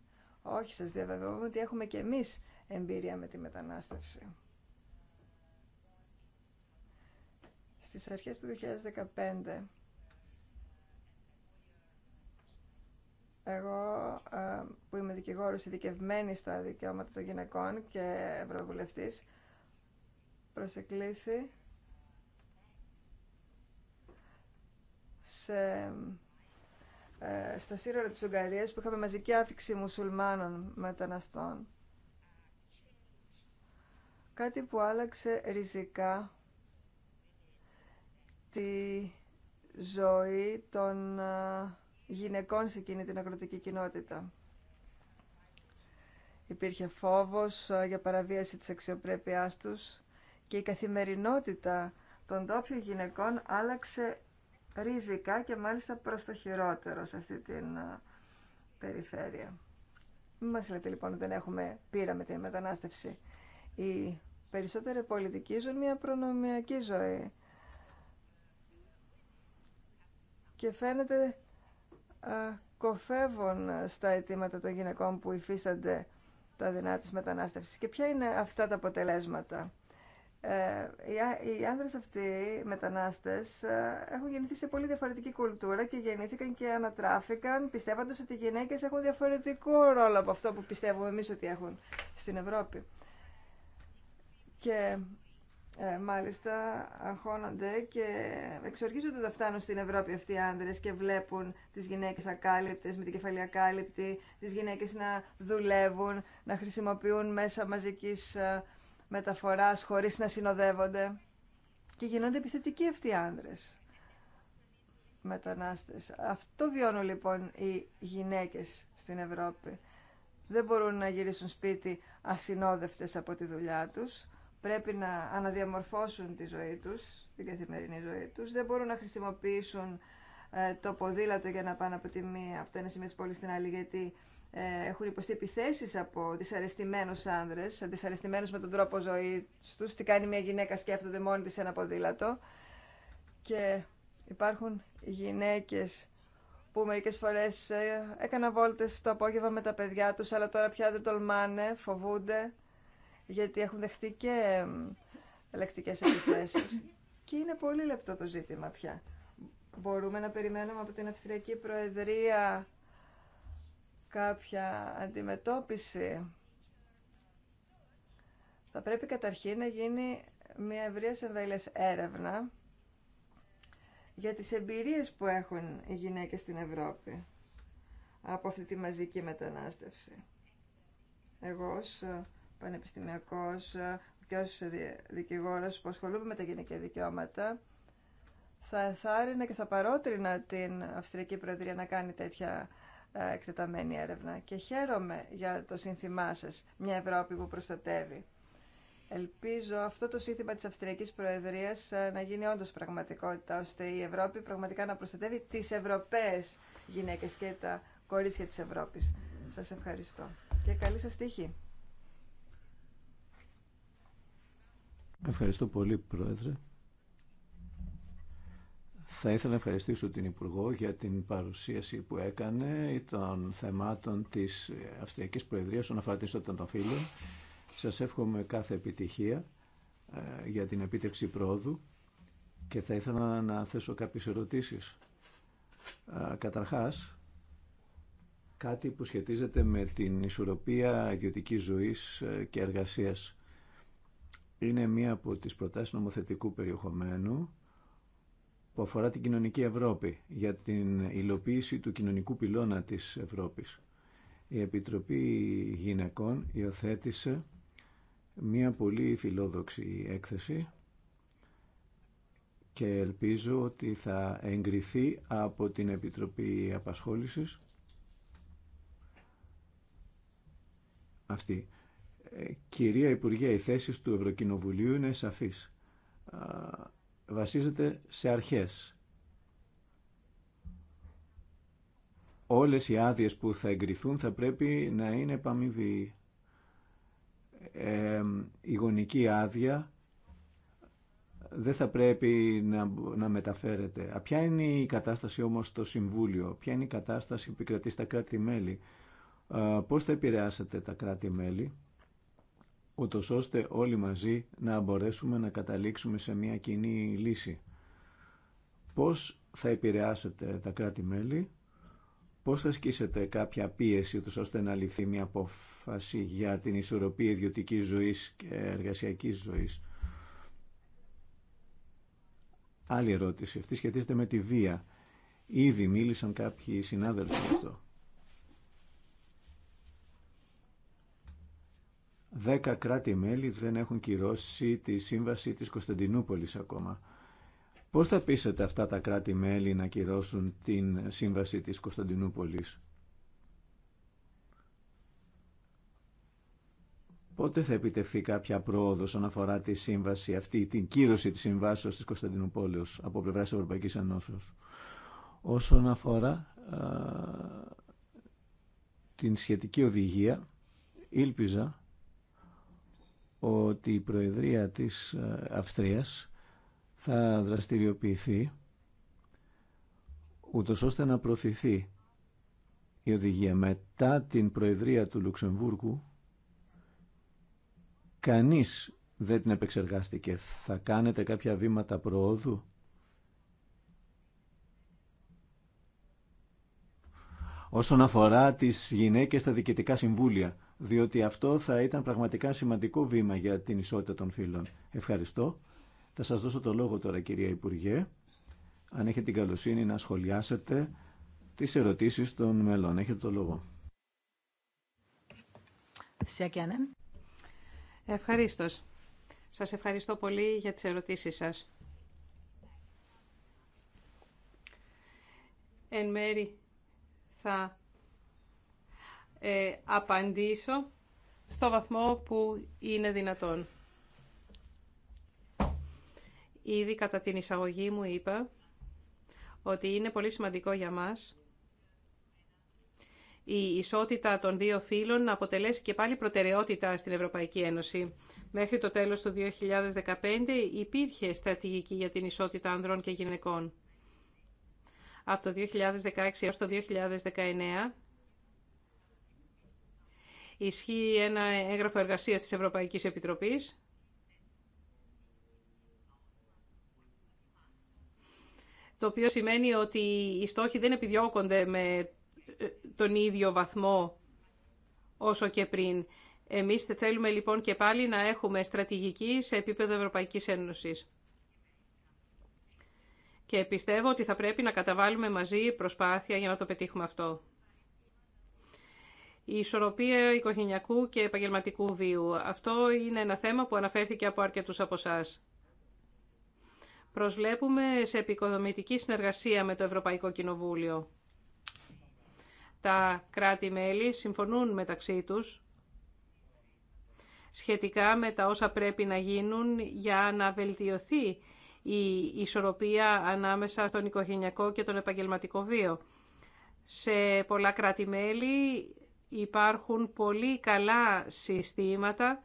Όχι, σας διαβεβαιώνω ότι έχουμε και εμείς εμπειρία με τη μετανάστευση. Στις αρχές του 2015, εγώ ε, που είμαι δικηγόρος ειδικευμένη στα δικαιώματα των γυναικών και ευρωβουλευτής, προσεκλήθη σε ε, στα σύνορα της Ουγγαρίας που είχαμε μαζική άφηξη μουσουλμάνων μεταναστών. Κάτι που άλλαξε ριζικά τη ζωή των ε, γυναικών σε εκείνη την αγροτική κοινότητα. Υπήρχε φόβος ε, για παραβίαση της αξιοπρέπειάς τους και η καθημερινότητα των τόπιων γυναικών άλλαξε ριζικά και μάλιστα προς το χειρότερο σε αυτή την ε, περιφέρεια. Μην μας λέτε λοιπόν ότι δεν έχουμε πείρα με την μετανάστευση. Οι περισσότεροι πολιτικοί ζουν μια προνομιακή ζωή. Και φαίνεται α, ε, κοφεύουν στα αιτήματα των γυναικών που υφίστανται τα δυνά της μετανάστευσης. Και ποια είναι αυτά τα αποτελέσματα. Ε, οι άνδρες αυτοί, οι μετανάστες, ε, έχουν γεννηθεί σε πολύ διαφορετική κουλτούρα και γεννήθηκαν και ανατράφηκαν πιστεύοντας ότι οι γυναίκες έχουν διαφορετικό ρόλο από αυτό που πιστεύουμε εμείς ότι έχουν στην Ευρώπη. Και ε, μάλιστα αγχώνονται και εξοργίζονται όταν φτάνουν στην Ευρώπη αυτοί οι άνδρες και βλέπουν τις γυναίκες ακάλυπτες, με την κεφαλή ακάλυπτη, τις γυναίκες να δουλεύουν, να χρησιμοποιούν μέσα μαζικής ε, μεταφοράς χωρίς να συνοδεύονται και γίνονται επιθετικοί αυτοί οι άνδρες μετανάστες. Αυτό βιώνουν λοιπόν οι γυναίκες στην Ευρώπη. Δεν μπορούν να γυρίσουν σπίτι ασυνόδευτες από τη δουλειά τους. Πρέπει να αναδιαμορφώσουν τη ζωή τους, την καθημερινή ζωή τους. Δεν μπορούν να χρησιμοποιήσουν ε, το ποδήλατο για να πάνε από, τη μία, από το ένα σημείο της πόλης στην άλλη γιατί ε, έχουν υποστεί επιθέσει από δυσαρεστημένου άνδρε, δυσαρεστημένου με τον τρόπο ζωή του. τι κάνει μια γυναίκα σκέφτονται μόνη τη ένα ποδήλατο και υπάρχουν γυναίκε που μερικές φορές ε, έκαναν βόλτε το απόγευμα με τα παιδιά του, αλλά τώρα πια δεν τολμάνε, φοβούνται, γιατί έχουν δεχτεί και ελεκτικέ επιθέσει. και είναι πολύ λεπτό το ζήτημα πια. Μπορούμε να περιμένουμε από την Αυστριακή Προεδρία κάποια αντιμετώπιση θα πρέπει καταρχήν να γίνει μια ευρεία εμβέλειας έρευνα για τις εμπειρίες που έχουν οι γυναίκες στην Ευρώπη από αυτή τη μαζική μετανάστευση. Εγώ ως πανεπιστημιακός και ως δικηγόρος που ασχολούμαι με τα γυναικεία δικαιώματα θα ενθάρρυνα και θα παρότρινα την Αυστριακή Προεδρία να κάνει τέτοια ε, εκτεταμένη έρευνα και χαίρομαι για το σύνθημά σας «Μια Ευρώπη που προστατεύει». Ελπίζω αυτό το σύνθημα της Αυστριακής Προεδρίας ε, να γίνει όντως πραγματικότητα, ώστε η Ευρώπη πραγματικά να προστατεύει τις Ευρωπαίες γυναίκες και τα κορίτσια της Ευρώπης. Σας ευχαριστώ και καλή σας τύχη. Ευχαριστώ πολύ, Πρόεδρε. Θα ήθελα να ευχαριστήσω την Υπουργό για την παρουσίαση που έκανε των θεμάτων της Αυστριακής Προεδρίας όσον αφορά την ισότητα των φίλων. Σας εύχομαι κάθε επιτυχία ε, για την επίτευξη πρόοδου και θα ήθελα να θέσω κάποιες ερωτήσεις. Ε, καταρχάς, κάτι που σχετίζεται με την ισορροπία ιδιωτικής ζωής ε, και εργασίας. Είναι μία από τις προτάσεις νομοθετικού περιεχομένου που αφορά την κοινωνική Ευρώπη για την υλοποίηση του κοινωνικού πυλώνα της Ευρώπης. Η Επιτροπή Γυναικών υιοθέτησε μια πολύ φιλόδοξη έκθεση και ελπίζω ότι θα εγκριθεί από την Επιτροπή Απασχόλησης αυτή. Ε, κυρία Υπουργέ, οι θέσεις του Ευρωκοινοβουλίου είναι σαφείς βασίζεται σε αρχές. Όλες οι άδειες που θα εγκριθούν θα πρέπει να είναι επαμοιβή. η γονική άδεια δεν θα πρέπει να, να μεταφέρεται. ποια είναι η κατάσταση όμως στο Συμβούλιο, ποια είναι η κατάσταση που επικρατεί στα κράτη-μέλη, πώς θα επηρεάσετε τα κράτη-μέλη ούτω ώστε όλοι μαζί να μπορέσουμε να καταλήξουμε σε μια κοινή λύση. Πώς θα επηρεάσετε τα κράτη-μέλη, πώς θα ασκήσετε κάποια πίεση ούτως ώστε να ληφθεί μια απόφαση για την ισορροπία ιδιωτική ζωής και εργασιακής ζωής. Άλλη ερώτηση. Αυτή σχετίζεται με τη βία. Ήδη μίλησαν κάποιοι συνάδελφοι αυτό. Δέκα κράτη-μέλη δεν έχουν κυρώσει τη σύμβαση της Κωνσταντινούπολης ακόμα. Πώς θα πείσετε αυτά τα κράτη-μέλη να κυρώσουν την σύμβαση της Κωνσταντινούπολης. Πότε θα επιτευχθεί κάποια πρόοδος όσον αφορά τη σύμβαση αυτή, την κύρωση της συμβάσεω της Κωνσταντινούπολης από πλευράς τη Ευρωπαϊκή Ανώσεως. Όσον αφορά α, την σχετική οδηγία, ήλπιζα ότι η Προεδρία της ε, Αυστρίας θα δραστηριοποιηθεί ούτως ώστε να προωθηθεί η οδηγία. Μετά την Προεδρία του Λουξεμβούργου κανείς δεν την επεξεργάστηκε. Θα κάνετε κάποια βήματα προόδου. Όσον αφορά τις γυναίκες στα διοικητικά συμβούλια, διότι αυτό θα ήταν πραγματικά σημαντικό βήμα για την ισότητα των φύλων. Ευχαριστώ. Θα σας δώσω το λόγο τώρα κυρία Υπουργέ, αν έχετε την καλοσύνη να σχολιάσετε τις ερωτήσεις των μελών. Έχετε το λόγο. Ναι. Ευχαριστώ. Σας ευχαριστώ πολύ για τις ερωτήσεις σας. Εν μέρη θα ε, απαντήσω στο βαθμό που είναι δυνατόν. Ήδη κατά την εισαγωγή μου είπα ότι είναι πολύ σημαντικό για μας η ισότητα των δύο φύλων να αποτελέσει και πάλι προτεραιότητα στην Ευρωπαϊκή Ένωση. Μέχρι το τέλος του 2015 υπήρχε στρατηγική για την ισότητα ανδρών και γυναικών. Από το 2016 έως το 2019 Ισχύει ένα έγγραφο εργασίας της Ευρωπαϊκής Επιτροπής. Το οποίο σημαίνει ότι οι στόχοι δεν επιδιώκονται με ε, τον ίδιο βαθμό όσο και πριν. Εμείς θέλουμε λοιπόν και πάλι να έχουμε στρατηγική σε επίπεδο Ευρωπαϊκής Ένωσης. Και πιστεύω ότι θα πρέπει να καταβάλουμε μαζί προσπάθεια για να το πετύχουμε αυτό η ισορροπία οικογενειακού και επαγγελματικού βίου. Αυτό είναι ένα θέμα που αναφέρθηκε από αρκετούς από εσά. Προσβλέπουμε σε επικοδομητική συνεργασία με το Ευρωπαϊκό Κοινοβούλιο. Τα κράτη-μέλη συμφωνούν μεταξύ τους σχετικά με τα όσα πρέπει να γίνουν για να βελτιωθεί η ισορροπία ανάμεσα στον οικογενειακό και τον επαγγελματικό βίο. Σε πολλά κράτη-μέλη Υπάρχουν πολύ καλά συστήματα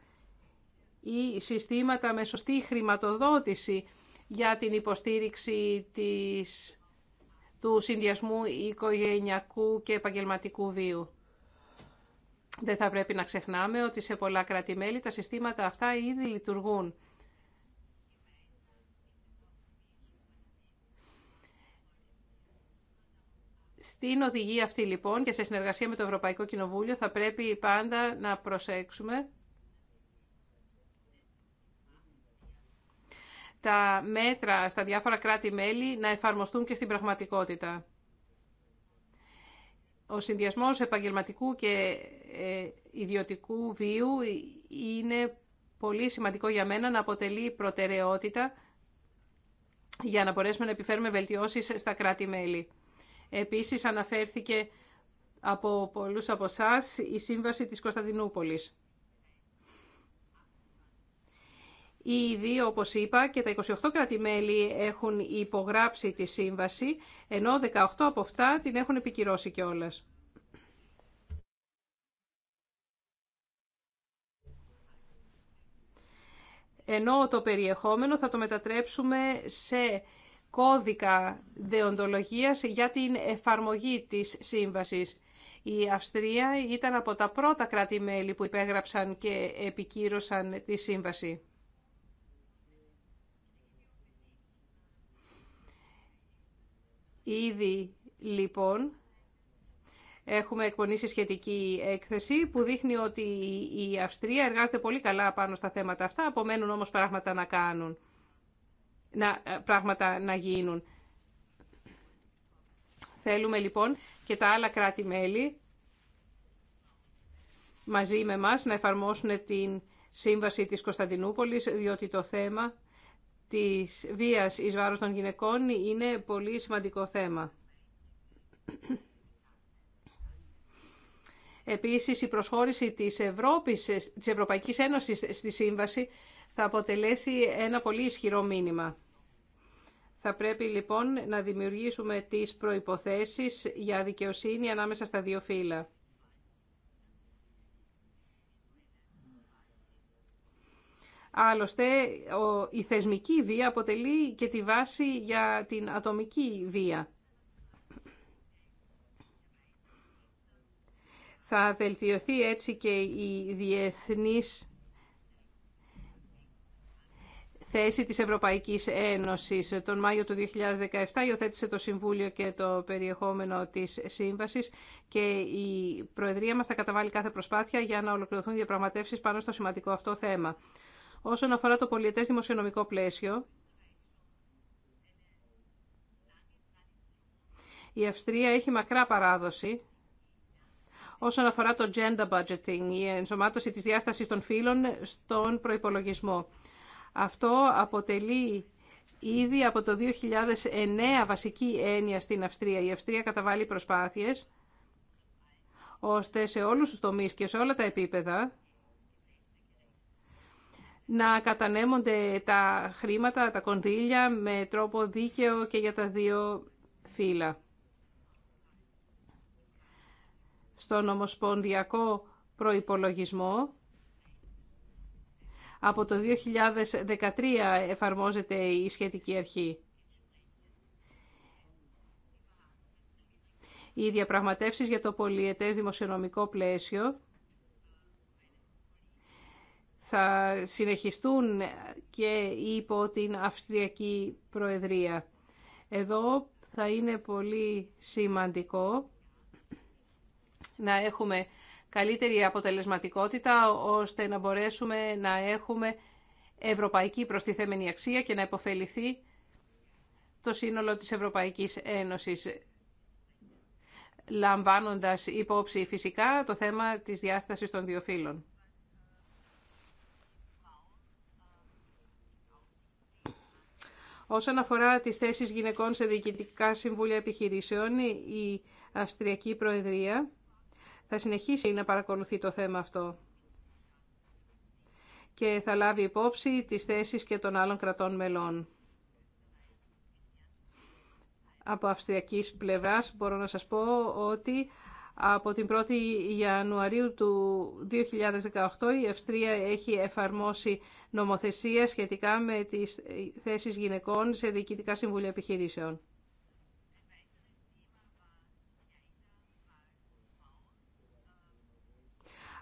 ή συστήματα με σωστή χρηματοδότηση για την υποστήριξη της, του συνδυασμού οικογενειακού και επαγγελματικού βίου. Δεν θα πρέπει να ξεχνάμε ότι σε πολλά κράτη-μέλη τα συστήματα αυτά ήδη λειτουργούν. Στην οδηγία αυτή λοιπόν και σε συνεργασία με το Ευρωπαϊκό Κοινοβούλιο θα πρέπει πάντα να προσέξουμε τα μέτρα στα διάφορα κράτη-μέλη να εφαρμοστούν και στην πραγματικότητα. Ο συνδυασμός επαγγελματικού και ε, ιδιωτικού βίου είναι πολύ σημαντικό για μένα να αποτελεί προτεραιότητα για να μπορέσουμε να επιφέρουμε βελτιώσεις στα κράτη-μέλη. Επίσης αναφέρθηκε από πολλούς από εσά η σύμβαση της Κωνσταντινούπολης. Οι δύο, όπως είπα, και τα 28 κράτη-μέλη έχουν υπογράψει τη σύμβαση, ενώ 18 από αυτά την έχουν επικυρώσει κιόλας. Ενώ το περιεχόμενο θα το μετατρέψουμε σε κώδικα δεοντολογίας για την εφαρμογή της σύμβασης. Η Αυστρία ήταν από τα πρώτα κράτη-μέλη που υπέγραψαν και επικύρωσαν τη σύμβαση. Ήδη λοιπόν έχουμε εκπονήσει σχετική έκθεση που δείχνει ότι η Αυστρία εργάζεται πολύ καλά πάνω στα θέματα αυτά, απομένουν όμως πράγματα να κάνουν να, ε, πράγματα να γίνουν. Θέλουμε λοιπόν και τα άλλα κράτη-μέλη μαζί με μας να εφαρμόσουν την σύμβαση της Κωνσταντινούπολης, διότι το θέμα της βίας εις βάρος των γυναικών είναι πολύ σημαντικό θέμα. Επίσης, η προσχώρηση της, Ευρώπης, της Ευρωπαϊκής Ένωσης στη Σύμβαση θα αποτελέσει ένα πολύ ισχυρό μήνυμα. Θα πρέπει λοιπόν να δημιουργήσουμε τις προϋποθέσεις για δικαιοσύνη ανάμεσα στα δύο φύλλα. Άλλωστε, η θεσμική βία αποτελεί και τη βάση για την ατομική βία. Θα βελτιωθεί έτσι και η διεθνής θέση της Ευρωπαϊκής Ένωσης. Τον Μάιο του 2017 υιοθέτησε το Συμβούλιο και το περιεχόμενο της Σύμβασης και η Προεδρία μας θα καταβάλει κάθε προσπάθεια για να ολοκληρωθούν διαπραγματεύσεις πάνω στο σημαντικό αυτό θέμα. Όσον αφορά το πολιετές δημοσιονομικό πλαίσιο, η Αυστρία έχει μακρά παράδοση όσον αφορά το gender budgeting, η ενσωμάτωση της διάστασης των φύλων στον προϋπολογισμό. Αυτό αποτελεί ήδη από το 2009 βασική έννοια στην Αυστρία. Η Αυστρία καταβάλει προσπάθειες ώστε σε όλους τους τομείς και σε όλα τα επίπεδα να κατανέμονται τα χρήματα, τα κονδύλια με τρόπο δίκαιο και για τα δύο φύλλα. Στον ομοσπονδιακό προϋπολογισμό από το 2013 εφαρμόζεται η σχετική αρχή. Οι διαπραγματεύσεις για το πολιετές δημοσιονομικό πλαίσιο θα συνεχιστούν και υπό την Αυστριακή Προεδρία. Εδώ θα είναι πολύ σημαντικό να έχουμε καλύτερη αποτελεσματικότητα ώστε να μπορέσουμε να έχουμε ευρωπαϊκή προστιθέμενη αξία και να υποφεληθεί το σύνολο της Ευρωπαϊκής Ένωσης λαμβάνοντας υπόψη φυσικά το θέμα της διάστασης των δύο φύλων. Όσον αφορά τις θέσεις γυναικών σε διοικητικά συμβούλια επιχειρήσεων, η Αυστριακή Προεδρία θα συνεχίσει να παρακολουθεί το θέμα αυτό και θα λάβει υπόψη τις θέσεις και των άλλων κρατών μελών. Από αυστριακής πλευράς μπορώ να σας πω ότι από την 1η Ιανουαρίου του 2018 η Αυστρία έχει εφαρμόσει νομοθεσία σχετικά με τις θέσεις γυναικών σε διοικητικά συμβούλια επιχειρήσεων.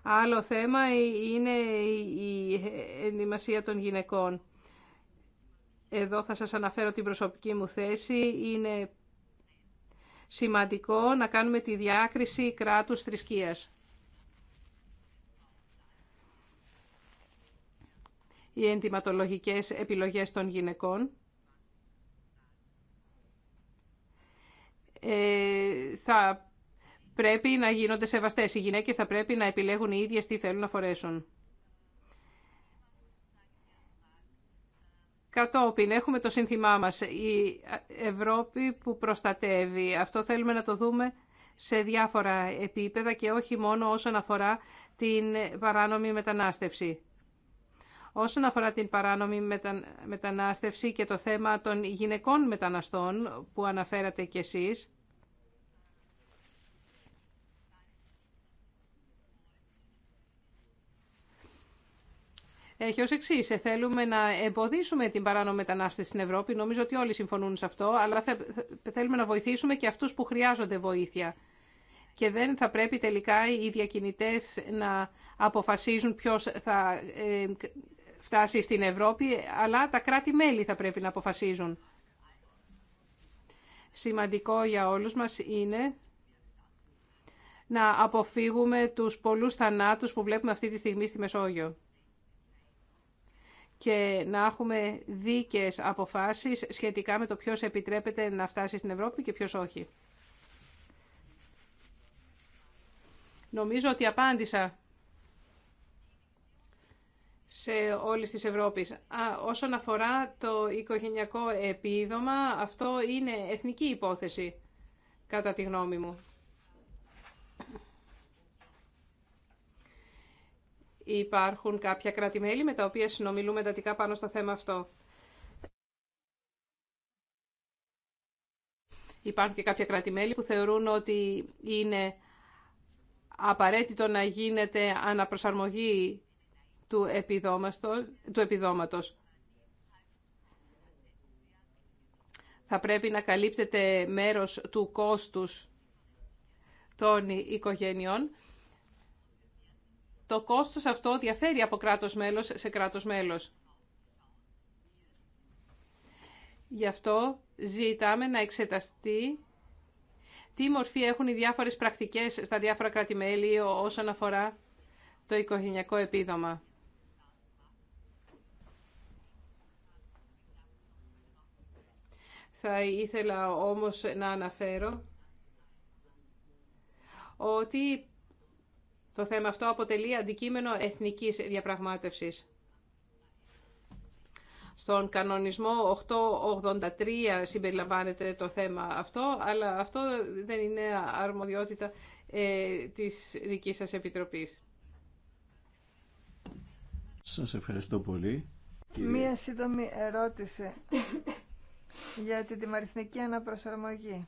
Άλλο θέμα είναι η ενδυμασία των γυναικών. Εδώ θα σας αναφέρω την προσωπική μου θέση. Είναι σημαντικό να κάνουμε τη διάκριση κράτους θρησκείας. Οι ενδυματολογικές επιλογές των γυναικών ε, θα πρέπει να γίνονται σεβαστές. Οι γυναίκες θα πρέπει να επιλέγουν οι ίδιες τι θέλουν να φορέσουν. Κατόπιν έχουμε το σύνθημά μας, η Ευρώπη που προστατεύει. Αυτό θέλουμε να το δούμε σε διάφορα επίπεδα και όχι μόνο όσον αφορά την παράνομη μετανάστευση. Όσον αφορά την παράνομη μετανάστευση και το θέμα των γυναικών μεταναστών που αναφέρατε κι εσείς, έχει ως εξής. Ε, θέλουμε να εμποδίσουμε την παράνομη μετανάστευση στην Ευρώπη. Νομίζω ότι όλοι συμφωνούν σε αυτό, αλλά θέλουμε να βοηθήσουμε και αυτούς που χρειάζονται βοήθεια. Και δεν θα πρέπει τελικά οι διακινήτέ να αποφασίζουν ποιο θα ε, φτάσει στην Ευρώπη, αλλά τα κράτη-μέλη θα πρέπει να αποφασίζουν. Σημαντικό για όλους μας είναι να αποφύγουμε τους πολλούς θανάτους που βλέπουμε αυτή τη στιγμή στη Μεσόγειο και να έχουμε δίκαιες αποφάσεις σχετικά με το ποιος επιτρέπεται να φτάσει στην Ευρώπη και ποιος όχι. Νομίζω ότι απάντησα σε όλες τις Ευρώπης. Α, όσον αφορά το οικογενειακό επίδομα, αυτό είναι εθνική υπόθεση, κατά τη γνώμη μου. Υπάρχουν κάποια κράτη-μέλη με τα οποία συνομιλούμε εντατικά πάνω στο θέμα αυτό. Υπάρχουν και κάποια κράτη-μέλη που θεωρούν ότι είναι απαραίτητο να γίνεται αναπροσαρμογή του, του επιδόματος. Θα πρέπει να καλύπτεται μέρος του κόστους των οικογένειών το κόστος αυτό διαφέρει από κράτος μέλος σε κράτος μέλος. Γι' αυτό ζητάμε να εξεταστεί τι μορφή έχουν οι διάφορες πρακτικές στα διάφορα κράτη-μέλη όσον αφορά το οικογενειακό επίδομα. Θα ήθελα όμως να αναφέρω ότι το θέμα αυτό αποτελεί αντικείμενο εθνικής διαπραγμάτευσης. Στον κανονισμό 883 συμπεριλαμβάνεται το θέμα αυτό, αλλά αυτό δεν είναι αρμοδιότητα ε, της δικής σας Επιτροπής. Σας ευχαριστώ πολύ. Μία σύντομη ερώτηση για την τιμαριθμική αναπροσαρμογή.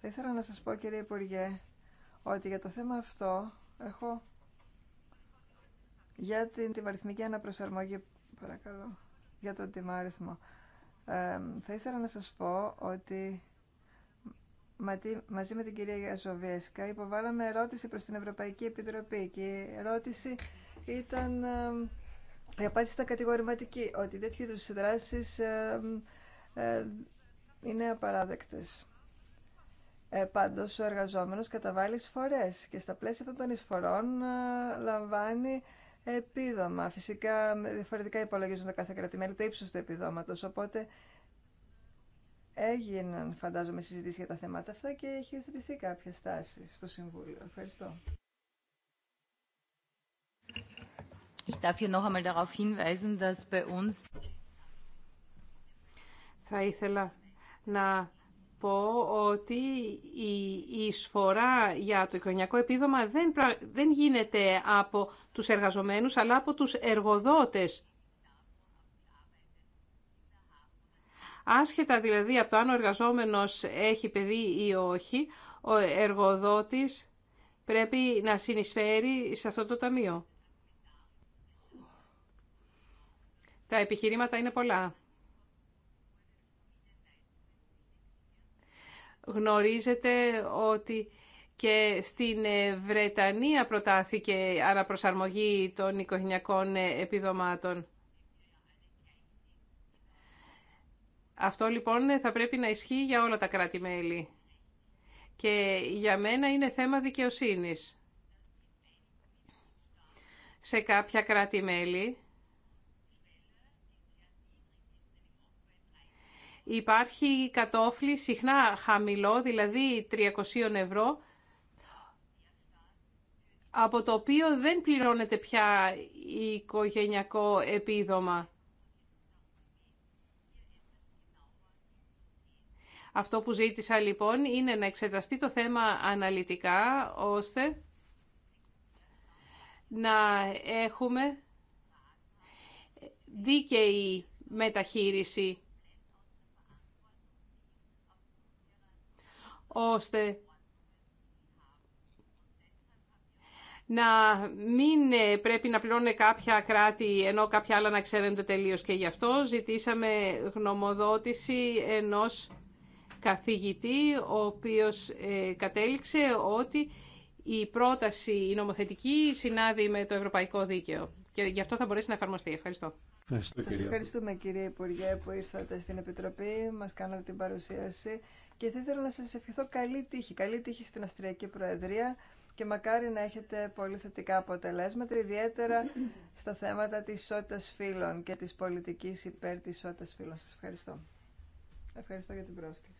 Θα ήθελα να σας πω κύριε Υπουργέ ότι για το θέμα αυτό Έχω για την τιμαριθμική αναπροσαρμογή, παρακαλώ, για τον τιμάριθμο. Ε, θα ήθελα να σας πω ότι μαζί με την κυρία Σοβιέσκα υποβάλαμε ερώτηση προς την Ευρωπαϊκή Επιτροπή και η ερώτηση ήταν, η απάντηση ήταν κατηγορηματική, ότι τέτοιου είδους δράσεις ε, είναι απαράδεκτες. Ε, πάντως ο εργαζόμενο καταβάλει εισφορέ και στα πλαίσια αυτών των εισφορών ε, λαμβάνει επίδομα. Φυσικά διαφορετικά υπολογίζουν τα κάθε κρατημένη το ύψος του επιδόματο, οπότε έγιναν φαντάζομαι συζητήσει για τα θέματα αυτά και έχει εθνηθεί κάποια στάση στο Συμβούλιο. Ευχαριστώ. Ich darf hier noch θα ήθελα να ότι η εισφορά για το οικογενειακό επίδομα δεν, δεν γίνεται από τους εργαζομένους, αλλά από τους εργοδότες. Άσχετα δηλαδή από το αν ο εργαζόμενος έχει παιδί ή όχι, ο εργοδότης πρέπει να συνεισφέρει σε αυτό το ταμείο. Τα επιχειρήματα είναι πολλά. Γνωρίζετε ότι και στην ε, Βρετανία προτάθηκε αναπροσαρμογή των οικογενειακών ε, επιδομάτων. Αυτό λοιπόν ε, θα πρέπει να ισχύει για όλα τα κράτη-μέλη. Και για μένα είναι θέμα δικαιοσύνης. Σε κάποια κράτη-μέλη υπάρχει κατόφλι συχνά χαμηλό, δηλαδή 300 ευρώ, από το οποίο δεν πληρώνεται πια οικογενειακό επίδομα. Αυτό που ζήτησα λοιπόν είναι να εξεταστεί το θέμα αναλυτικά, ώστε να έχουμε δίκαιη μεταχείριση ώστε να μην ε, πρέπει να πληρώνουν κάποια κράτη ενώ κάποια άλλα να ξέρουν το τελείως. Και γι' αυτό ζητήσαμε γνωμοδότηση ενός καθηγητή, ο οποίος ε, κατέληξε ότι η πρόταση η νομοθετική συνάδει με το ευρωπαϊκό δίκαιο. Και γι' αυτό θα μπορέσει να εφαρμοστεί. Ευχαριστώ. Ευχαριστώ Σας ευχαριστούμε κύριε Υπουργέ που ήρθατε στην Επιτροπή, μας κάνατε την παρουσίαση και θα ήθελα να σας ευχηθώ καλή τύχη. Καλή τύχη στην Αστριακή Προεδρία και μακάρι να έχετε πολύ θετικά αποτελέσματα, ιδιαίτερα στα θέματα της ισότητας φύλων και της πολιτικής υπέρ της ισότητας φύλων. Σας ευχαριστώ. Ευχαριστώ για την πρόσκληση.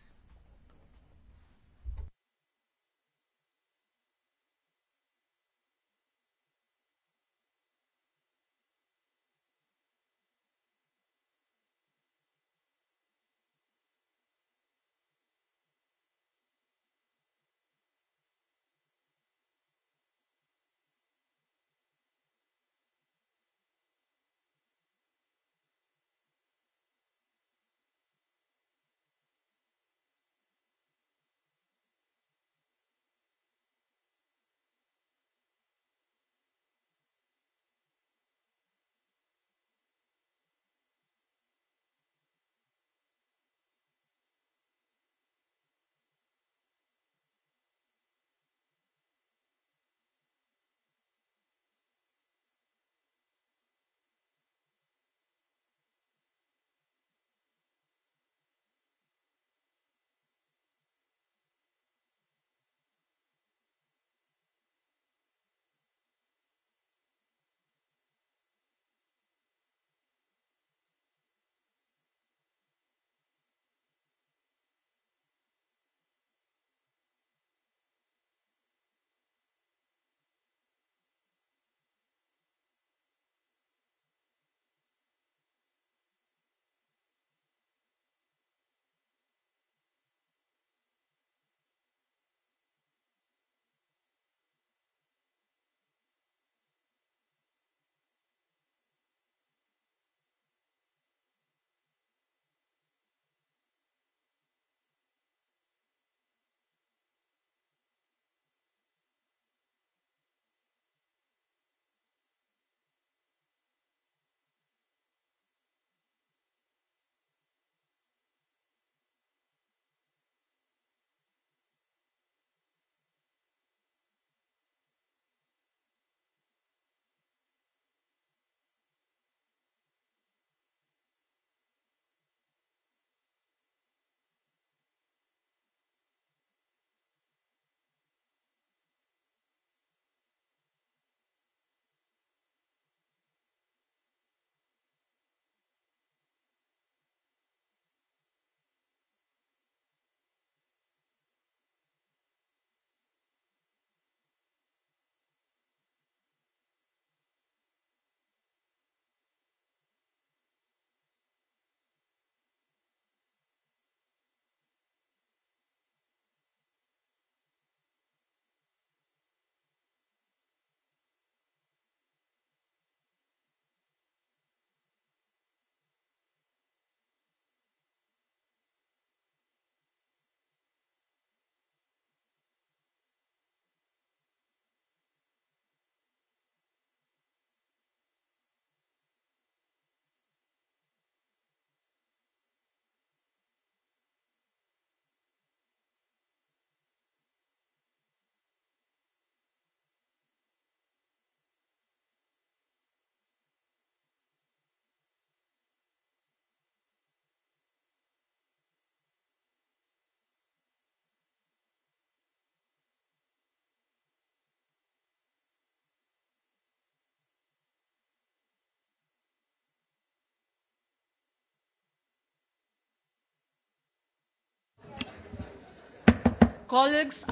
Colleagues,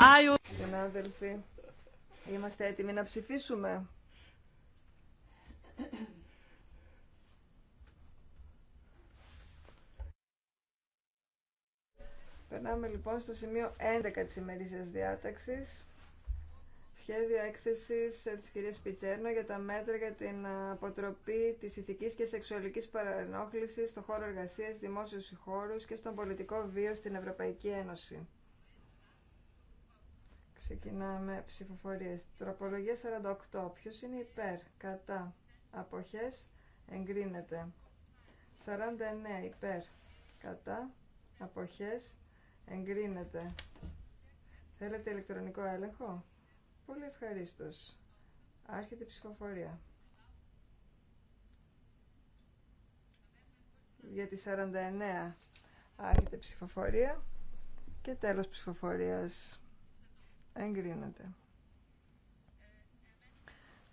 Συνάδελφοι, είμαστε έτοιμοι να ψηφίσουμε. Περνάμε λοιπόν στο σημείο 11 της ημερήσιας διάταξης. Σχέδιο έκθεσης ε, τη κυρία Πιτσέρνο για τα μέτρα για την ε, αποτροπή της ηθική και σεξουαλικής παρενόχληση στον χώρο εργασίας, δημόσιους χώρους και στον πολιτικό βίο στην Ευρωπαϊκή Ένωση. Ξεκινάμε ψηφοφορίες. Τροπολογία 48. Ποιος είναι υπέρ, κατά, αποχές, εγκρίνεται. 49 υπέρ, κατά, αποχές, εγκρίνεται. Θέλετε ηλεκτρονικό έλεγχο. Πολύ ευχαριστώ. Άρχεται η ψηφοφορία. Για τη 49 άρχεται η ψηφοφορία και τέλος ψηφοφορίας. Εγκρίνεται.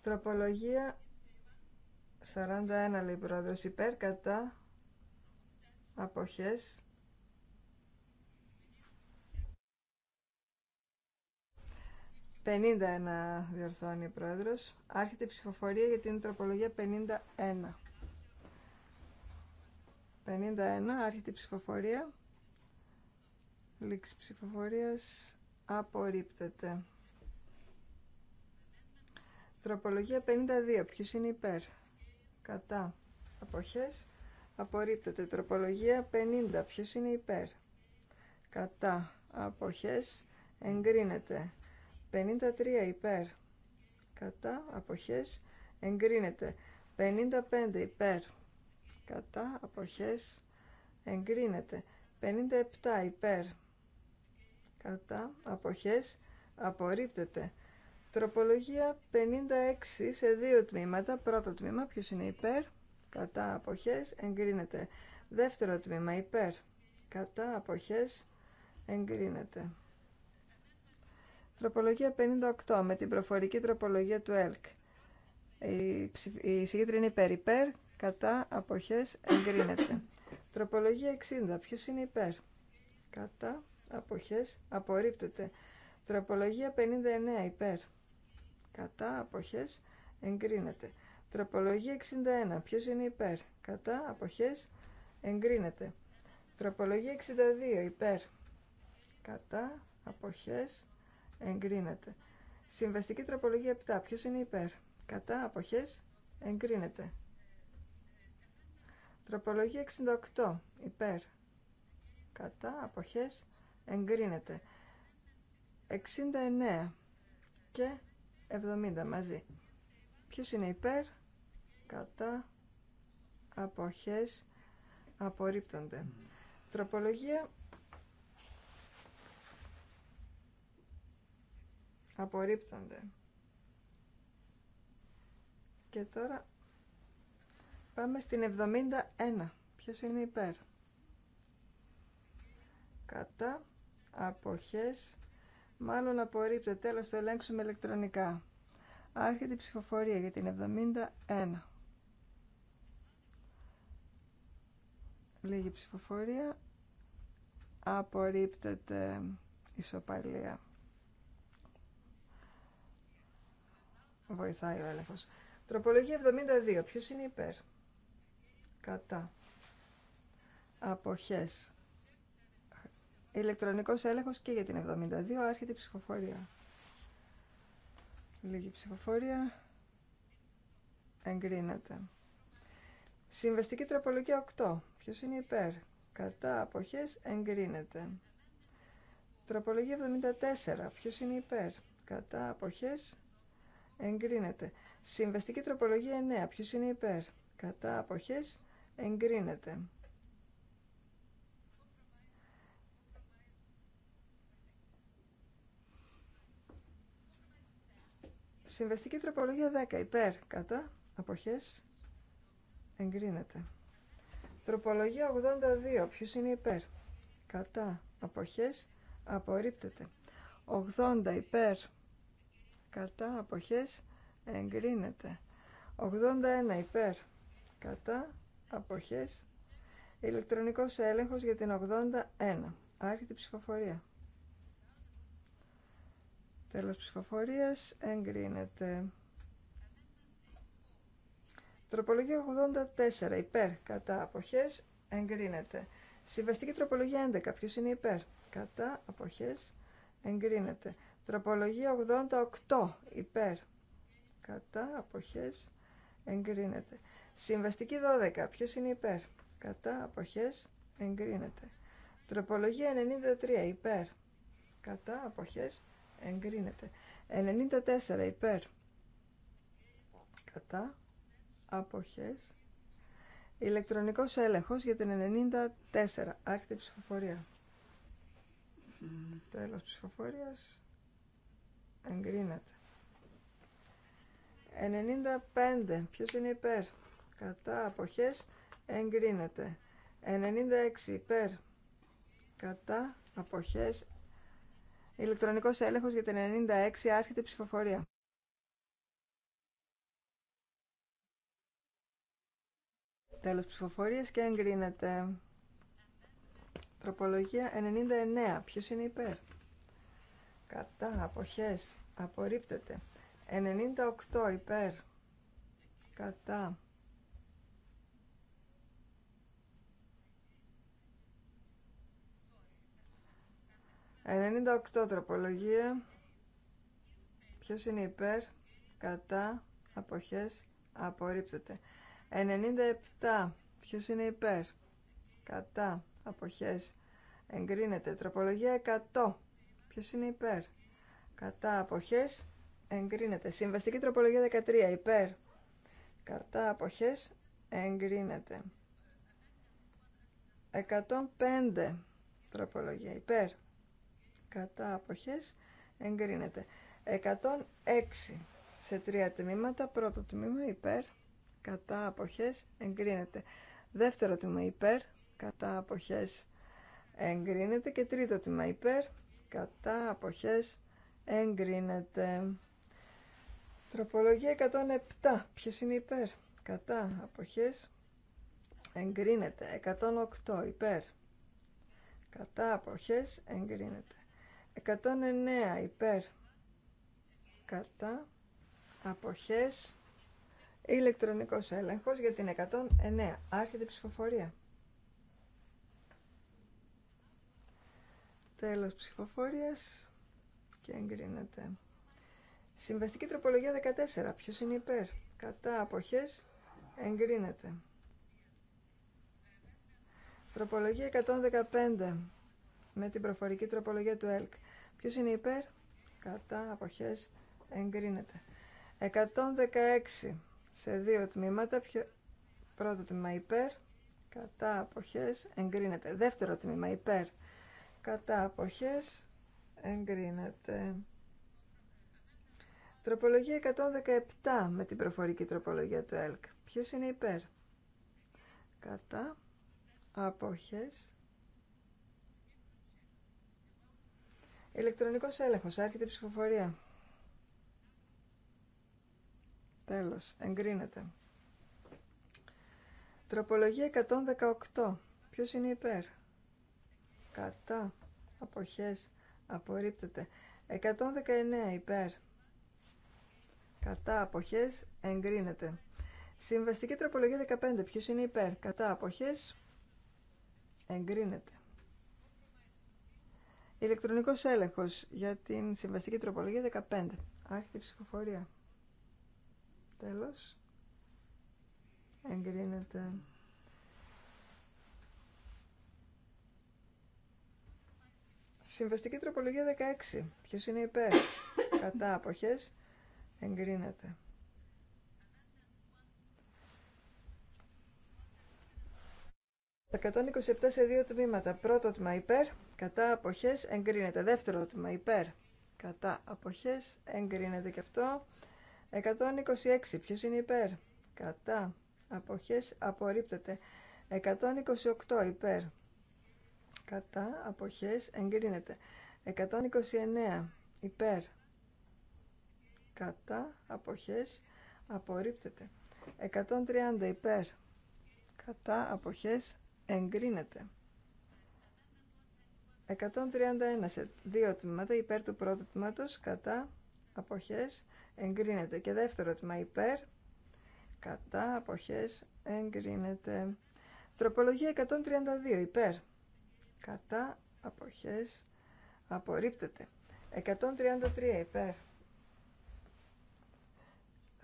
Τροπολογία 41 λέει πρόεδρος υπέρ κατά αποχές «51» διορθώνει η Πρόεδρος. Άρχεται η ψηφοφορία για την τροπολογία 51. 51, άρχεται η ψηφοφορία. Λήξη ψηφοφορίας απορρίπτεται. Τροπολογία 52. Ποιος είναι υπέρ. Κατά. Αποχές. Απορρίπτεται. Τροπολογία 50. Ποιος είναι υπέρ. Κατά. Αποχές. Εγκρίνεται. 53. Υπέρ. Κατά. Αποχές. Εγκρίνεται. 55. Υπέρ. Κατά. Αποχές. Εγκρίνεται. 57. Υπέρ κατά αποχές απορρίπτεται. Τροπολογία 56 σε δύο τμήματα. Πρώτο τμήμα, ποιος είναι υπέρ, κατά αποχές, εγκρίνεται. Δεύτερο τμήμα, υπέρ, κατά αποχές, εγκρίνεται. Τροπολογία 58 με την προφορική τροπολογία του ΕΛΚ. Η συγκέντρη είναι υπέρ, υπέρ, κατά αποχές, εγκρίνεται. Τροπολογία 60, ποιος είναι υπέρ, κατά αποχές απορρίπτεται. Τροπολογία 59 υπέρ. Κατά αποχές εγκρίνεται. Τροπολογία 61. Ποιος είναι υπέρ. Κατά αποχές εγκρίνεται. Τροπολογία 62 υπέρ. Κατά αποχές εγκρίνεται. Συμβαστική τροπολογία 7. Ποιος είναι υπέρ. Κατά αποχές εγκρίνεται. Τροπολογία 68. Υπέρ. Κατά αποχές εγκρίνεται 69 και 70 μαζί ποιος είναι υπέρ κατά αποχές απορρίπτονται τροπολογία απορρίπτονται και τώρα πάμε στην 71 ποιος είναι υπέρ κατά αποχές μάλλον απορρίπτεται τέλος το ελέγξουμε ηλεκτρονικά άρχεται η ψηφοφορία για την 71 λίγη ψηφοφορία απορρίπτεται ισοπαλία βοηθάει ο έλεγχος τροπολογία 72 ποιος είναι υπέρ κατά αποχές Ηλεκτρονικό έλεγχο και για την 72 άρχεται η ψηφοφορία. Λίγη ψηφοφορία. Εγκρίνεται. Συμβαστική τροπολογία 8. Ποιο είναι υπέρ. Κατά αποχέ εγκρίνεται. Τροπολογία 74. Ποιο είναι υπέρ. Κατά αποχέ εγκρίνεται. Συμβαστική τροπολογία 9. Ποιο είναι υπέρ. Κατά αποχέ εγκρίνεται. Συμβεστική τροπολογία 10. Υπέρ. Κατά. Αποχές. Εγκρίνεται. Τροπολογία 82. Ποιο είναι υπέρ. Κατά. Αποχές. Απορρίπτεται. 80. Υπέρ. Κατά. Αποχές. Εγκρίνεται. 81. Υπέρ. Κατά. Αποχές. Ηλεκτρονικός έλεγχος για την 81. Άρχεται ψηφοφορία. Τέλος ψηφοφορίας εγκρίνεται. Τροπολογία 84 υπέρ κατά αποχές εγκρίνεται. Συμβαστική τροπολογία 11 ποιος είναι υπέρ κατά αποχές εγκρίνεται. Τροπολογία 88 υπέρ κατά αποχές εγκρίνεται. Συμβαστική 12 ποιος είναι υπέρ κατά αποχές εγκρίνεται. Τροπολογία 93 υπέρ κατά αποχές εγκρίνεται. 94 υπέρ κατά αποχές ηλεκτρονικός έλεγχος για την 94 άκτη ψηφοφορία mm. τέλος ψηφοφορίας εγκρίνεται 95 ποιος είναι υπέρ κατά αποχές εγκρίνεται 96 υπέρ κατά αποχές Ηλεκτρονικός έλεγχος για την 96 άρχεται ψηφοφορία. Τέλος ψηφοφορίας και εγκρίνεται. Τροπολογία 99. Ποιος είναι υπέρ. Κατά. Αποχές. Απορρίπτεται. 98 υπέρ. Κατά. 98 τροπολογία. Ποιος είναι υπέρ, κατά, αποχές, απορρίπτεται. 97. Ποιος είναι υπέρ, κατά, αποχές, εγκρίνεται. Τροπολογία 100. Ποιος είναι υπέρ, κατά, αποχές, εγκρίνεται. Συμβαστική τροπολογία 13. Υπέρ, κατά, αποχές, εγκρίνεται. 105 τροπολογία υπέρ κατά αποχές εγκρίνεται. 106 σε τρία τμήματα. Πρώτο τμήμα υπέρ κατά αποχές εγκρίνεται. Δεύτερο τμήμα υπέρ κατά αποχές εγκρίνεται. Και τρίτο τμήμα υπέρ κατά αποχές εγκρίνεται. Τροπολογία 107. Ποιος είναι υπέρ κατά αποχές εγκρίνεται. 108 υπέρ κατά αποχές εγκρίνεται. 109 υπέρ κατά αποχές ηλεκτρονικός έλεγχος για την 109 άρχεται η ψηφοφορία τέλος ψηφοφορίας και εγκρίνεται συμβαστική τροπολογία 14 ποιος είναι υπέρ κατά αποχές εγκρίνεται τροπολογία 115 με την προφορική τροπολογία του ΕΛΚ. Ποιο είναι υπέρ? Κατά αποχές εγκρίνεται. 116 σε δύο τμήματα. Ποιο... Πρώτο τμήμα υπέρ. Κατά αποχές εγκρίνεται. Δεύτερο τμήμα υπέρ. Κατά αποχές εγκρίνεται. Τροπολογία 117 με την προφορική τροπολογία του ΕΛΚ. Ποιος είναι υπέρ. Κατά αποχές Ηλεκτρονικός έλεγχος. Άρχεται η ψηφοφορία. Τέλος. Εγκρίνεται. Τροπολογία 118. Ποιος είναι υπέρ. Κατά. Αποχές. Απορρίπτεται. 119 υπέρ. Κατά αποχές εγκρίνεται. Συμβαστική τροπολογία 15. Ποιος είναι υπέρ. Κατά αποχές εγκρίνεται. Ηλεκτρονικό έλεγχο για την συμβαστική τροπολογία 15. Άρχεται ψηφοφορία. Τέλος. Εγκρίνεται. Συμβαστική τροπολογία 16. Ποιο είναι υπέρ. Κατά απόχε. Εγκρίνεται. Τα 127 σε δύο τμήματα. Πρώτο τμήμα υπέρ κατά αποχές εγκρίνεται. Δεύτερο ερώτημα, υπέρ, κατά αποχές εγκρίνεται και αυτό. 126, ποιος είναι υπέρ, κατά αποχές απορρίπτεται. 128 υπέρ, κατά αποχές εγκρίνεται. 129 υπέρ, κατά αποχές απορρίπτεται. 130 υπέρ, κατά αποχές εγκρίνεται. 131 σε δύο τμήματα υπέρ του πρώτου τμήματος κατά αποχές εγκρίνεται και δεύτερο τμήμα υπέρ κατά αποχές εγκρίνεται τροπολογία 132 υπέρ κατά αποχές απορρίπτεται 133 υπέρ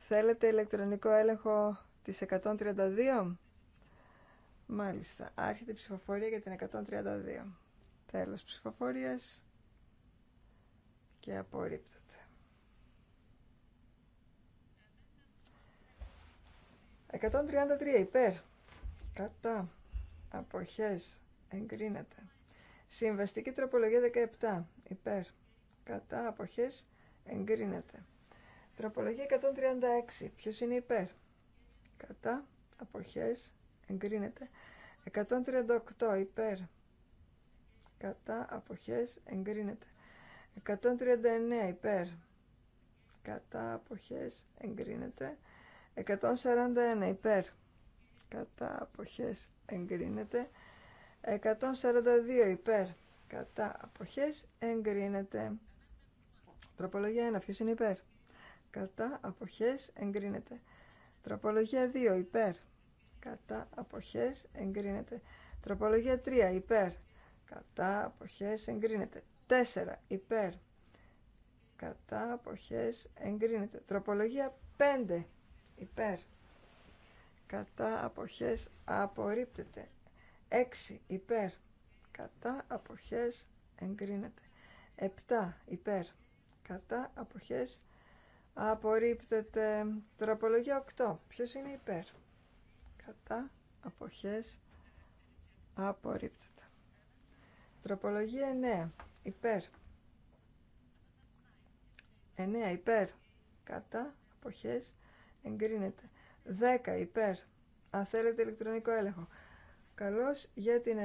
θέλετε ηλεκτρονικό έλεγχο της 132 μάλιστα άρχεται η ψηφοφορία για την 132 Τέλος ψηφοφορίας και απορρίπτεται. 133 υπέρ. Κατά. Αποχές. Εγκρίνεται. Συμβαστική τροπολογία 17. Υπέρ. Κατά. Αποχές. Εγκρίνεται. Τροπολογία 136. Ποιος είναι υπέρ. Κατά. Αποχές. Εγκρίνεται. 138. Υπέρ κατά αποχές εγκρίνεται 139 υπέρ κατά αποχές εγκρίνεται 141 υπέρ κατά αποχές εγκρίνεται 142 υπέρ κατά αποχές εγκρίνεται τροπολογία 1 ποιος είναι υπέρ κατά αποχές εγκρίνεται τροπολογία 2 υπέρ κατά αποχές εγκρίνεται τροπολογία 3 υπέρ κατά αποχές εγκρίνεται 4 υπέρ κατά αποχές εγκρίνεται τροπολογία 5 υπέρ κατά αποχές απορρίπτεται 6 υπέρ κατά αποχές εγκρίνεται 7 υπέρ κατά αποχές απορρίπτεται τροπολογία 8 ποιος είναι υπέρ κατά αποχές απορρίπτεται Τροπολογία 9. Υπέρ. 9. Υπέρ. Κατά. Αποχές. Εγκρίνεται. 10. Υπέρ. Αν θέλετε ηλεκτρονικό έλεγχο. Καλώς για την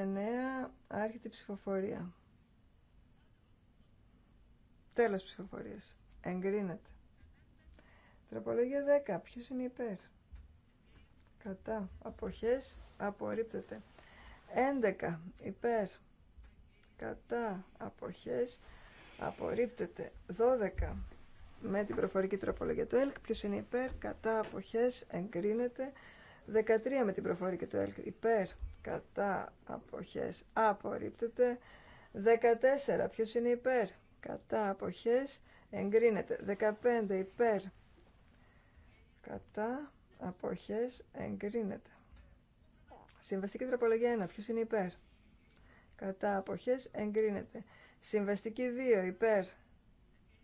9 άρχεται η ψηφοφορία. Τέλος ψηφοφορίας. Εγκρίνεται. Τροπολογία 10. Ποιος είναι υπέρ. Κατά. Αποχές. Απορρίπτεται. 11. Υπέρ κατά αποχές απορρίπτεται 12 με την προφορική τροπολογία του ΕΛΚ ποιος είναι υπέρ κατά αποχές εγκρίνεται 13 με την προφορική του ΕΛΚ υπέρ κατά αποχές απορρίπτεται 14 ποιος είναι υπέρ κατά αποχές εγκρίνεται 15 υπέρ κατά αποχές εγκρίνεται Συμβαστική τροπολογία 1. Ποιος είναι υπέρ κατά αποχές εγκρίνεται. Συμβαστική 2 υπέρ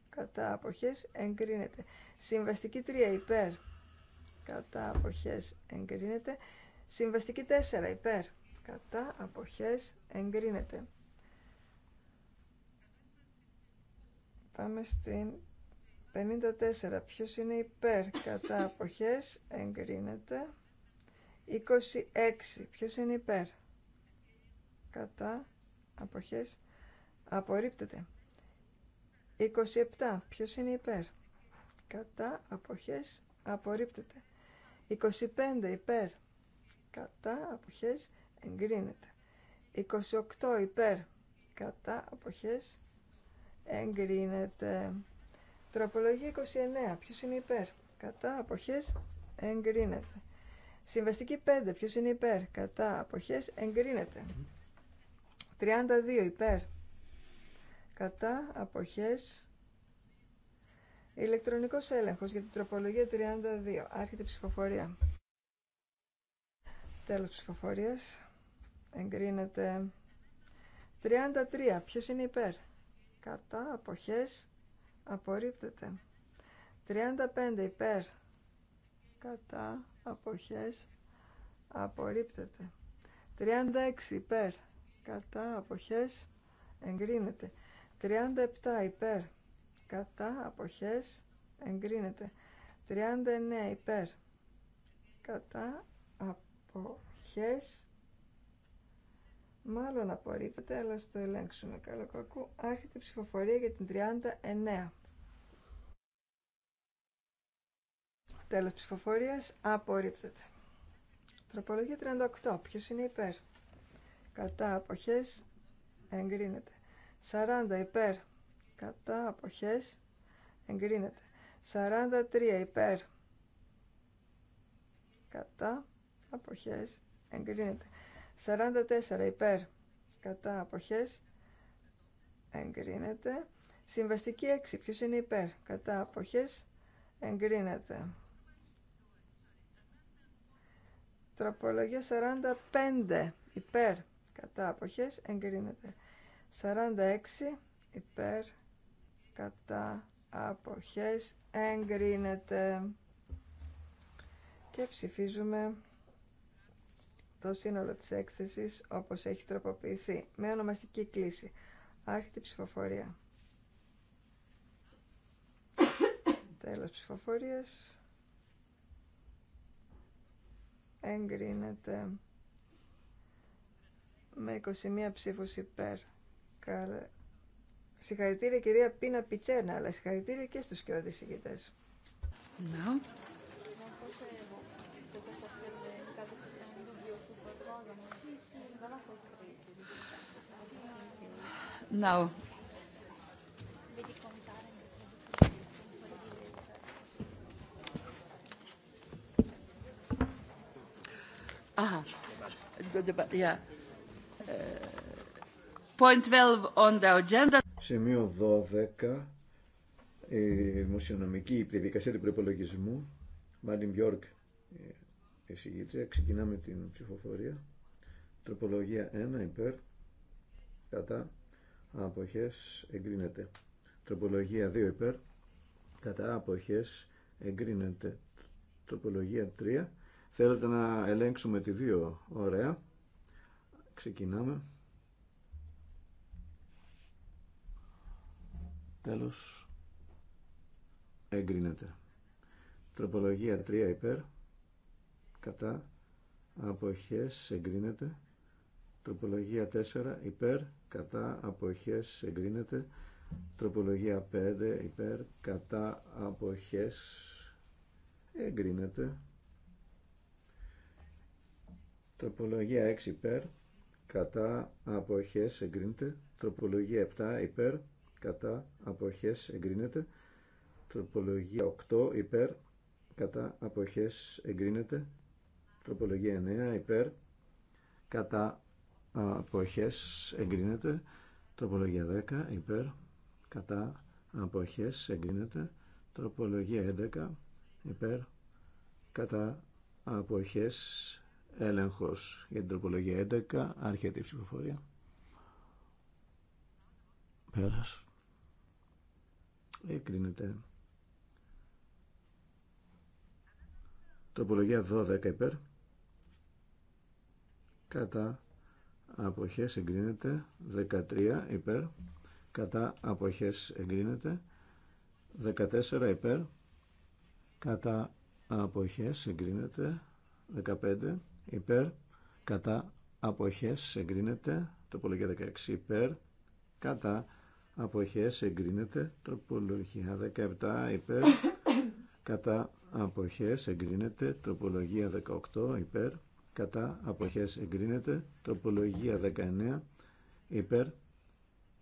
κατά αποχές εγκρίνεται. Συμβαστική 3 υπέρ κατά αποχές εγκρίνεται. Συμβαστική 4 υπέρ κατά αποχές εγκρίνεται. Πάμε στην 54. Ποιος είναι υπέρ κατά αποχές εγκρίνεται. 26. Ποιος είναι υπέρ κατά αποχές απορρίπτεται 27 ποιος είναι υπέρ κατά αποχές απορρίπτεται 25 υπέρ κατά αποχές εγκρίνεται 28 υπέρ κατά αποχές εγκρίνεται τροπολογία 29 ποιος είναι υπέρ κατά αποχές εγκρίνεται συμβαστική 5 ποιος είναι υπέρ κατά αποχές εγκρίνεται 32 υπέρ. Κατά αποχές ηλεκτρονικός έλεγχος για την τροπολογία 32. Άρχεται ψηφοφορία. Τέλος ψηφοφορίας. Εγκρίνεται 33. Ποιος είναι υπέρ. Κατά αποχές απορρίπτεται. 35 υπέρ. Κατά αποχές απορρίπτεται. 36 υπέρ κατά αποχές εγκρίνεται 37 υπέρ κατά αποχές εγκρίνεται 39 υπέρ κατά αποχές μάλλον απορρίπτεται αλλά στο ελέγξουμε καλό κακού άρχεται η ψηφοφορία για την 39 τέλος ψηφοφορίας απορρίπτεται τροπολογία 38 ποιος είναι υπέρ κατά αποχές εγκρίνεται. 40 υπέρ κατά αποχές εγκρίνεται. 43 υπέρ κατά αποχές εγκρίνεται. 44 υπέρ κατά αποχές εγκρίνεται. Συμβαστική 6 ποιος είναι υπέρ κατά αποχές εγκρίνεται. Τροπολογία 45 υπέρ κατά αποχές εγκρίνεται 46 υπέρ κατά αποχές εγκρίνεται και ψηφίζουμε το σύνολο της έκθεσης όπως έχει τροποποιηθεί με ονομαστική κλίση άρχιτη ψηφοφορία τέλος ψηφοφορίας εγκρίνεται με 21 ψήφους υπέρ. Καλέ. Συγχαρητήρια κυρία Πίνα Πιτσένα, αλλά συγχαρητήρια και στους και ηγητές. No. ah, good, yeah. Point 12 on the agenda. Σημείο 12. Η δημοσιονομική διαδικασία του προπολογισμού. Μάλιν Μπιόρκ, ε, εισηγήτρια. Ξεκινάμε την ψηφοφορία. Τροπολογία 1 υπέρ. Κατά. Αποχές εγκρίνεται. Τροπολογία 2 υπέρ. Κατά. Αποχές εγκρίνεται. Τροπολογία 3. Θέλετε να ελέγξουμε τη 2. Ωραία. Ξεκινάμε. Τέλος. Εγκρίνεται. Τροπολογία 3 υπέρ. Κατά. Αποχές εγκρίνεται. Τροπολογία 4 υπέρ. Κατά. Αποχές εγκρίνεται. Τροπολογία 5 υπέρ. Κατά. Αποχές εγκρίνεται. Τροπολογία 6 υπέρ κατά αποχές εγκρίνεται. Τροπολογία 7 υπέρ κατά αποχές εγκρίνεται. Τροπολογία 8 υπέρ κατά αποχές εγκρίνεται. Τροπολογία 9 υπέρ κατά αποχές εγκρίνεται. Τροπολογία 10 υπέρ κατά αποχές εγκρίνεται. Τροπολογία 11 υπέρ κατά αποχές έλεγχος για την τροπολογία 11, Αρχιετή ψηφοφορία. Πέρας. Εκρίνεται. Τροπολογία 12 υπέρ. Κατά αποχές εγκρίνεται. 13 υπέρ. Κατά αποχές εγκρίνεται. 14 υπέρ. Κατά αποχές εγκρίνεται. 15 υπέρ, κατά αποχές εγκρίνεται, τροπολογία 16 υπέρ, κατά αποχές εγκρίνεται, τροπολογία 17 υπέρ, κατά αποχές εγκρίνεται, τροπολογία 18 υπέρ, κατά αποχές εγκρίνεται, τροπολογία 19 υπέρ,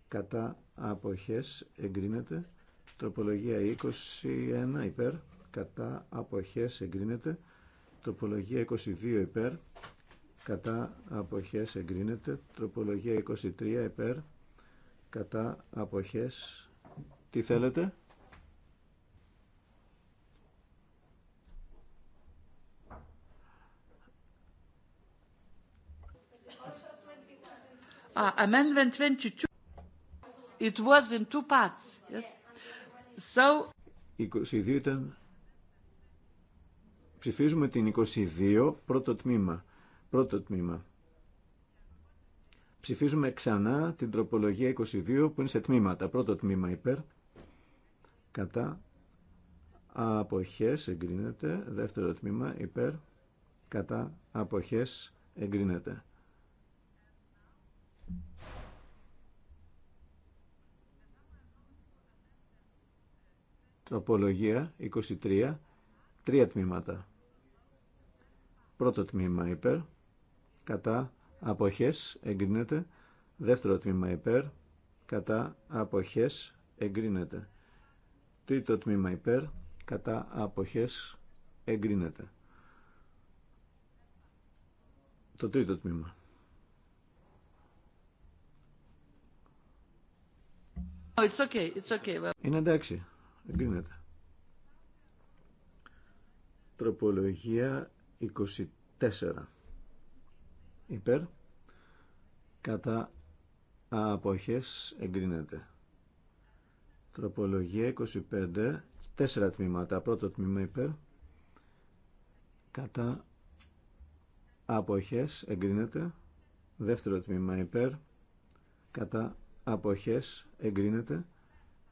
κατά αποχές εγκρίνεται, τροπολογία 21 υπέρ, κατά αποχές εγκρίνεται, Τροπολογία 22 υπέρ. Κατά αποχές εγκρίνεται. Τροπολογία 23 υπέρ. Κατά αποχές. Τι θέλετε. Uh, amendment 22. It was in two parts. Yes. So. 22 ήταν Ψηφίζουμε την 22, πρώτο τμήμα. Πρώτο τμήμα. Ψηφίζουμε ξανά την τροπολογία 22 που είναι σε τμήματα. Πρώτο τμήμα υπέρ, κατά, αποχές εγκρίνεται. Δεύτερο τμήμα υπέρ, κατά, αποχές εγκρίνεται. Τροπολογία 23, τρία τμήματα. Πρώτο τμήμα υπέρ, κατά αποχές εγκρίνεται. Δεύτερο τμήμα υπέρ, κατά αποχές εγκρίνεται. Τρίτο τμήμα υπέρ, κατά αποχές εγκρίνεται. Το τρίτο τμήμα. Oh, it's okay, it's okay. Είναι εντάξει, εγκρίνεται. Τροπολογία 24 υπέρ κατά αποχές εγκρίνεται τροπολογία 25 τέσσερα τμήματα πρώτο τμήμα υπέρ κατά αποχές εγκρίνεται δεύτερο τμήμα υπέρ κατά αποχές εγκρίνεται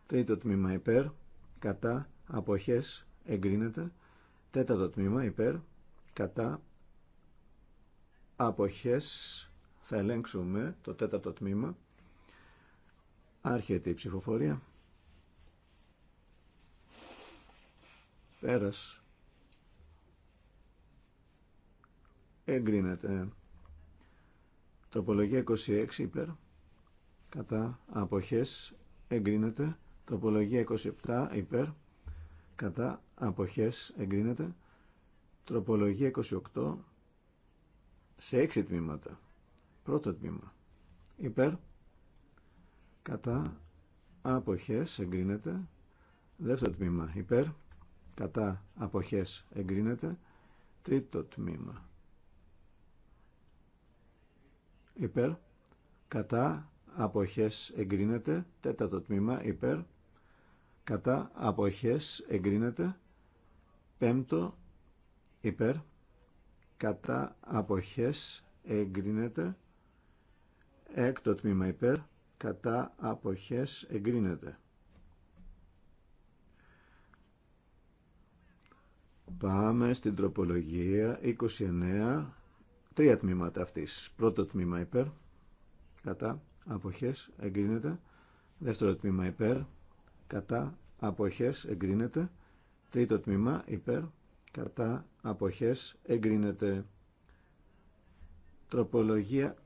τρίτο τμήμα υπέρ κατά αποχές εγκρίνεται τέταρτο τμήμα υπέρ κατά αποχές θα ελέγξουμε το τέταρτο τμήμα άρχεται η ψηφοφορία πέρας εγκρίνεται Τοπολογία 26 υπέρ κατά αποχές εγκρίνεται Τοπολογία 27 υπέρ κατά αποχές εγκρίνεται Τροπολογία 28 σε έξι τμήματα. Πρώτο τμήμα. Υπέρ. Κατά. Αποχές εγκρίνεται. Δεύτερο τμήμα. Υπέρ. Κατά. Αποχές εγκρίνεται. Τρίτο τμήμα. Υπέρ. Κατά. Αποχές εγκρίνεται. Τέταρτο τμήμα. Υπέρ. Κατά. Αποχές εγκρίνεται. Πέμπτο υπέρ κατά αποχές εγκρίνεται έκτο τμήμα υπέρ κατά αποχές εγκρίνεται Πάμε στην τροπολογία 29, τρία τμήματα αυτής. Πρώτο τμήμα υπέρ, κατά, αποχές, εγκρίνεται. Δεύτερο τμήμα υπέρ, κατά, αποχές, εγκρίνεται. Τρίτο τμήμα υπέρ, κατά αποχές εγκρίνεται τροπολογία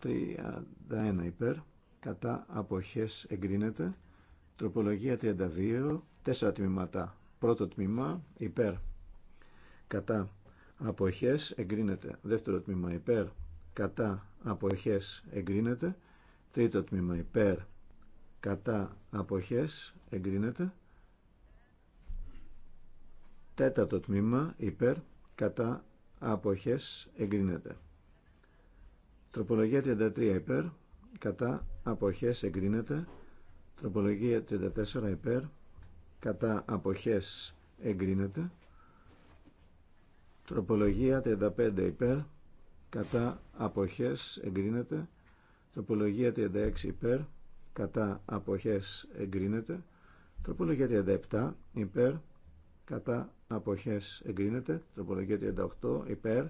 31 υπέρ κατά αποχές εγκρίνεται τροπολογία 32 τέσσερα τμήματα πρώτο τμήμα υπέρ κατά αποχές εγκρίνεται δεύτερο τμήμα υπέρ κατά αποχές εγκρίνεται τρίτο τμήμα υπέρ κατά αποχές εγκρίνεται Τέταρτο τμήμα υπέρ κατά αποχές εγκρίνεται. Τροπολογία 33 υπέρ κατά αποχές εγκρίνεται. Τροπολογία 34 υπέρ κατά αποχές εγκρίνεται. Τροπολογία 35 υπέρ κατά αποχές εγκρίνεται. Τροπολογία 36 υπέρ κατά αποχές εγκρίνεται. Τροπολογία 37 υπέρ κατά αποχές εγκρίνεται, τροπολογία 38 υπέρ,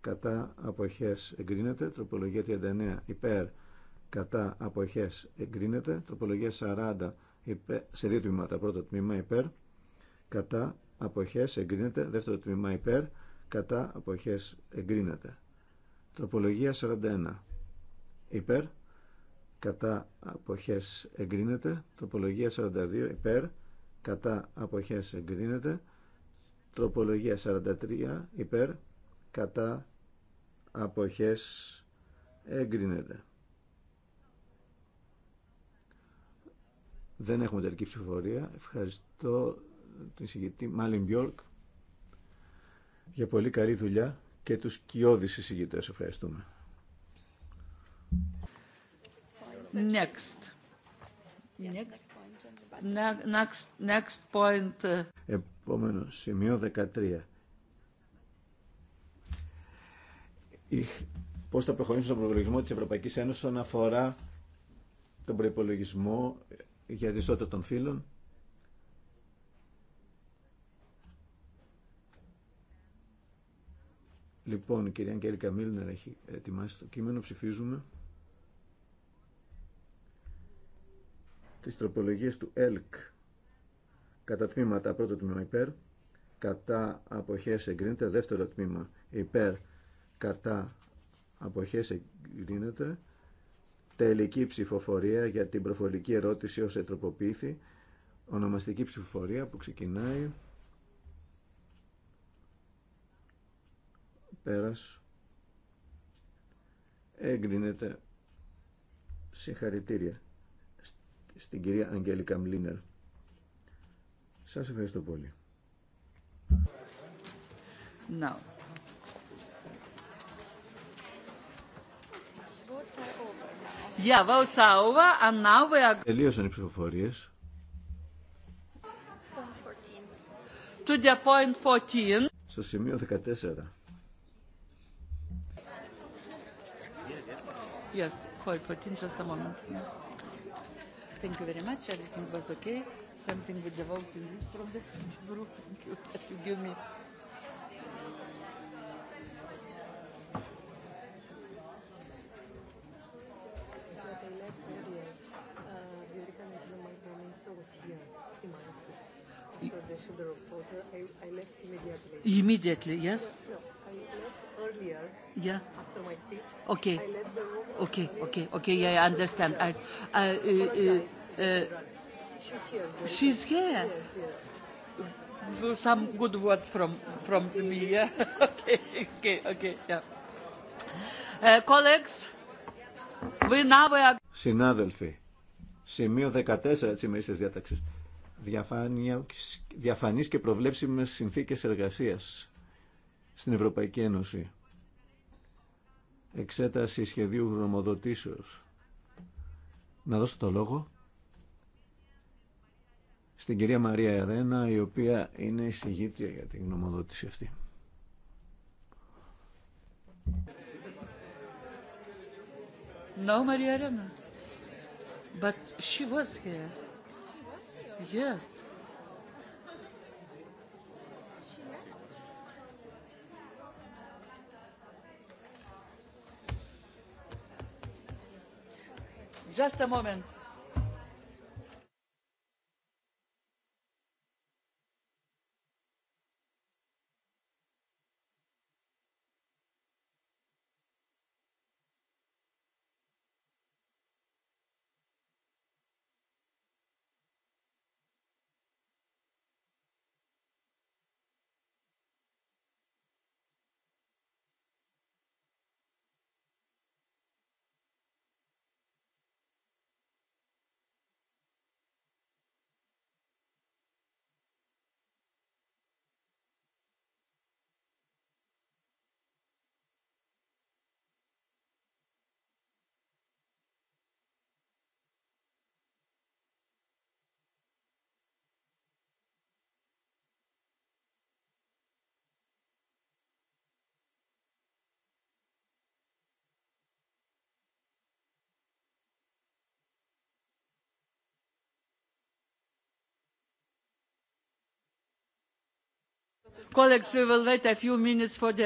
κατά αποχές εγκρίνεται, τροπολογία 39 υπέρ, κατά αποχές εγκρίνεται, τροπολογία 40 υπέρ, σε δύο τμήματα, πρώτο τμήμα υπέρ, κατά αποχές εγκρίνεται, δεύτερο τμήμα υπέρ, κατά αποχές εγκρίνεται. Τροπολογία 41 υπέρ, κατά αποχές εγκρίνεται, τροπολογία 42 υπέρ, κατά αποχές εγκρίνεται, Τροπολογία 43 υπέρ κατά αποχές εγκρίνεται. Δεν έχουμε τελική ψηφοφορία. Ευχαριστώ την συγκεκριτή Μάλιν Μπιόρκ για πολύ καλή δουλειά και τους κοιόδης εισηγητές. Ευχαριστούμε. Next. Next, next point. Ε, ε, Επόμενο σημείο 13. Πώς θα προχωρήσουμε στον προπολογισμό της Ευρωπαϊκής Ένωσης όσον αφορά τον προπολογισμό για την ισότητα των φύλων. Λοιπόν, η κυρία Αγγέλικα Μίλνερ έχει ετοιμάσει το κείμενο, ψηφίζουμε. Τις τροπολογίες του ΕΛΚ κατά τμήματα πρώτο τμήμα υπέρ, κατά αποχές εγκρίνεται, δεύτερο τμήμα υπέρ, κατά αποχές εγκρίνεται, τελική ψηφοφορία για την προφορική ερώτηση ως ετροποποίηθη, ονομαστική ψηφοφορία που ξεκινάει, πέρας, εγκρίνεται συγχαρητήρια στην κυρία Αγγέλικα Μλίνερ. Σας ευχαριστώ πολύ. Now. Yeah, votes are over and now we are... Τελείωσαν οι ψηφοφορίες. To the point 14. Στο σημείο 14. Yes, point 14, just a moment. Thank you very much. Everything was okay something with the voting list from the group. You have to give me. the reporter, I, I left immediately. Immediately, yes? No, I left earlier. Yeah. After my speech. Okay. I left the room. Okay, okay, okay, yeah, I understand. I, uh, uh, uh, She's here. She's here. Some good words from from me. Yeah. okay. Okay. Okay. Yeah. Uh, colleagues, we now are... Συνάδελφοι, σημείο 14 της ημερήσιας διάταξης. διαφανείς και προβλέψιμες συνθήκες εργασίας στην Ευρωπαϊκή Ένωση. Εξέταση σχεδίου γνωμοδοτήσεως. Να δώσω το λόγο στην κυρία Μαρία Ερένα, η οποία είναι εισηγήτρια για την γνωμοδότηση αυτή. No, Maria Elena. But she was here. Yes. Just a moment.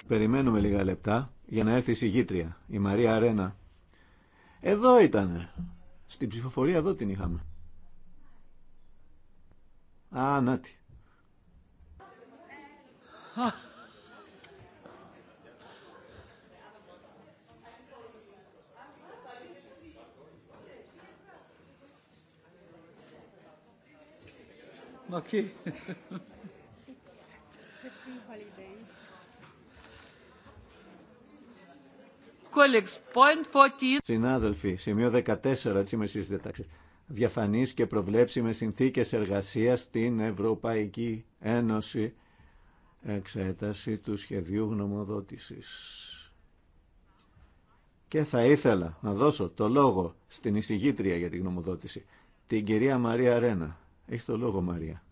Περιμένουμε λίγα λεπτά για να έρθει η συγγήτρια, η Μαρία Αρένα. Εδώ ήταν. Στην ψηφοφορία εδώ την είχαμε. Α, να τη. Συνάδελφοι, σημείο 14 της ημερησίας διατάξης. Διαφανείς και προβλέψιμες συνθήκες εργασίας στην Ευρωπαϊκή Ένωση. Εξέταση του σχεδίου γνωμοδότησης. Και θα ήθελα να δώσω το λόγο στην εισηγήτρια για τη γνωμοδότηση, την κυρία Μαρία Ρένα. Έχει το λόγο Μαρία.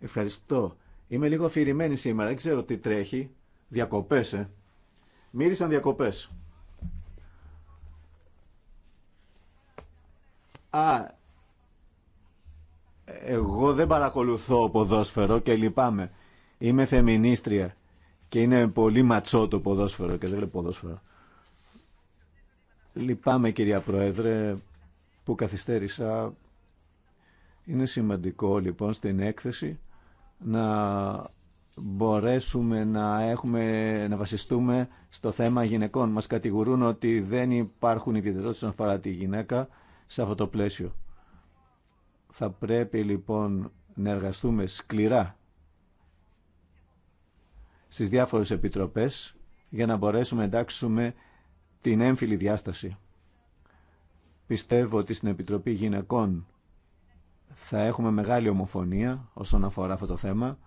Ευχαριστώ. Είμαι λίγο αφηρημένη σήμερα. Δεν ξέρω τι τρέχει. Διακοπές, ε. Μύρισαν διακοπές. Α, εγώ δεν παρακολουθώ ποδόσφαιρο και λυπάμαι. Είμαι φεμινίστρια και είναι πολύ ματσό το ποδόσφαιρο και δεν βλέπω ποδόσφαιρο. Λυπάμαι κυρία Πρόεδρε που καθυστέρησα είναι σημαντικό λοιπόν στην έκθεση να μπορέσουμε να, έχουμε, να βασιστούμε στο θέμα γυναικών. Μας κατηγορούν ότι δεν υπάρχουν ιδιαιτερότητες όσον αφορά τη γυναίκα σε αυτό το πλαίσιο. Θα πρέπει λοιπόν να εργαστούμε σκληρά στις διάφορες επιτροπές για να μπορέσουμε να εντάξουμε την έμφυλη διάσταση. Πιστεύω ότι στην Επιτροπή Γυναικών θα έχουμε μεγάλη ομοφωνία όσον αφορά αυτό το θέμα,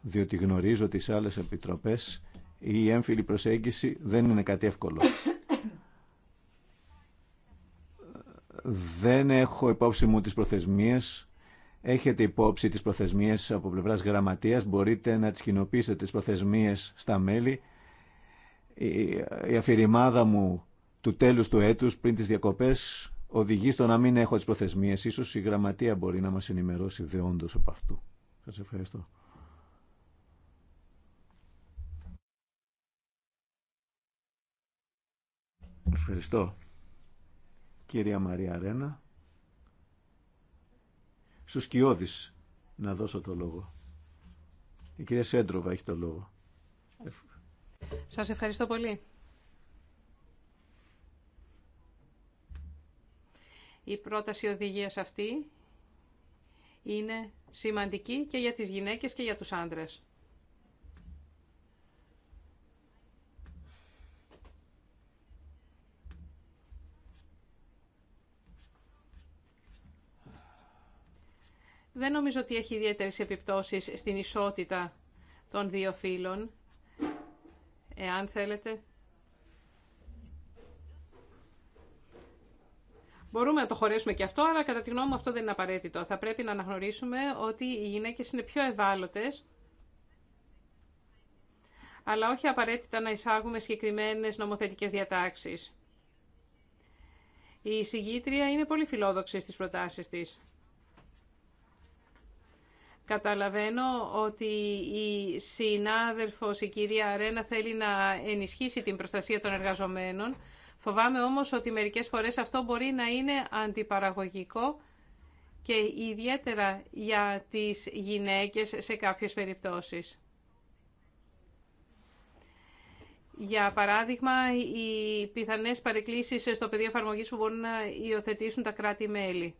διότι γνωρίζω ότι σε άλλες επιτροπές η έμφυλη προσέγγιση δεν είναι κάτι εύκολο. δεν έχω υπόψη μου τις προθεσμίες. Έχετε υπόψη τις προθεσμίες από πλευράς γραμματείας. Μπορείτε να τις κοινοποιήσετε τις προθεσμίες στα μέλη. Η αφηρημάδα μου του τέλους του έτους πριν τις διακοπές οδηγεί στο να μην έχω τις προθεσμίες. Ίσως η γραμματεία μπορεί να μας ενημερώσει δεόντως από αυτού. Σα ευχαριστώ. Ευχαριστώ. Κυρία Μαρία Ρένα. Στου Κιώδη να δώσω το λόγο. Η κυρία Σέντροβα έχει το λόγο. Σας ευχαριστώ πολύ. Η πρόταση οδηγίας αυτή είναι σημαντική και για τις γυναίκες και για τους άντρες. Δεν νομίζω ότι έχει ιδιαίτερε επιπτώσεις στην ισότητα των δύο φύλων. Εάν θέλετε, Μπορούμε να το χωρέσουμε και αυτό, αλλά κατά τη γνώμη μου αυτό δεν είναι απαραίτητο. Θα πρέπει να αναγνωρίσουμε ότι οι γυναίκε είναι πιο ευάλωτε. αλλά όχι απαραίτητα να εισάγουμε συγκεκριμένε νομοθετικές διατάξεις. Η συγγήτρια είναι πολύ φιλόδοξη στις προτάσεις της. Καταλαβαίνω ότι η συνάδελφος, η κυρία Αρένα, θέλει να ενισχύσει την προστασία των εργαζομένων, Φοβάμαι όμως ότι μερικές φορές αυτό μπορεί να είναι αντιπαραγωγικό και ιδιαίτερα για τις γυναίκες σε κάποιες περιπτώσεις. Για παράδειγμα, οι πιθανές παρεκκλήσεις στο πεδίο εφαρμογής που μπορούν να υιοθετήσουν τα κράτη-μέλη.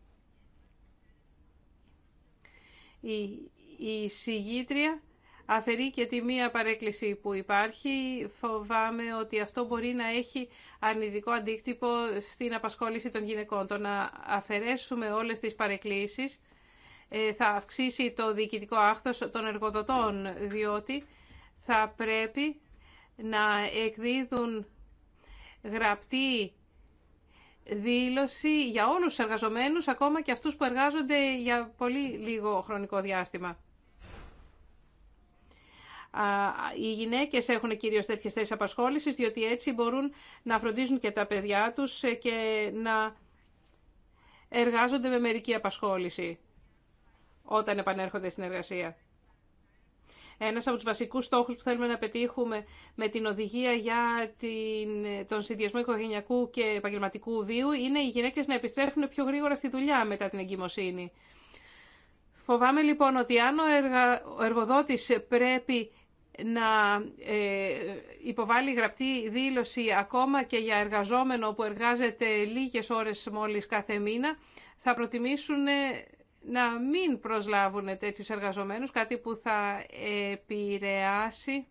Η συγγήτρια αφαιρεί και τη μία παρέκκληση που υπάρχει. Φοβάμαι ότι αυτό μπορεί να έχει αρνητικό αντίκτυπο στην απασχόληση των γυναικών. Το να αφαιρέσουμε όλες τις παρεκκλήσεις ε, θα αυξήσει το διοικητικό άχθος των εργοδοτών, διότι θα πρέπει να εκδίδουν γραπτή δήλωση για όλους τους εργαζομένους, ακόμα και αυτούς που εργάζονται για πολύ λίγο χρονικό διάστημα. Οι γυναίκε έχουν κυρίως τέτοιε θέσει απασχόλησης, διότι έτσι μπορούν να φροντίζουν και τα παιδιά τους και να εργάζονται με μερική απασχόληση όταν επανέρχονται στην εργασία. Ένας από τους βασικούς στόχου που θέλουμε να πετύχουμε με την οδηγία για την, τον συνδυασμό οικογενειακού και επαγγελματικού βίου είναι οι γυναίκε να επιστρέφουν πιο γρήγορα στη δουλειά μετά την εγκυμοσύνη. Φοβάμαι λοιπόν ότι αν ο, εργοδότης πρέπει να ε, υποβάλει γραπτή δήλωση ακόμα και για εργαζόμενο που εργάζεται λίγες ώρες μόλις κάθε μήνα, θα προτιμήσουν ε, να μην προσλάβουν τέτοιους εργαζομένους, κάτι που θα επηρεάσει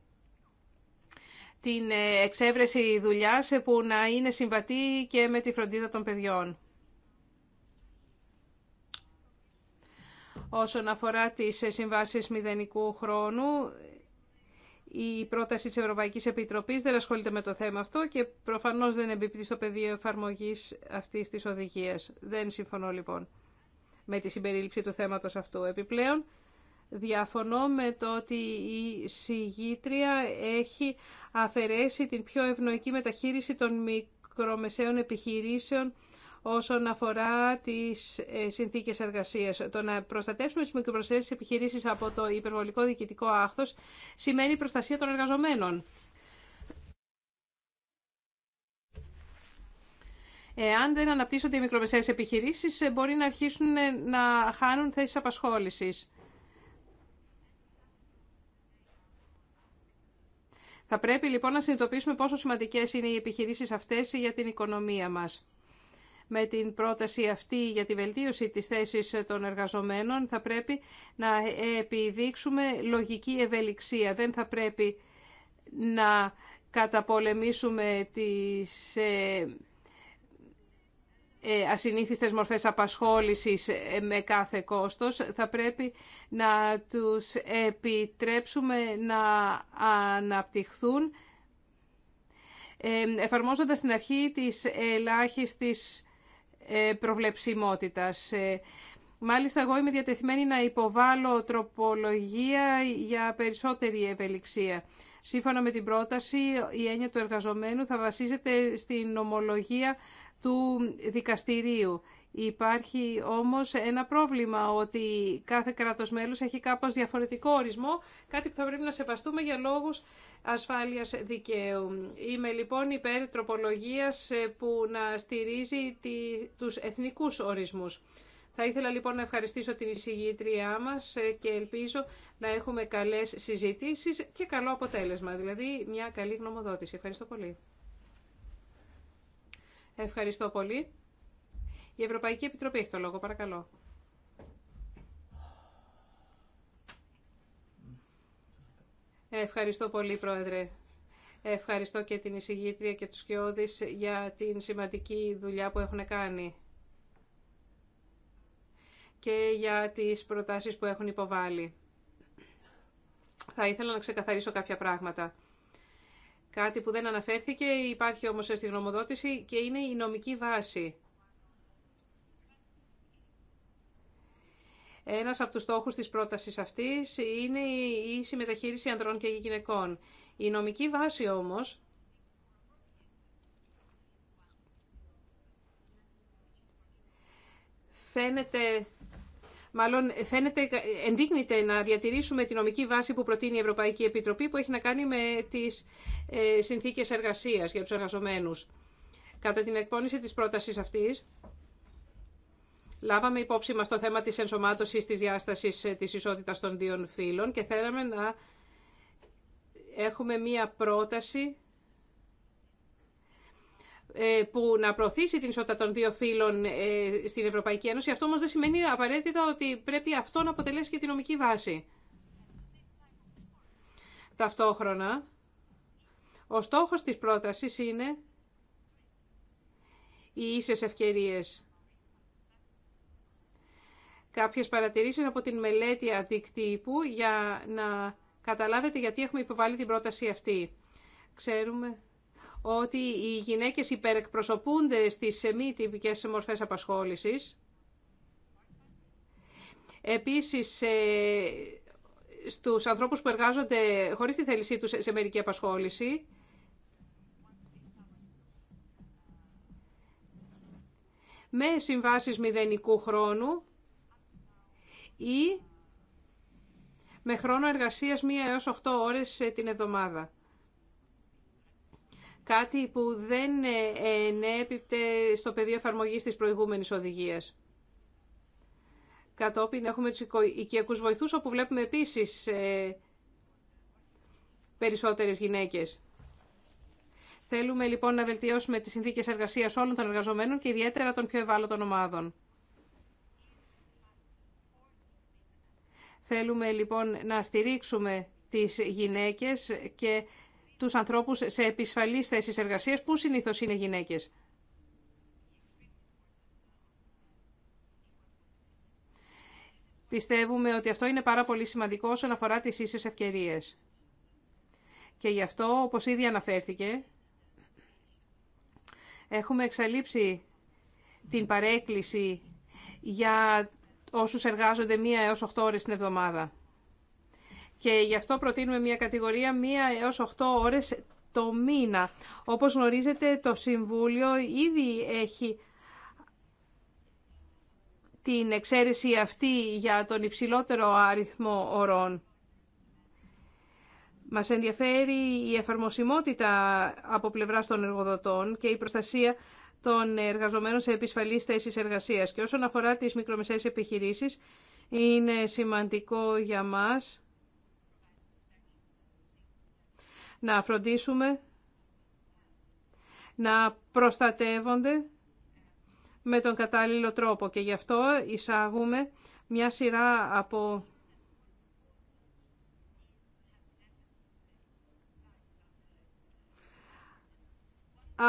την ε, εξέβρεση δουλειάς που να είναι συμβατή και με τη φροντίδα των παιδιών. Όσον αφορά τις συμβάσεις μηδενικού χρόνου, η πρόταση της Ευρωπαϊκής Επιτροπής δεν ασχολείται με το θέμα αυτό και προφανώς δεν εμπίπτει στο πεδίο εφαρμογής αυτής της οδηγίας. Δεν συμφωνώ λοιπόν με τη συμπερίληψη του θέματος αυτού. Επιπλέον, διαφωνώ με το ότι η συγγήτρια έχει αφαιρέσει την πιο ευνοϊκή μεταχείριση των μικρομεσαίων επιχειρήσεων όσον αφορά τις ε, συνθήκες εργασίας. Το να προστατεύσουμε τις μικροπροσθέσει επιχειρήσει από το υπερβολικό διοικητικό άχθος σημαίνει προστασία των εργαζομένων. Εάν δεν αναπτύσσονται οι μικρομεσαίες επιχειρήσεις, ε, μπορεί να αρχίσουν ε, να χάνουν θέσεις απασχόλησης. Θα πρέπει λοιπόν να συνειδητοποιήσουμε πόσο σημαντικές είναι οι επιχειρήσεις αυτές για την οικονομία μας με την πρόταση αυτή για τη βελτίωση της θέσης των εργαζομένων θα πρέπει να επιδείξουμε λογική ευελιξία. Δεν θα πρέπει να καταπολεμήσουμε τις ε, ε, ασυνήθιστες μορφές απασχόλησης ε, με κάθε κόστος. Θα πρέπει να τους επιτρέψουμε να αναπτυχθούν εφαρμόζοντας στην αρχή της ελάχιστης ε, προβλεψιμότητας. Ε, μάλιστα, εγώ είμαι διατεθειμένη να υποβάλω τροπολογία για περισσότερη ευελιξία. Σύμφωνα με την πρόταση, η έννοια του εργαζομένου θα βασίζεται στην ομολογία του δικαστηρίου. Υπάρχει όμως ένα πρόβλημα ότι κάθε κράτος μέλος έχει κάπως διαφορετικό ορισμό, κάτι που θα πρέπει να σεβαστούμε για λόγους ασφάλειας δικαίου. Είμαι λοιπόν υπέρ τροπολογίας που να στηρίζει τη, τους εθνικούς ορισμούς. Θα ήθελα λοιπόν να ευχαριστήσω την εισηγήτριά μας και ελπίζω να έχουμε καλές συζητήσεις και καλό αποτέλεσμα, δηλαδή μια καλή γνωμοδότηση. Ευχαριστώ πολύ. Ευχαριστώ πολύ. Η Ευρωπαϊκή Επιτροπή έχει το λόγο, παρακαλώ. Ευχαριστώ πολύ, Πρόεδρε. Ευχαριστώ και την εισηγήτρια και τους Κιώδης για την σημαντική δουλειά που έχουν κάνει και για τις προτάσεις που έχουν υποβάλει. Θα ήθελα να ξεκαθαρίσω κάποια πράγματα. Κάτι που δεν αναφέρθηκε, υπάρχει όμως στη γνωμοδότηση και είναι η νομική βάση. Ένας από τους στόχους της πρότασης αυτής είναι η συμμεταχείριση ανδρών και γυναικών. Η νομική βάση όμως φαίνεται μάλλον φαίνεται, ενδείκνυται να διατηρήσουμε τη νομική βάση που προτείνει η Ευρωπαϊκή Επιτροπή που έχει να κάνει με τις ε, συνθήκες εργασίας για τους εργαζομένους. Κατά την εκπόνηση της πρότασης αυτής, Λάβαμε υπόψη μας το θέμα της ενσωμάτωσης της διάστασης ε, της ισότητας των δύο φύλων και θέλαμε να έχουμε μία πρόταση ε, που να προωθήσει την ισότητα των δύο φύλων ε, στην Ευρωπαϊκή Ένωση. Αυτό όμως δεν σημαίνει απαραίτητα ότι πρέπει αυτό να αποτελέσει και τη νομική βάση. Ταυτόχρονα, ο στόχος της πρότασης είναι οι ίσες ευκαιρίες κάποιες παρατηρήσεις από την μελέτη αντικτύπου για να καταλάβετε γιατί έχουμε υποβάλει την πρόταση αυτή. Ξέρουμε ότι οι γυναίκες υπερεκπροσωπούνται στις μη τυπικές μορφές απασχόλησης. Επίσης, στους ανθρώπους που εργάζονται χωρίς τη θέλησή τους σε μερική απασχόληση, με συμβάσεις μηδενικού χρόνου, ή με χρόνο εργασίας 1 έως 8 ώρες την εβδομάδα. Κάτι που δεν ενέπιπτε στο πεδίο εφαρμογή της προηγούμενης οδηγίας. Κατόπιν έχουμε τους οικιακούς βοηθούς, όπου βλέπουμε επίσης ε, περισσότερες γυναίκες. Θέλουμε λοιπόν να βελτιώσουμε τις συνθήκες εργασίας όλων των εργαζομένων και ιδιαίτερα των πιο ευάλωτων ομάδων. Θέλουμε λοιπόν να στηρίξουμε τις γυναίκες και τους ανθρώπους σε επισφαλείς θέσεις εργασίας που συνήθως είναι γυναίκες. Πιστεύουμε ότι αυτό είναι πάρα πολύ σημαντικό όσον αφορά τις ίσες ευκαιρίες. Και γι' αυτό, όπως ήδη αναφέρθηκε, έχουμε εξαλείψει την παρέκκληση για Όσου εργάζονται μία έως 8 ώρες την εβδομάδα. Και γι' αυτό προτείνουμε μία κατηγορία μία έως 8 ώρες το μήνα. Όπως γνωρίζετε, το Συμβούλιο ήδη έχει την εξαίρεση αυτή για τον υψηλότερο αριθμό ωρών. Μας ενδιαφέρει η εφαρμοσιμότητα από πλευράς των εργοδοτών και η προστασία των εργαζομένων σε επισφαλείς θέση εργασίας. Και όσον αφορά τις μικρομεσαίες επιχειρήσεις, είναι σημαντικό για μας να φροντίσουμε να προστατεύονται με τον κατάλληλο τρόπο και γι' αυτό εισάγουμε μια σειρά από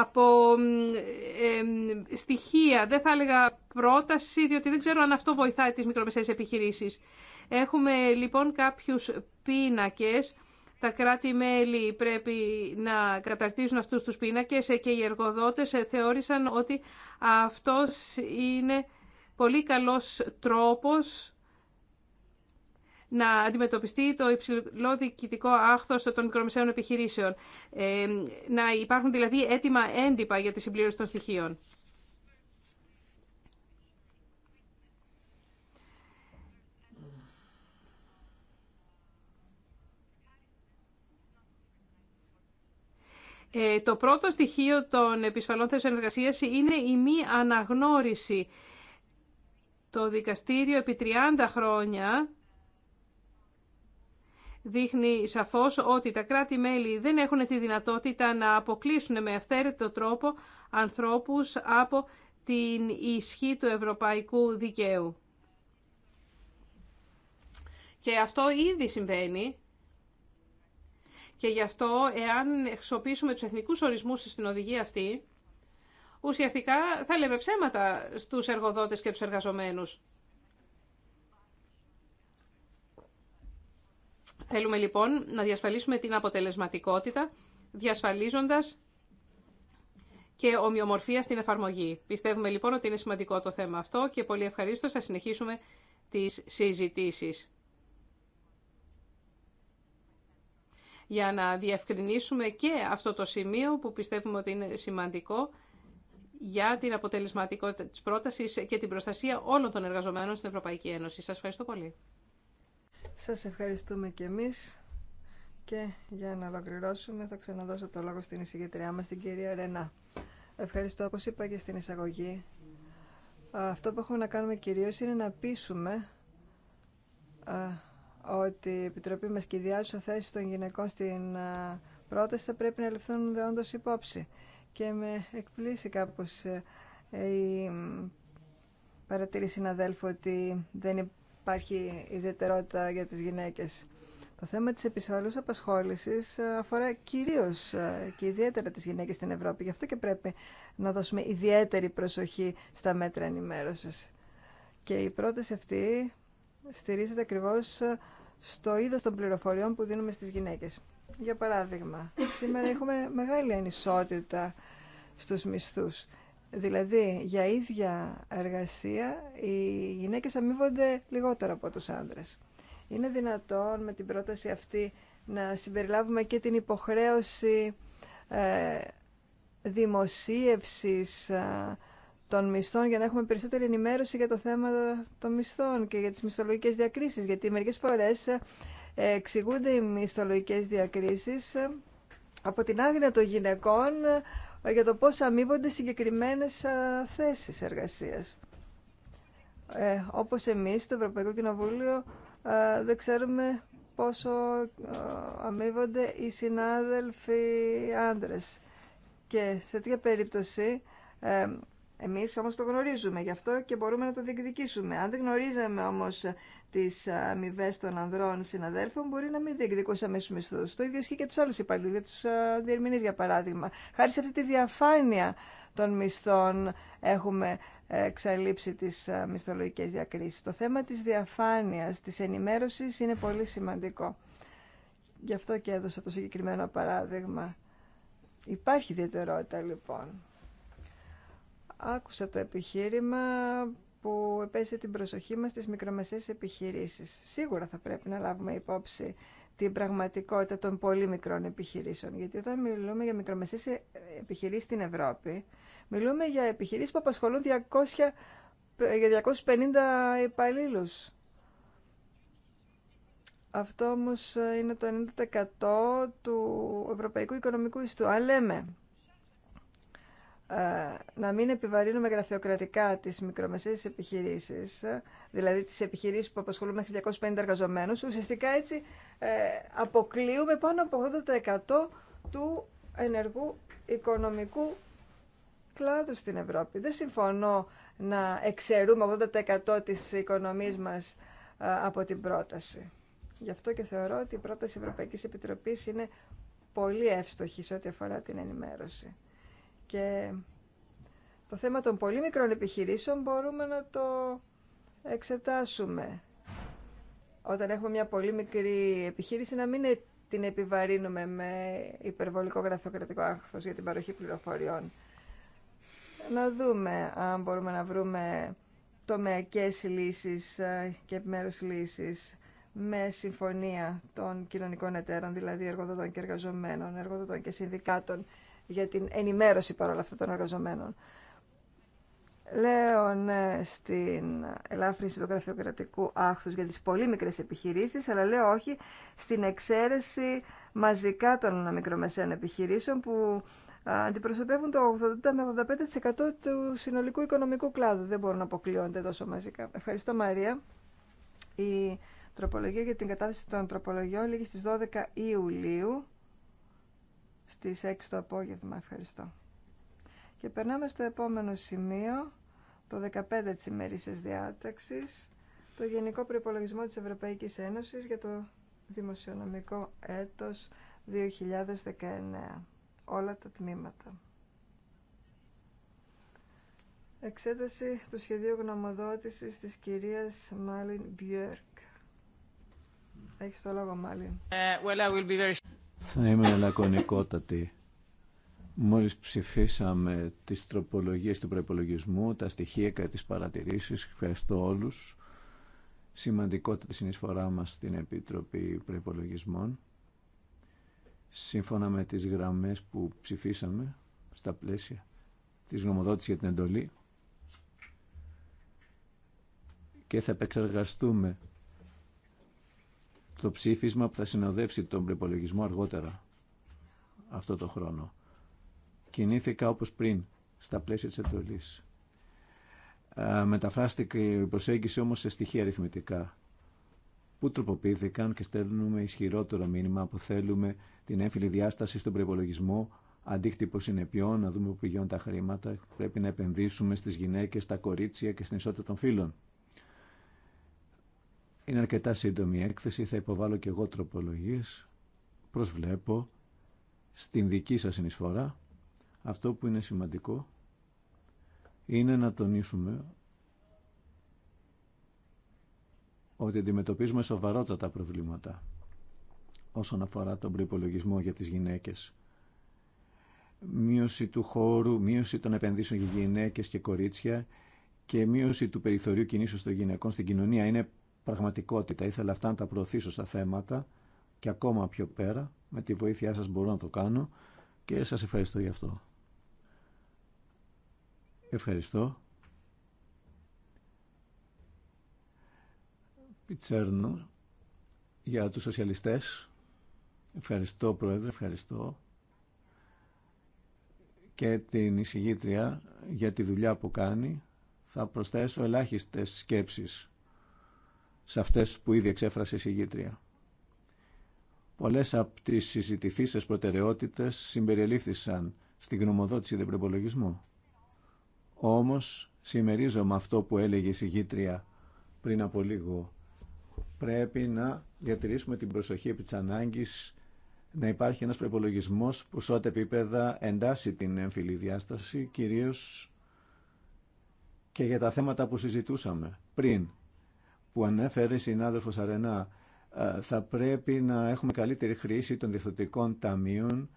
από στοιχεία. Δεν θα έλεγα πρόταση, διότι δεν ξέρω αν αυτό βοηθάει τις μικρομεσαίες επιχειρήσεις. Έχουμε λοιπόν κάποιους πίνακες. Τα κράτη-μέλη πρέπει να καταρτίζουν αυτούς τους πίνακες και οι εργοδότες θεώρησαν ότι αυτός είναι πολύ καλός τρόπος να αντιμετωπιστεί το υψηλό διοικητικό άχθος των μικρομεσαίων επιχειρήσεων. Ε, να υπάρχουν δηλαδή έτοιμα έντυπα για τη συμπλήρωση των στοιχείων. Ε, το πρώτο στοιχείο των επισφαλών θέσεων εργασία είναι η μη αναγνώριση. Το δικαστήριο επί 30 χρόνια δείχνει σαφώς ότι τα κράτη-μέλη δεν έχουν τη δυνατότητα να αποκλείσουν με αυθαίρετο τρόπο ανθρώπους από την ισχύ του ευρωπαϊκού δικαίου. Και αυτό ήδη συμβαίνει. Και γι' αυτό, εάν χρησιμοποιήσουμε τους εθνικούς ορισμούς στην οδηγία αυτή, ουσιαστικά θα λέμε ψέματα στους εργοδότες και τους εργαζομένους. Θέλουμε λοιπόν να διασφαλίσουμε την αποτελεσματικότητα, διασφαλίζοντας και ομοιομορφία στην εφαρμογή. Πιστεύουμε λοιπόν ότι είναι σημαντικό το θέμα αυτό και πολύ ευχαριστώ θα συνεχίσουμε τις συζητήσεις. Για να διευκρινίσουμε και αυτό το σημείο που πιστεύουμε ότι είναι σημαντικό για την αποτελεσματικότητα της πρότασης και την προστασία όλων των εργαζομένων στην Ευρωπαϊκή Ένωση. Σας ευχαριστώ πολύ. Σας ευχαριστούμε και εμείς και για να ολοκληρώσουμε θα ξαναδώσω το λόγο στην εισηγητριά μας, την κυρία Ρενά. Ευχαριστώ, όπως είπα και στην εισαγωγή. Αυτό που έχουμε να κάνουμε κυρίως είναι να πείσουμε ότι η Επιτροπή μας και η θέση των γυναικών στην πρόταση θα πρέπει να ληφθούν δεόντως υπόψη. Και με εκπλήσει κάπως ε, η παρατήρηση συναδέλφου ότι δεν υπάρχει υπάρχει ιδιαιτερότητα για τις γυναίκες. Το θέμα της επισφαλούς απασχόλησης ε, αφορά κυρίως ε, και ιδιαίτερα τις γυναίκες στην Ευρώπη. Γι' αυτό και πρέπει να δώσουμε ιδιαίτερη προσοχή στα μέτρα ενημέρωσης. Και η πρόταση αυτή στηρίζεται ακριβώς ε, στο είδος των πληροφοριών που δίνουμε στις γυναίκες. Για παράδειγμα, σήμερα έχουμε μεγάλη ανισότητα στους μισθούς Δηλαδή, για ίδια εργασία οι γυναίκες αμείβονται λιγότερο από τους άντρες. Είναι δυνατόν με την πρόταση αυτή να συμπεριλάβουμε και την υποχρέωση ε, δημοσίευσης ε, των μισθών για να έχουμε περισσότερη ενημέρωση για το θέμα των μισθών και για τις μισθολογικές διακρίσεις. Γιατί μερικές φορές ε, εξηγούνται οι μισθολογικές διακρίσεις ε, από την άγνοια των γυναικών ε, για το πώς αμείβονται συγκεκριμένες θέσεις εργασίας. Ε, όπως εμείς στο Ευρωπαϊκό Κοινοβούλιο δεν ξέρουμε πόσο αμείβονται οι συνάδελφοι άντρες. Και σε τέτοια περίπτωση ε, εμείς όμως το γνωρίζουμε γι' αυτό και μπορούμε να το διεκδικήσουμε. Αν δεν γνωρίζαμε όμως τις αμοιβέ των ανδρών συναδέλφων, μπορεί να μην διεκδικούσαμε στους μισθούς. Το ίδιο ισχύει και τους άλλους υπαλλήλους, για τους ε, διερμηνείς για παράδειγμα. Χάρη σε αυτή τη διαφάνεια των μισθών έχουμε ε, εξαλείψει τις ε, μισθολογικές διακρίσεις. Το θέμα της διαφάνειας, της ενημέρωσης είναι πολύ σημαντικό. Γι' αυτό και έδωσα το συγκεκριμένο παράδειγμα. Υπάρχει ιδιαιτερότητα λοιπόν. Άκουσα το επιχείρημα που επέσε την προσοχή μας στις μικρομεσαίες επιχειρήσεις. Σίγουρα θα πρέπει να λάβουμε υπόψη την πραγματικότητα των πολύ μικρών επιχειρήσεων. Γιατί όταν μιλούμε για μικρομεσαίες επιχειρήσεις στην Ευρώπη, μιλούμε για επιχειρήσεις που απασχολούν 200, για 250 υπαλλήλου. Αυτό όμω είναι το 90% του ευρωπαϊκού οικονομικού ιστού. Αλλά λέμε ε, να μην επιβαρύνουμε γραφειοκρατικά τις μικρομεσαίες επιχειρήσεις, ε, δηλαδή τις επιχειρήσεις που απασχολούν μέχρι 250 εργαζομένους, ουσιαστικά έτσι ε, αποκλείουμε πάνω από 80% του ενεργού οικονομικού κλάδου στην Ευρώπη. Δεν συμφωνώ να εξαιρούμε 80% της οικονομίας μας από την πρόταση. Γι' αυτό και θεωρώ ότι η πρόταση Ευρωπαϊκής Επιτροπής είναι πολύ εύστοχη σε ό,τι αφορά την ενημέρωση. Και το θέμα των πολύ μικρών επιχειρήσεων μπορούμε να το εξετάσουμε. Όταν έχουμε μια πολύ μικρή επιχείρηση να μην ε- την επιβαρύνουμε με υπερβολικό γραφειοκρατικό άγχος για την παροχή πληροφοριών. Να δούμε αν μπορούμε να βρούμε τομεακές λύσεις ε, και επιμέρους λύσεις με συμφωνία των κοινωνικών εταίρων, δηλαδή εργοδοτών και εργαζομένων, εργοδοτών και συνδικάτων για την ενημέρωση παρόλα αυτά των εργαζομένων. Λέω ναι στην ελάφρυνση του γραφειοκρατικού άχθους για τις πολύ μικρές επιχειρήσεις, αλλά λέω όχι στην εξαίρεση μαζικά των μικρομεσαίων επιχειρήσεων που αντιπροσωπεύουν το 80 με 85% του συνολικού οικονομικού κλάδου. Δεν μπορούν να αποκλειώνται τόσο μαζικά. Ευχαριστώ Μαρία. Η τροπολογία για την κατάθεση των τροπολογιών λήγει στις 12 Ιουλίου στις 6 το απόγευμα. Ευχαριστώ. Και περνάμε στο επόμενο σημείο, το 15 της ημερήσιας διάταξης, το Γενικό Προϋπολογισμό της Ευρωπαϊκής Ένωσης για το δημοσιονομικό έτος 2019. Όλα τα τμήματα. Εξέταση του σχεδίου γνωμοδότησης της κυρίας Μάλιν Μπιέρκ. Έχεις το λόγο, Μάλιν. Uh, well, I will be very... Θα είμαι λακωνικότατη. Μόλις ψηφίσαμε τις τροπολογίες του προπολογισμού, τα στοιχεία και τις παρατηρήσεις. Ευχαριστώ όλους. Σημαντικότητα τη συνεισφορά μας στην Επιτροπή Προπολογισμών. Σύμφωνα με τις γραμμές που ψηφίσαμε στα πλαίσια της γνωμοδότησης για την εντολή και θα επεξεργαστούμε το ψήφισμα που θα συνοδεύσει τον προπολογισμό αργότερα αυτό το χρόνο. Κινήθηκα όπως πριν, στα πλαίσια της εντολής. Ε, μεταφράστηκε η προσέγγιση όμως σε στοιχεία αριθμητικά που τροποποιήθηκαν και στέλνουμε ισχυρότερο μήνυμα που θέλουμε την έμφυλη διάσταση στον προπολογισμό, αντίκτυπο συνεπειών, να δούμε πού πηγαίνουν τα χρήματα. Πρέπει να επενδύσουμε στις γυναίκες, στα κορίτσια και στην ισότητα των φίλων. Είναι αρκετά σύντομη η έκθεση, θα υποβάλω και εγώ τροπολογίες. Προσβλέπω στην δική σας συνεισφορά. Αυτό που είναι σημαντικό είναι να τονίσουμε ότι αντιμετωπίζουμε σοβαρότατα προβλήματα όσον αφορά τον προϋπολογισμό για τις γυναίκες. Μείωση του χώρου, μείωση των επενδύσεων για γυναίκες και κορίτσια και μείωση του περιθωρίου κινήσεως των γυναικών στην κοινωνία είναι πραγματικότητα. Ήθελα αυτά να τα προωθήσω στα θέματα και ακόμα πιο πέρα. Με τη βοήθειά σας μπορώ να το κάνω και σας ευχαριστώ γι' αυτό. Ευχαριστώ. Πιτσέρνου για τους σοσιαλιστές. Ευχαριστώ Πρόεδρε, ευχαριστώ και την εισηγήτρια για τη δουλειά που κάνει. Θα προσθέσω ελάχιστες σκέψεις σε αυτές που ήδη εξέφρασε η συγγήτρια. Πολλές από τις συζητηθήσεις προτεραιότητες συμπεριελήφθησαν στην γνωμοδότηση του προπολογισμού. Όμως, συμμερίζομαι αυτό που έλεγε η συγγήτρια πριν από λίγο. Πρέπει να διατηρήσουμε την προσοχή επί της ανάγκης να υπάρχει ένας προπολογισμό που σε ό,τι επίπεδα εντάσσει την έμφυλη διάσταση, κυρίως και για τα θέματα που συζητούσαμε πριν που ανέφερε η Αρενά. Ε, θα πρέπει να έχουμε καλύτερη χρήση των διευθυντικών ταμείων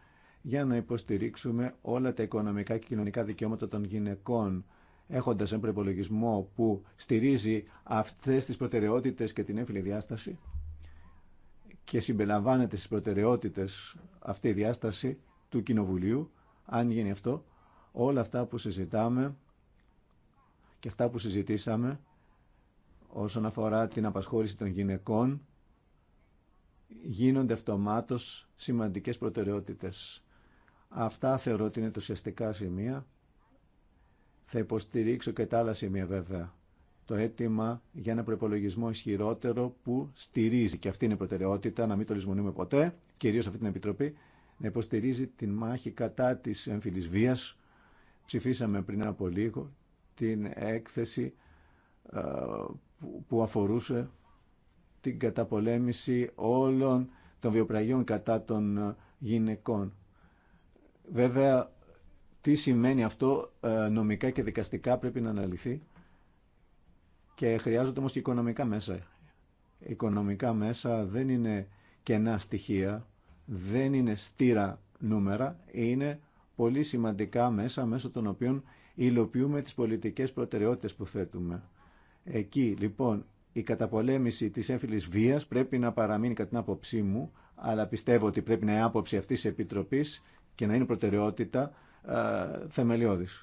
για να υποστηρίξουμε όλα τα οικονομικά και κοινωνικά δικαιώματα των γυναικών έχοντας έναν προπολογισμό που στηρίζει αυτές τις προτεραιότητες και την έμφυλη διάσταση και συμπεριλαμβάνεται στις προτεραιότητες αυτή η διάσταση του Κοινοβουλίου, αν γίνει αυτό, όλα αυτά που συζητάμε και αυτά που συζητήσαμε όσον αφορά την απασχόληση των γυναικών γίνονται αυτομάτως σημαντικές προτεραιότητες. Αυτά θεωρώ ότι είναι τα ουσιαστικά σημεία. Θα υποστηρίξω και τα άλλα σημεία βέβαια. Το αίτημα για ένα προπολογισμό ισχυρότερο που στηρίζει, και αυτή είναι η προτεραιότητα, να μην το λησμονούμε ποτέ, κυρίως αυτή την Επιτροπή, να υποστηρίζει την μάχη κατά της εμφυλής βίας. Ψηφίσαμε πριν από λίγο την έκθεση που αφορούσε την καταπολέμηση όλων των βιοπραγιών κατά των γυναικών. Βέβαια, τι σημαίνει αυτό νομικά και δικαστικά πρέπει να αναλυθεί και χρειάζονται όμως και οικονομικά μέσα. Οικονομικά μέσα δεν είναι κενά στοιχεία, δεν είναι στήρα νούμερα, είναι πολύ σημαντικά μέσα μέσω των οποίων υλοποιούμε τις πολιτικές προτεραιότητες που θέτουμε. Εκεί λοιπόν η καταπολέμηση της έμφυλης βίας πρέπει να παραμείνει κατά την άποψή μου, αλλά πιστεύω ότι πρέπει να είναι άποψη αυτής της Επιτροπής και να είναι προτεραιότητα θεμελιώδη. θεμελιώδης.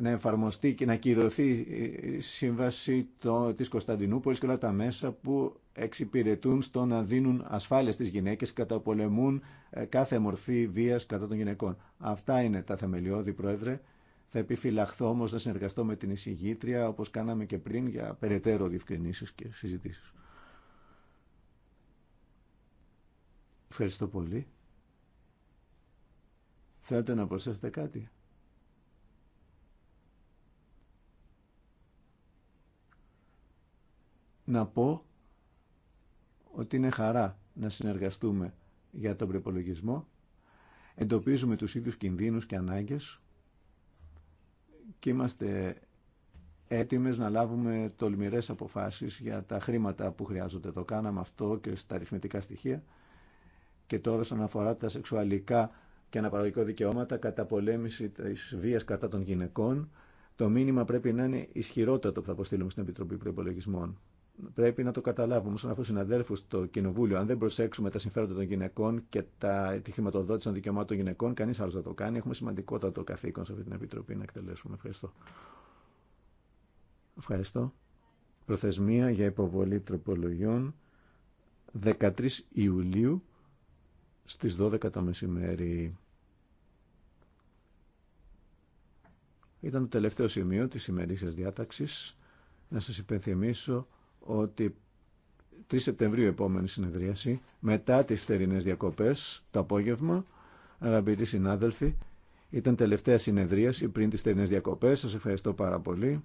Να εφαρμοστεί και να κυρωθεί η σύμβαση το, της και όλα τα μέσα που εξυπηρετούν στο να δίνουν ασφάλεια στις γυναίκες και καταπολεμούν ε, κάθε μορφή βίας κατά των γυναικών. Αυτά είναι τα θεμελιώδη, Πρόεδρε. Θα επιφυλαχθώ όμω να συνεργαστώ με την εισηγήτρια όπως κάναμε και πριν για περαιτέρω διευκρινήσει και συζητήσεις. Ευχαριστώ πολύ. Θέλετε να προσθέσετε κάτι. Να πω ότι είναι χαρά να συνεργαστούμε για τον προπολογισμό. Εντοπίζουμε τους ίδιους κινδύνους και ανάγκες και είμαστε έτοιμες να λάβουμε τολμηρές αποφάσεις για τα χρήματα που χρειάζονται. Το κάναμε αυτό και στα αριθμητικά στοιχεία. Και τώρα όσον αφορά τα σεξουαλικά και αναπαραγωγικά δικαιώματα, κατά πολέμηση της βίας κατά των γυναικών, το μήνυμα πρέπει να είναι ισχυρότατο που θα αποστείλουμε στην Επιτροπή Προπολογισμών. Πρέπει να το καταλάβουμε σαν αυτού του συναδέλφου στο Κοινοβούλιο. Αν δεν προσέξουμε τα συμφέροντα των γυναικών και τα, τη χρηματοδότηση των δικαιωμάτων των γυναικών, κανεί άλλο δεν το κάνει. Έχουμε σημαντικότατο καθήκον σε αυτή την Επιτροπή να εκτελέσουμε. Ευχαριστώ. Ευχαριστώ. Προθεσμία για υποβολή τροπολογιών 13 Ιουλίου στις 12 το μεσημέρι. Ήταν το τελευταίο σημείο της ημερήσιας διάταξης. Να σας υπενθυμίσω ότι 3 Σεπτεμβρίου επόμενη συνεδρίαση, μετά τις θερινές διακοπές, το απόγευμα, αγαπητοί συνάδελφοι, ήταν τελευταία συνεδρίαση πριν τις θερινές διακοπές. Σας ευχαριστώ πάρα πολύ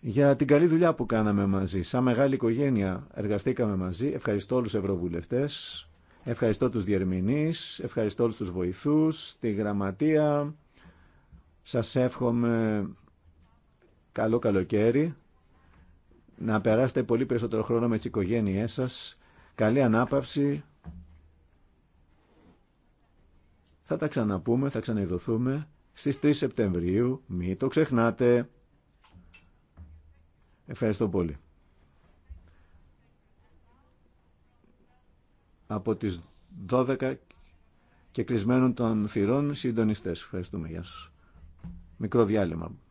για την καλή δουλειά που κάναμε μαζί. Σαν μεγάλη οικογένεια εργαστήκαμε μαζί. Ευχαριστώ όλους τους ευρωβουλευτές, ευχαριστώ τους διερμηνείς, ευχαριστώ όλους τους βοηθούς, τη γραμματεία. Σας εύχομαι καλό καλοκαίρι να περάσετε πολύ περισσότερο χρόνο με τις οικογένειές σας. Καλή ανάπαυση. Θα τα ξαναπούμε, θα ξαναειδωθούμε στις 3 Σεπτεμβρίου. Μην το ξεχνάτε. Ευχαριστώ πολύ. Από τις 12 και κλεισμένων των θυρών συντονιστές. Ευχαριστούμε. Γεια σας. Μικρό διάλειμμα.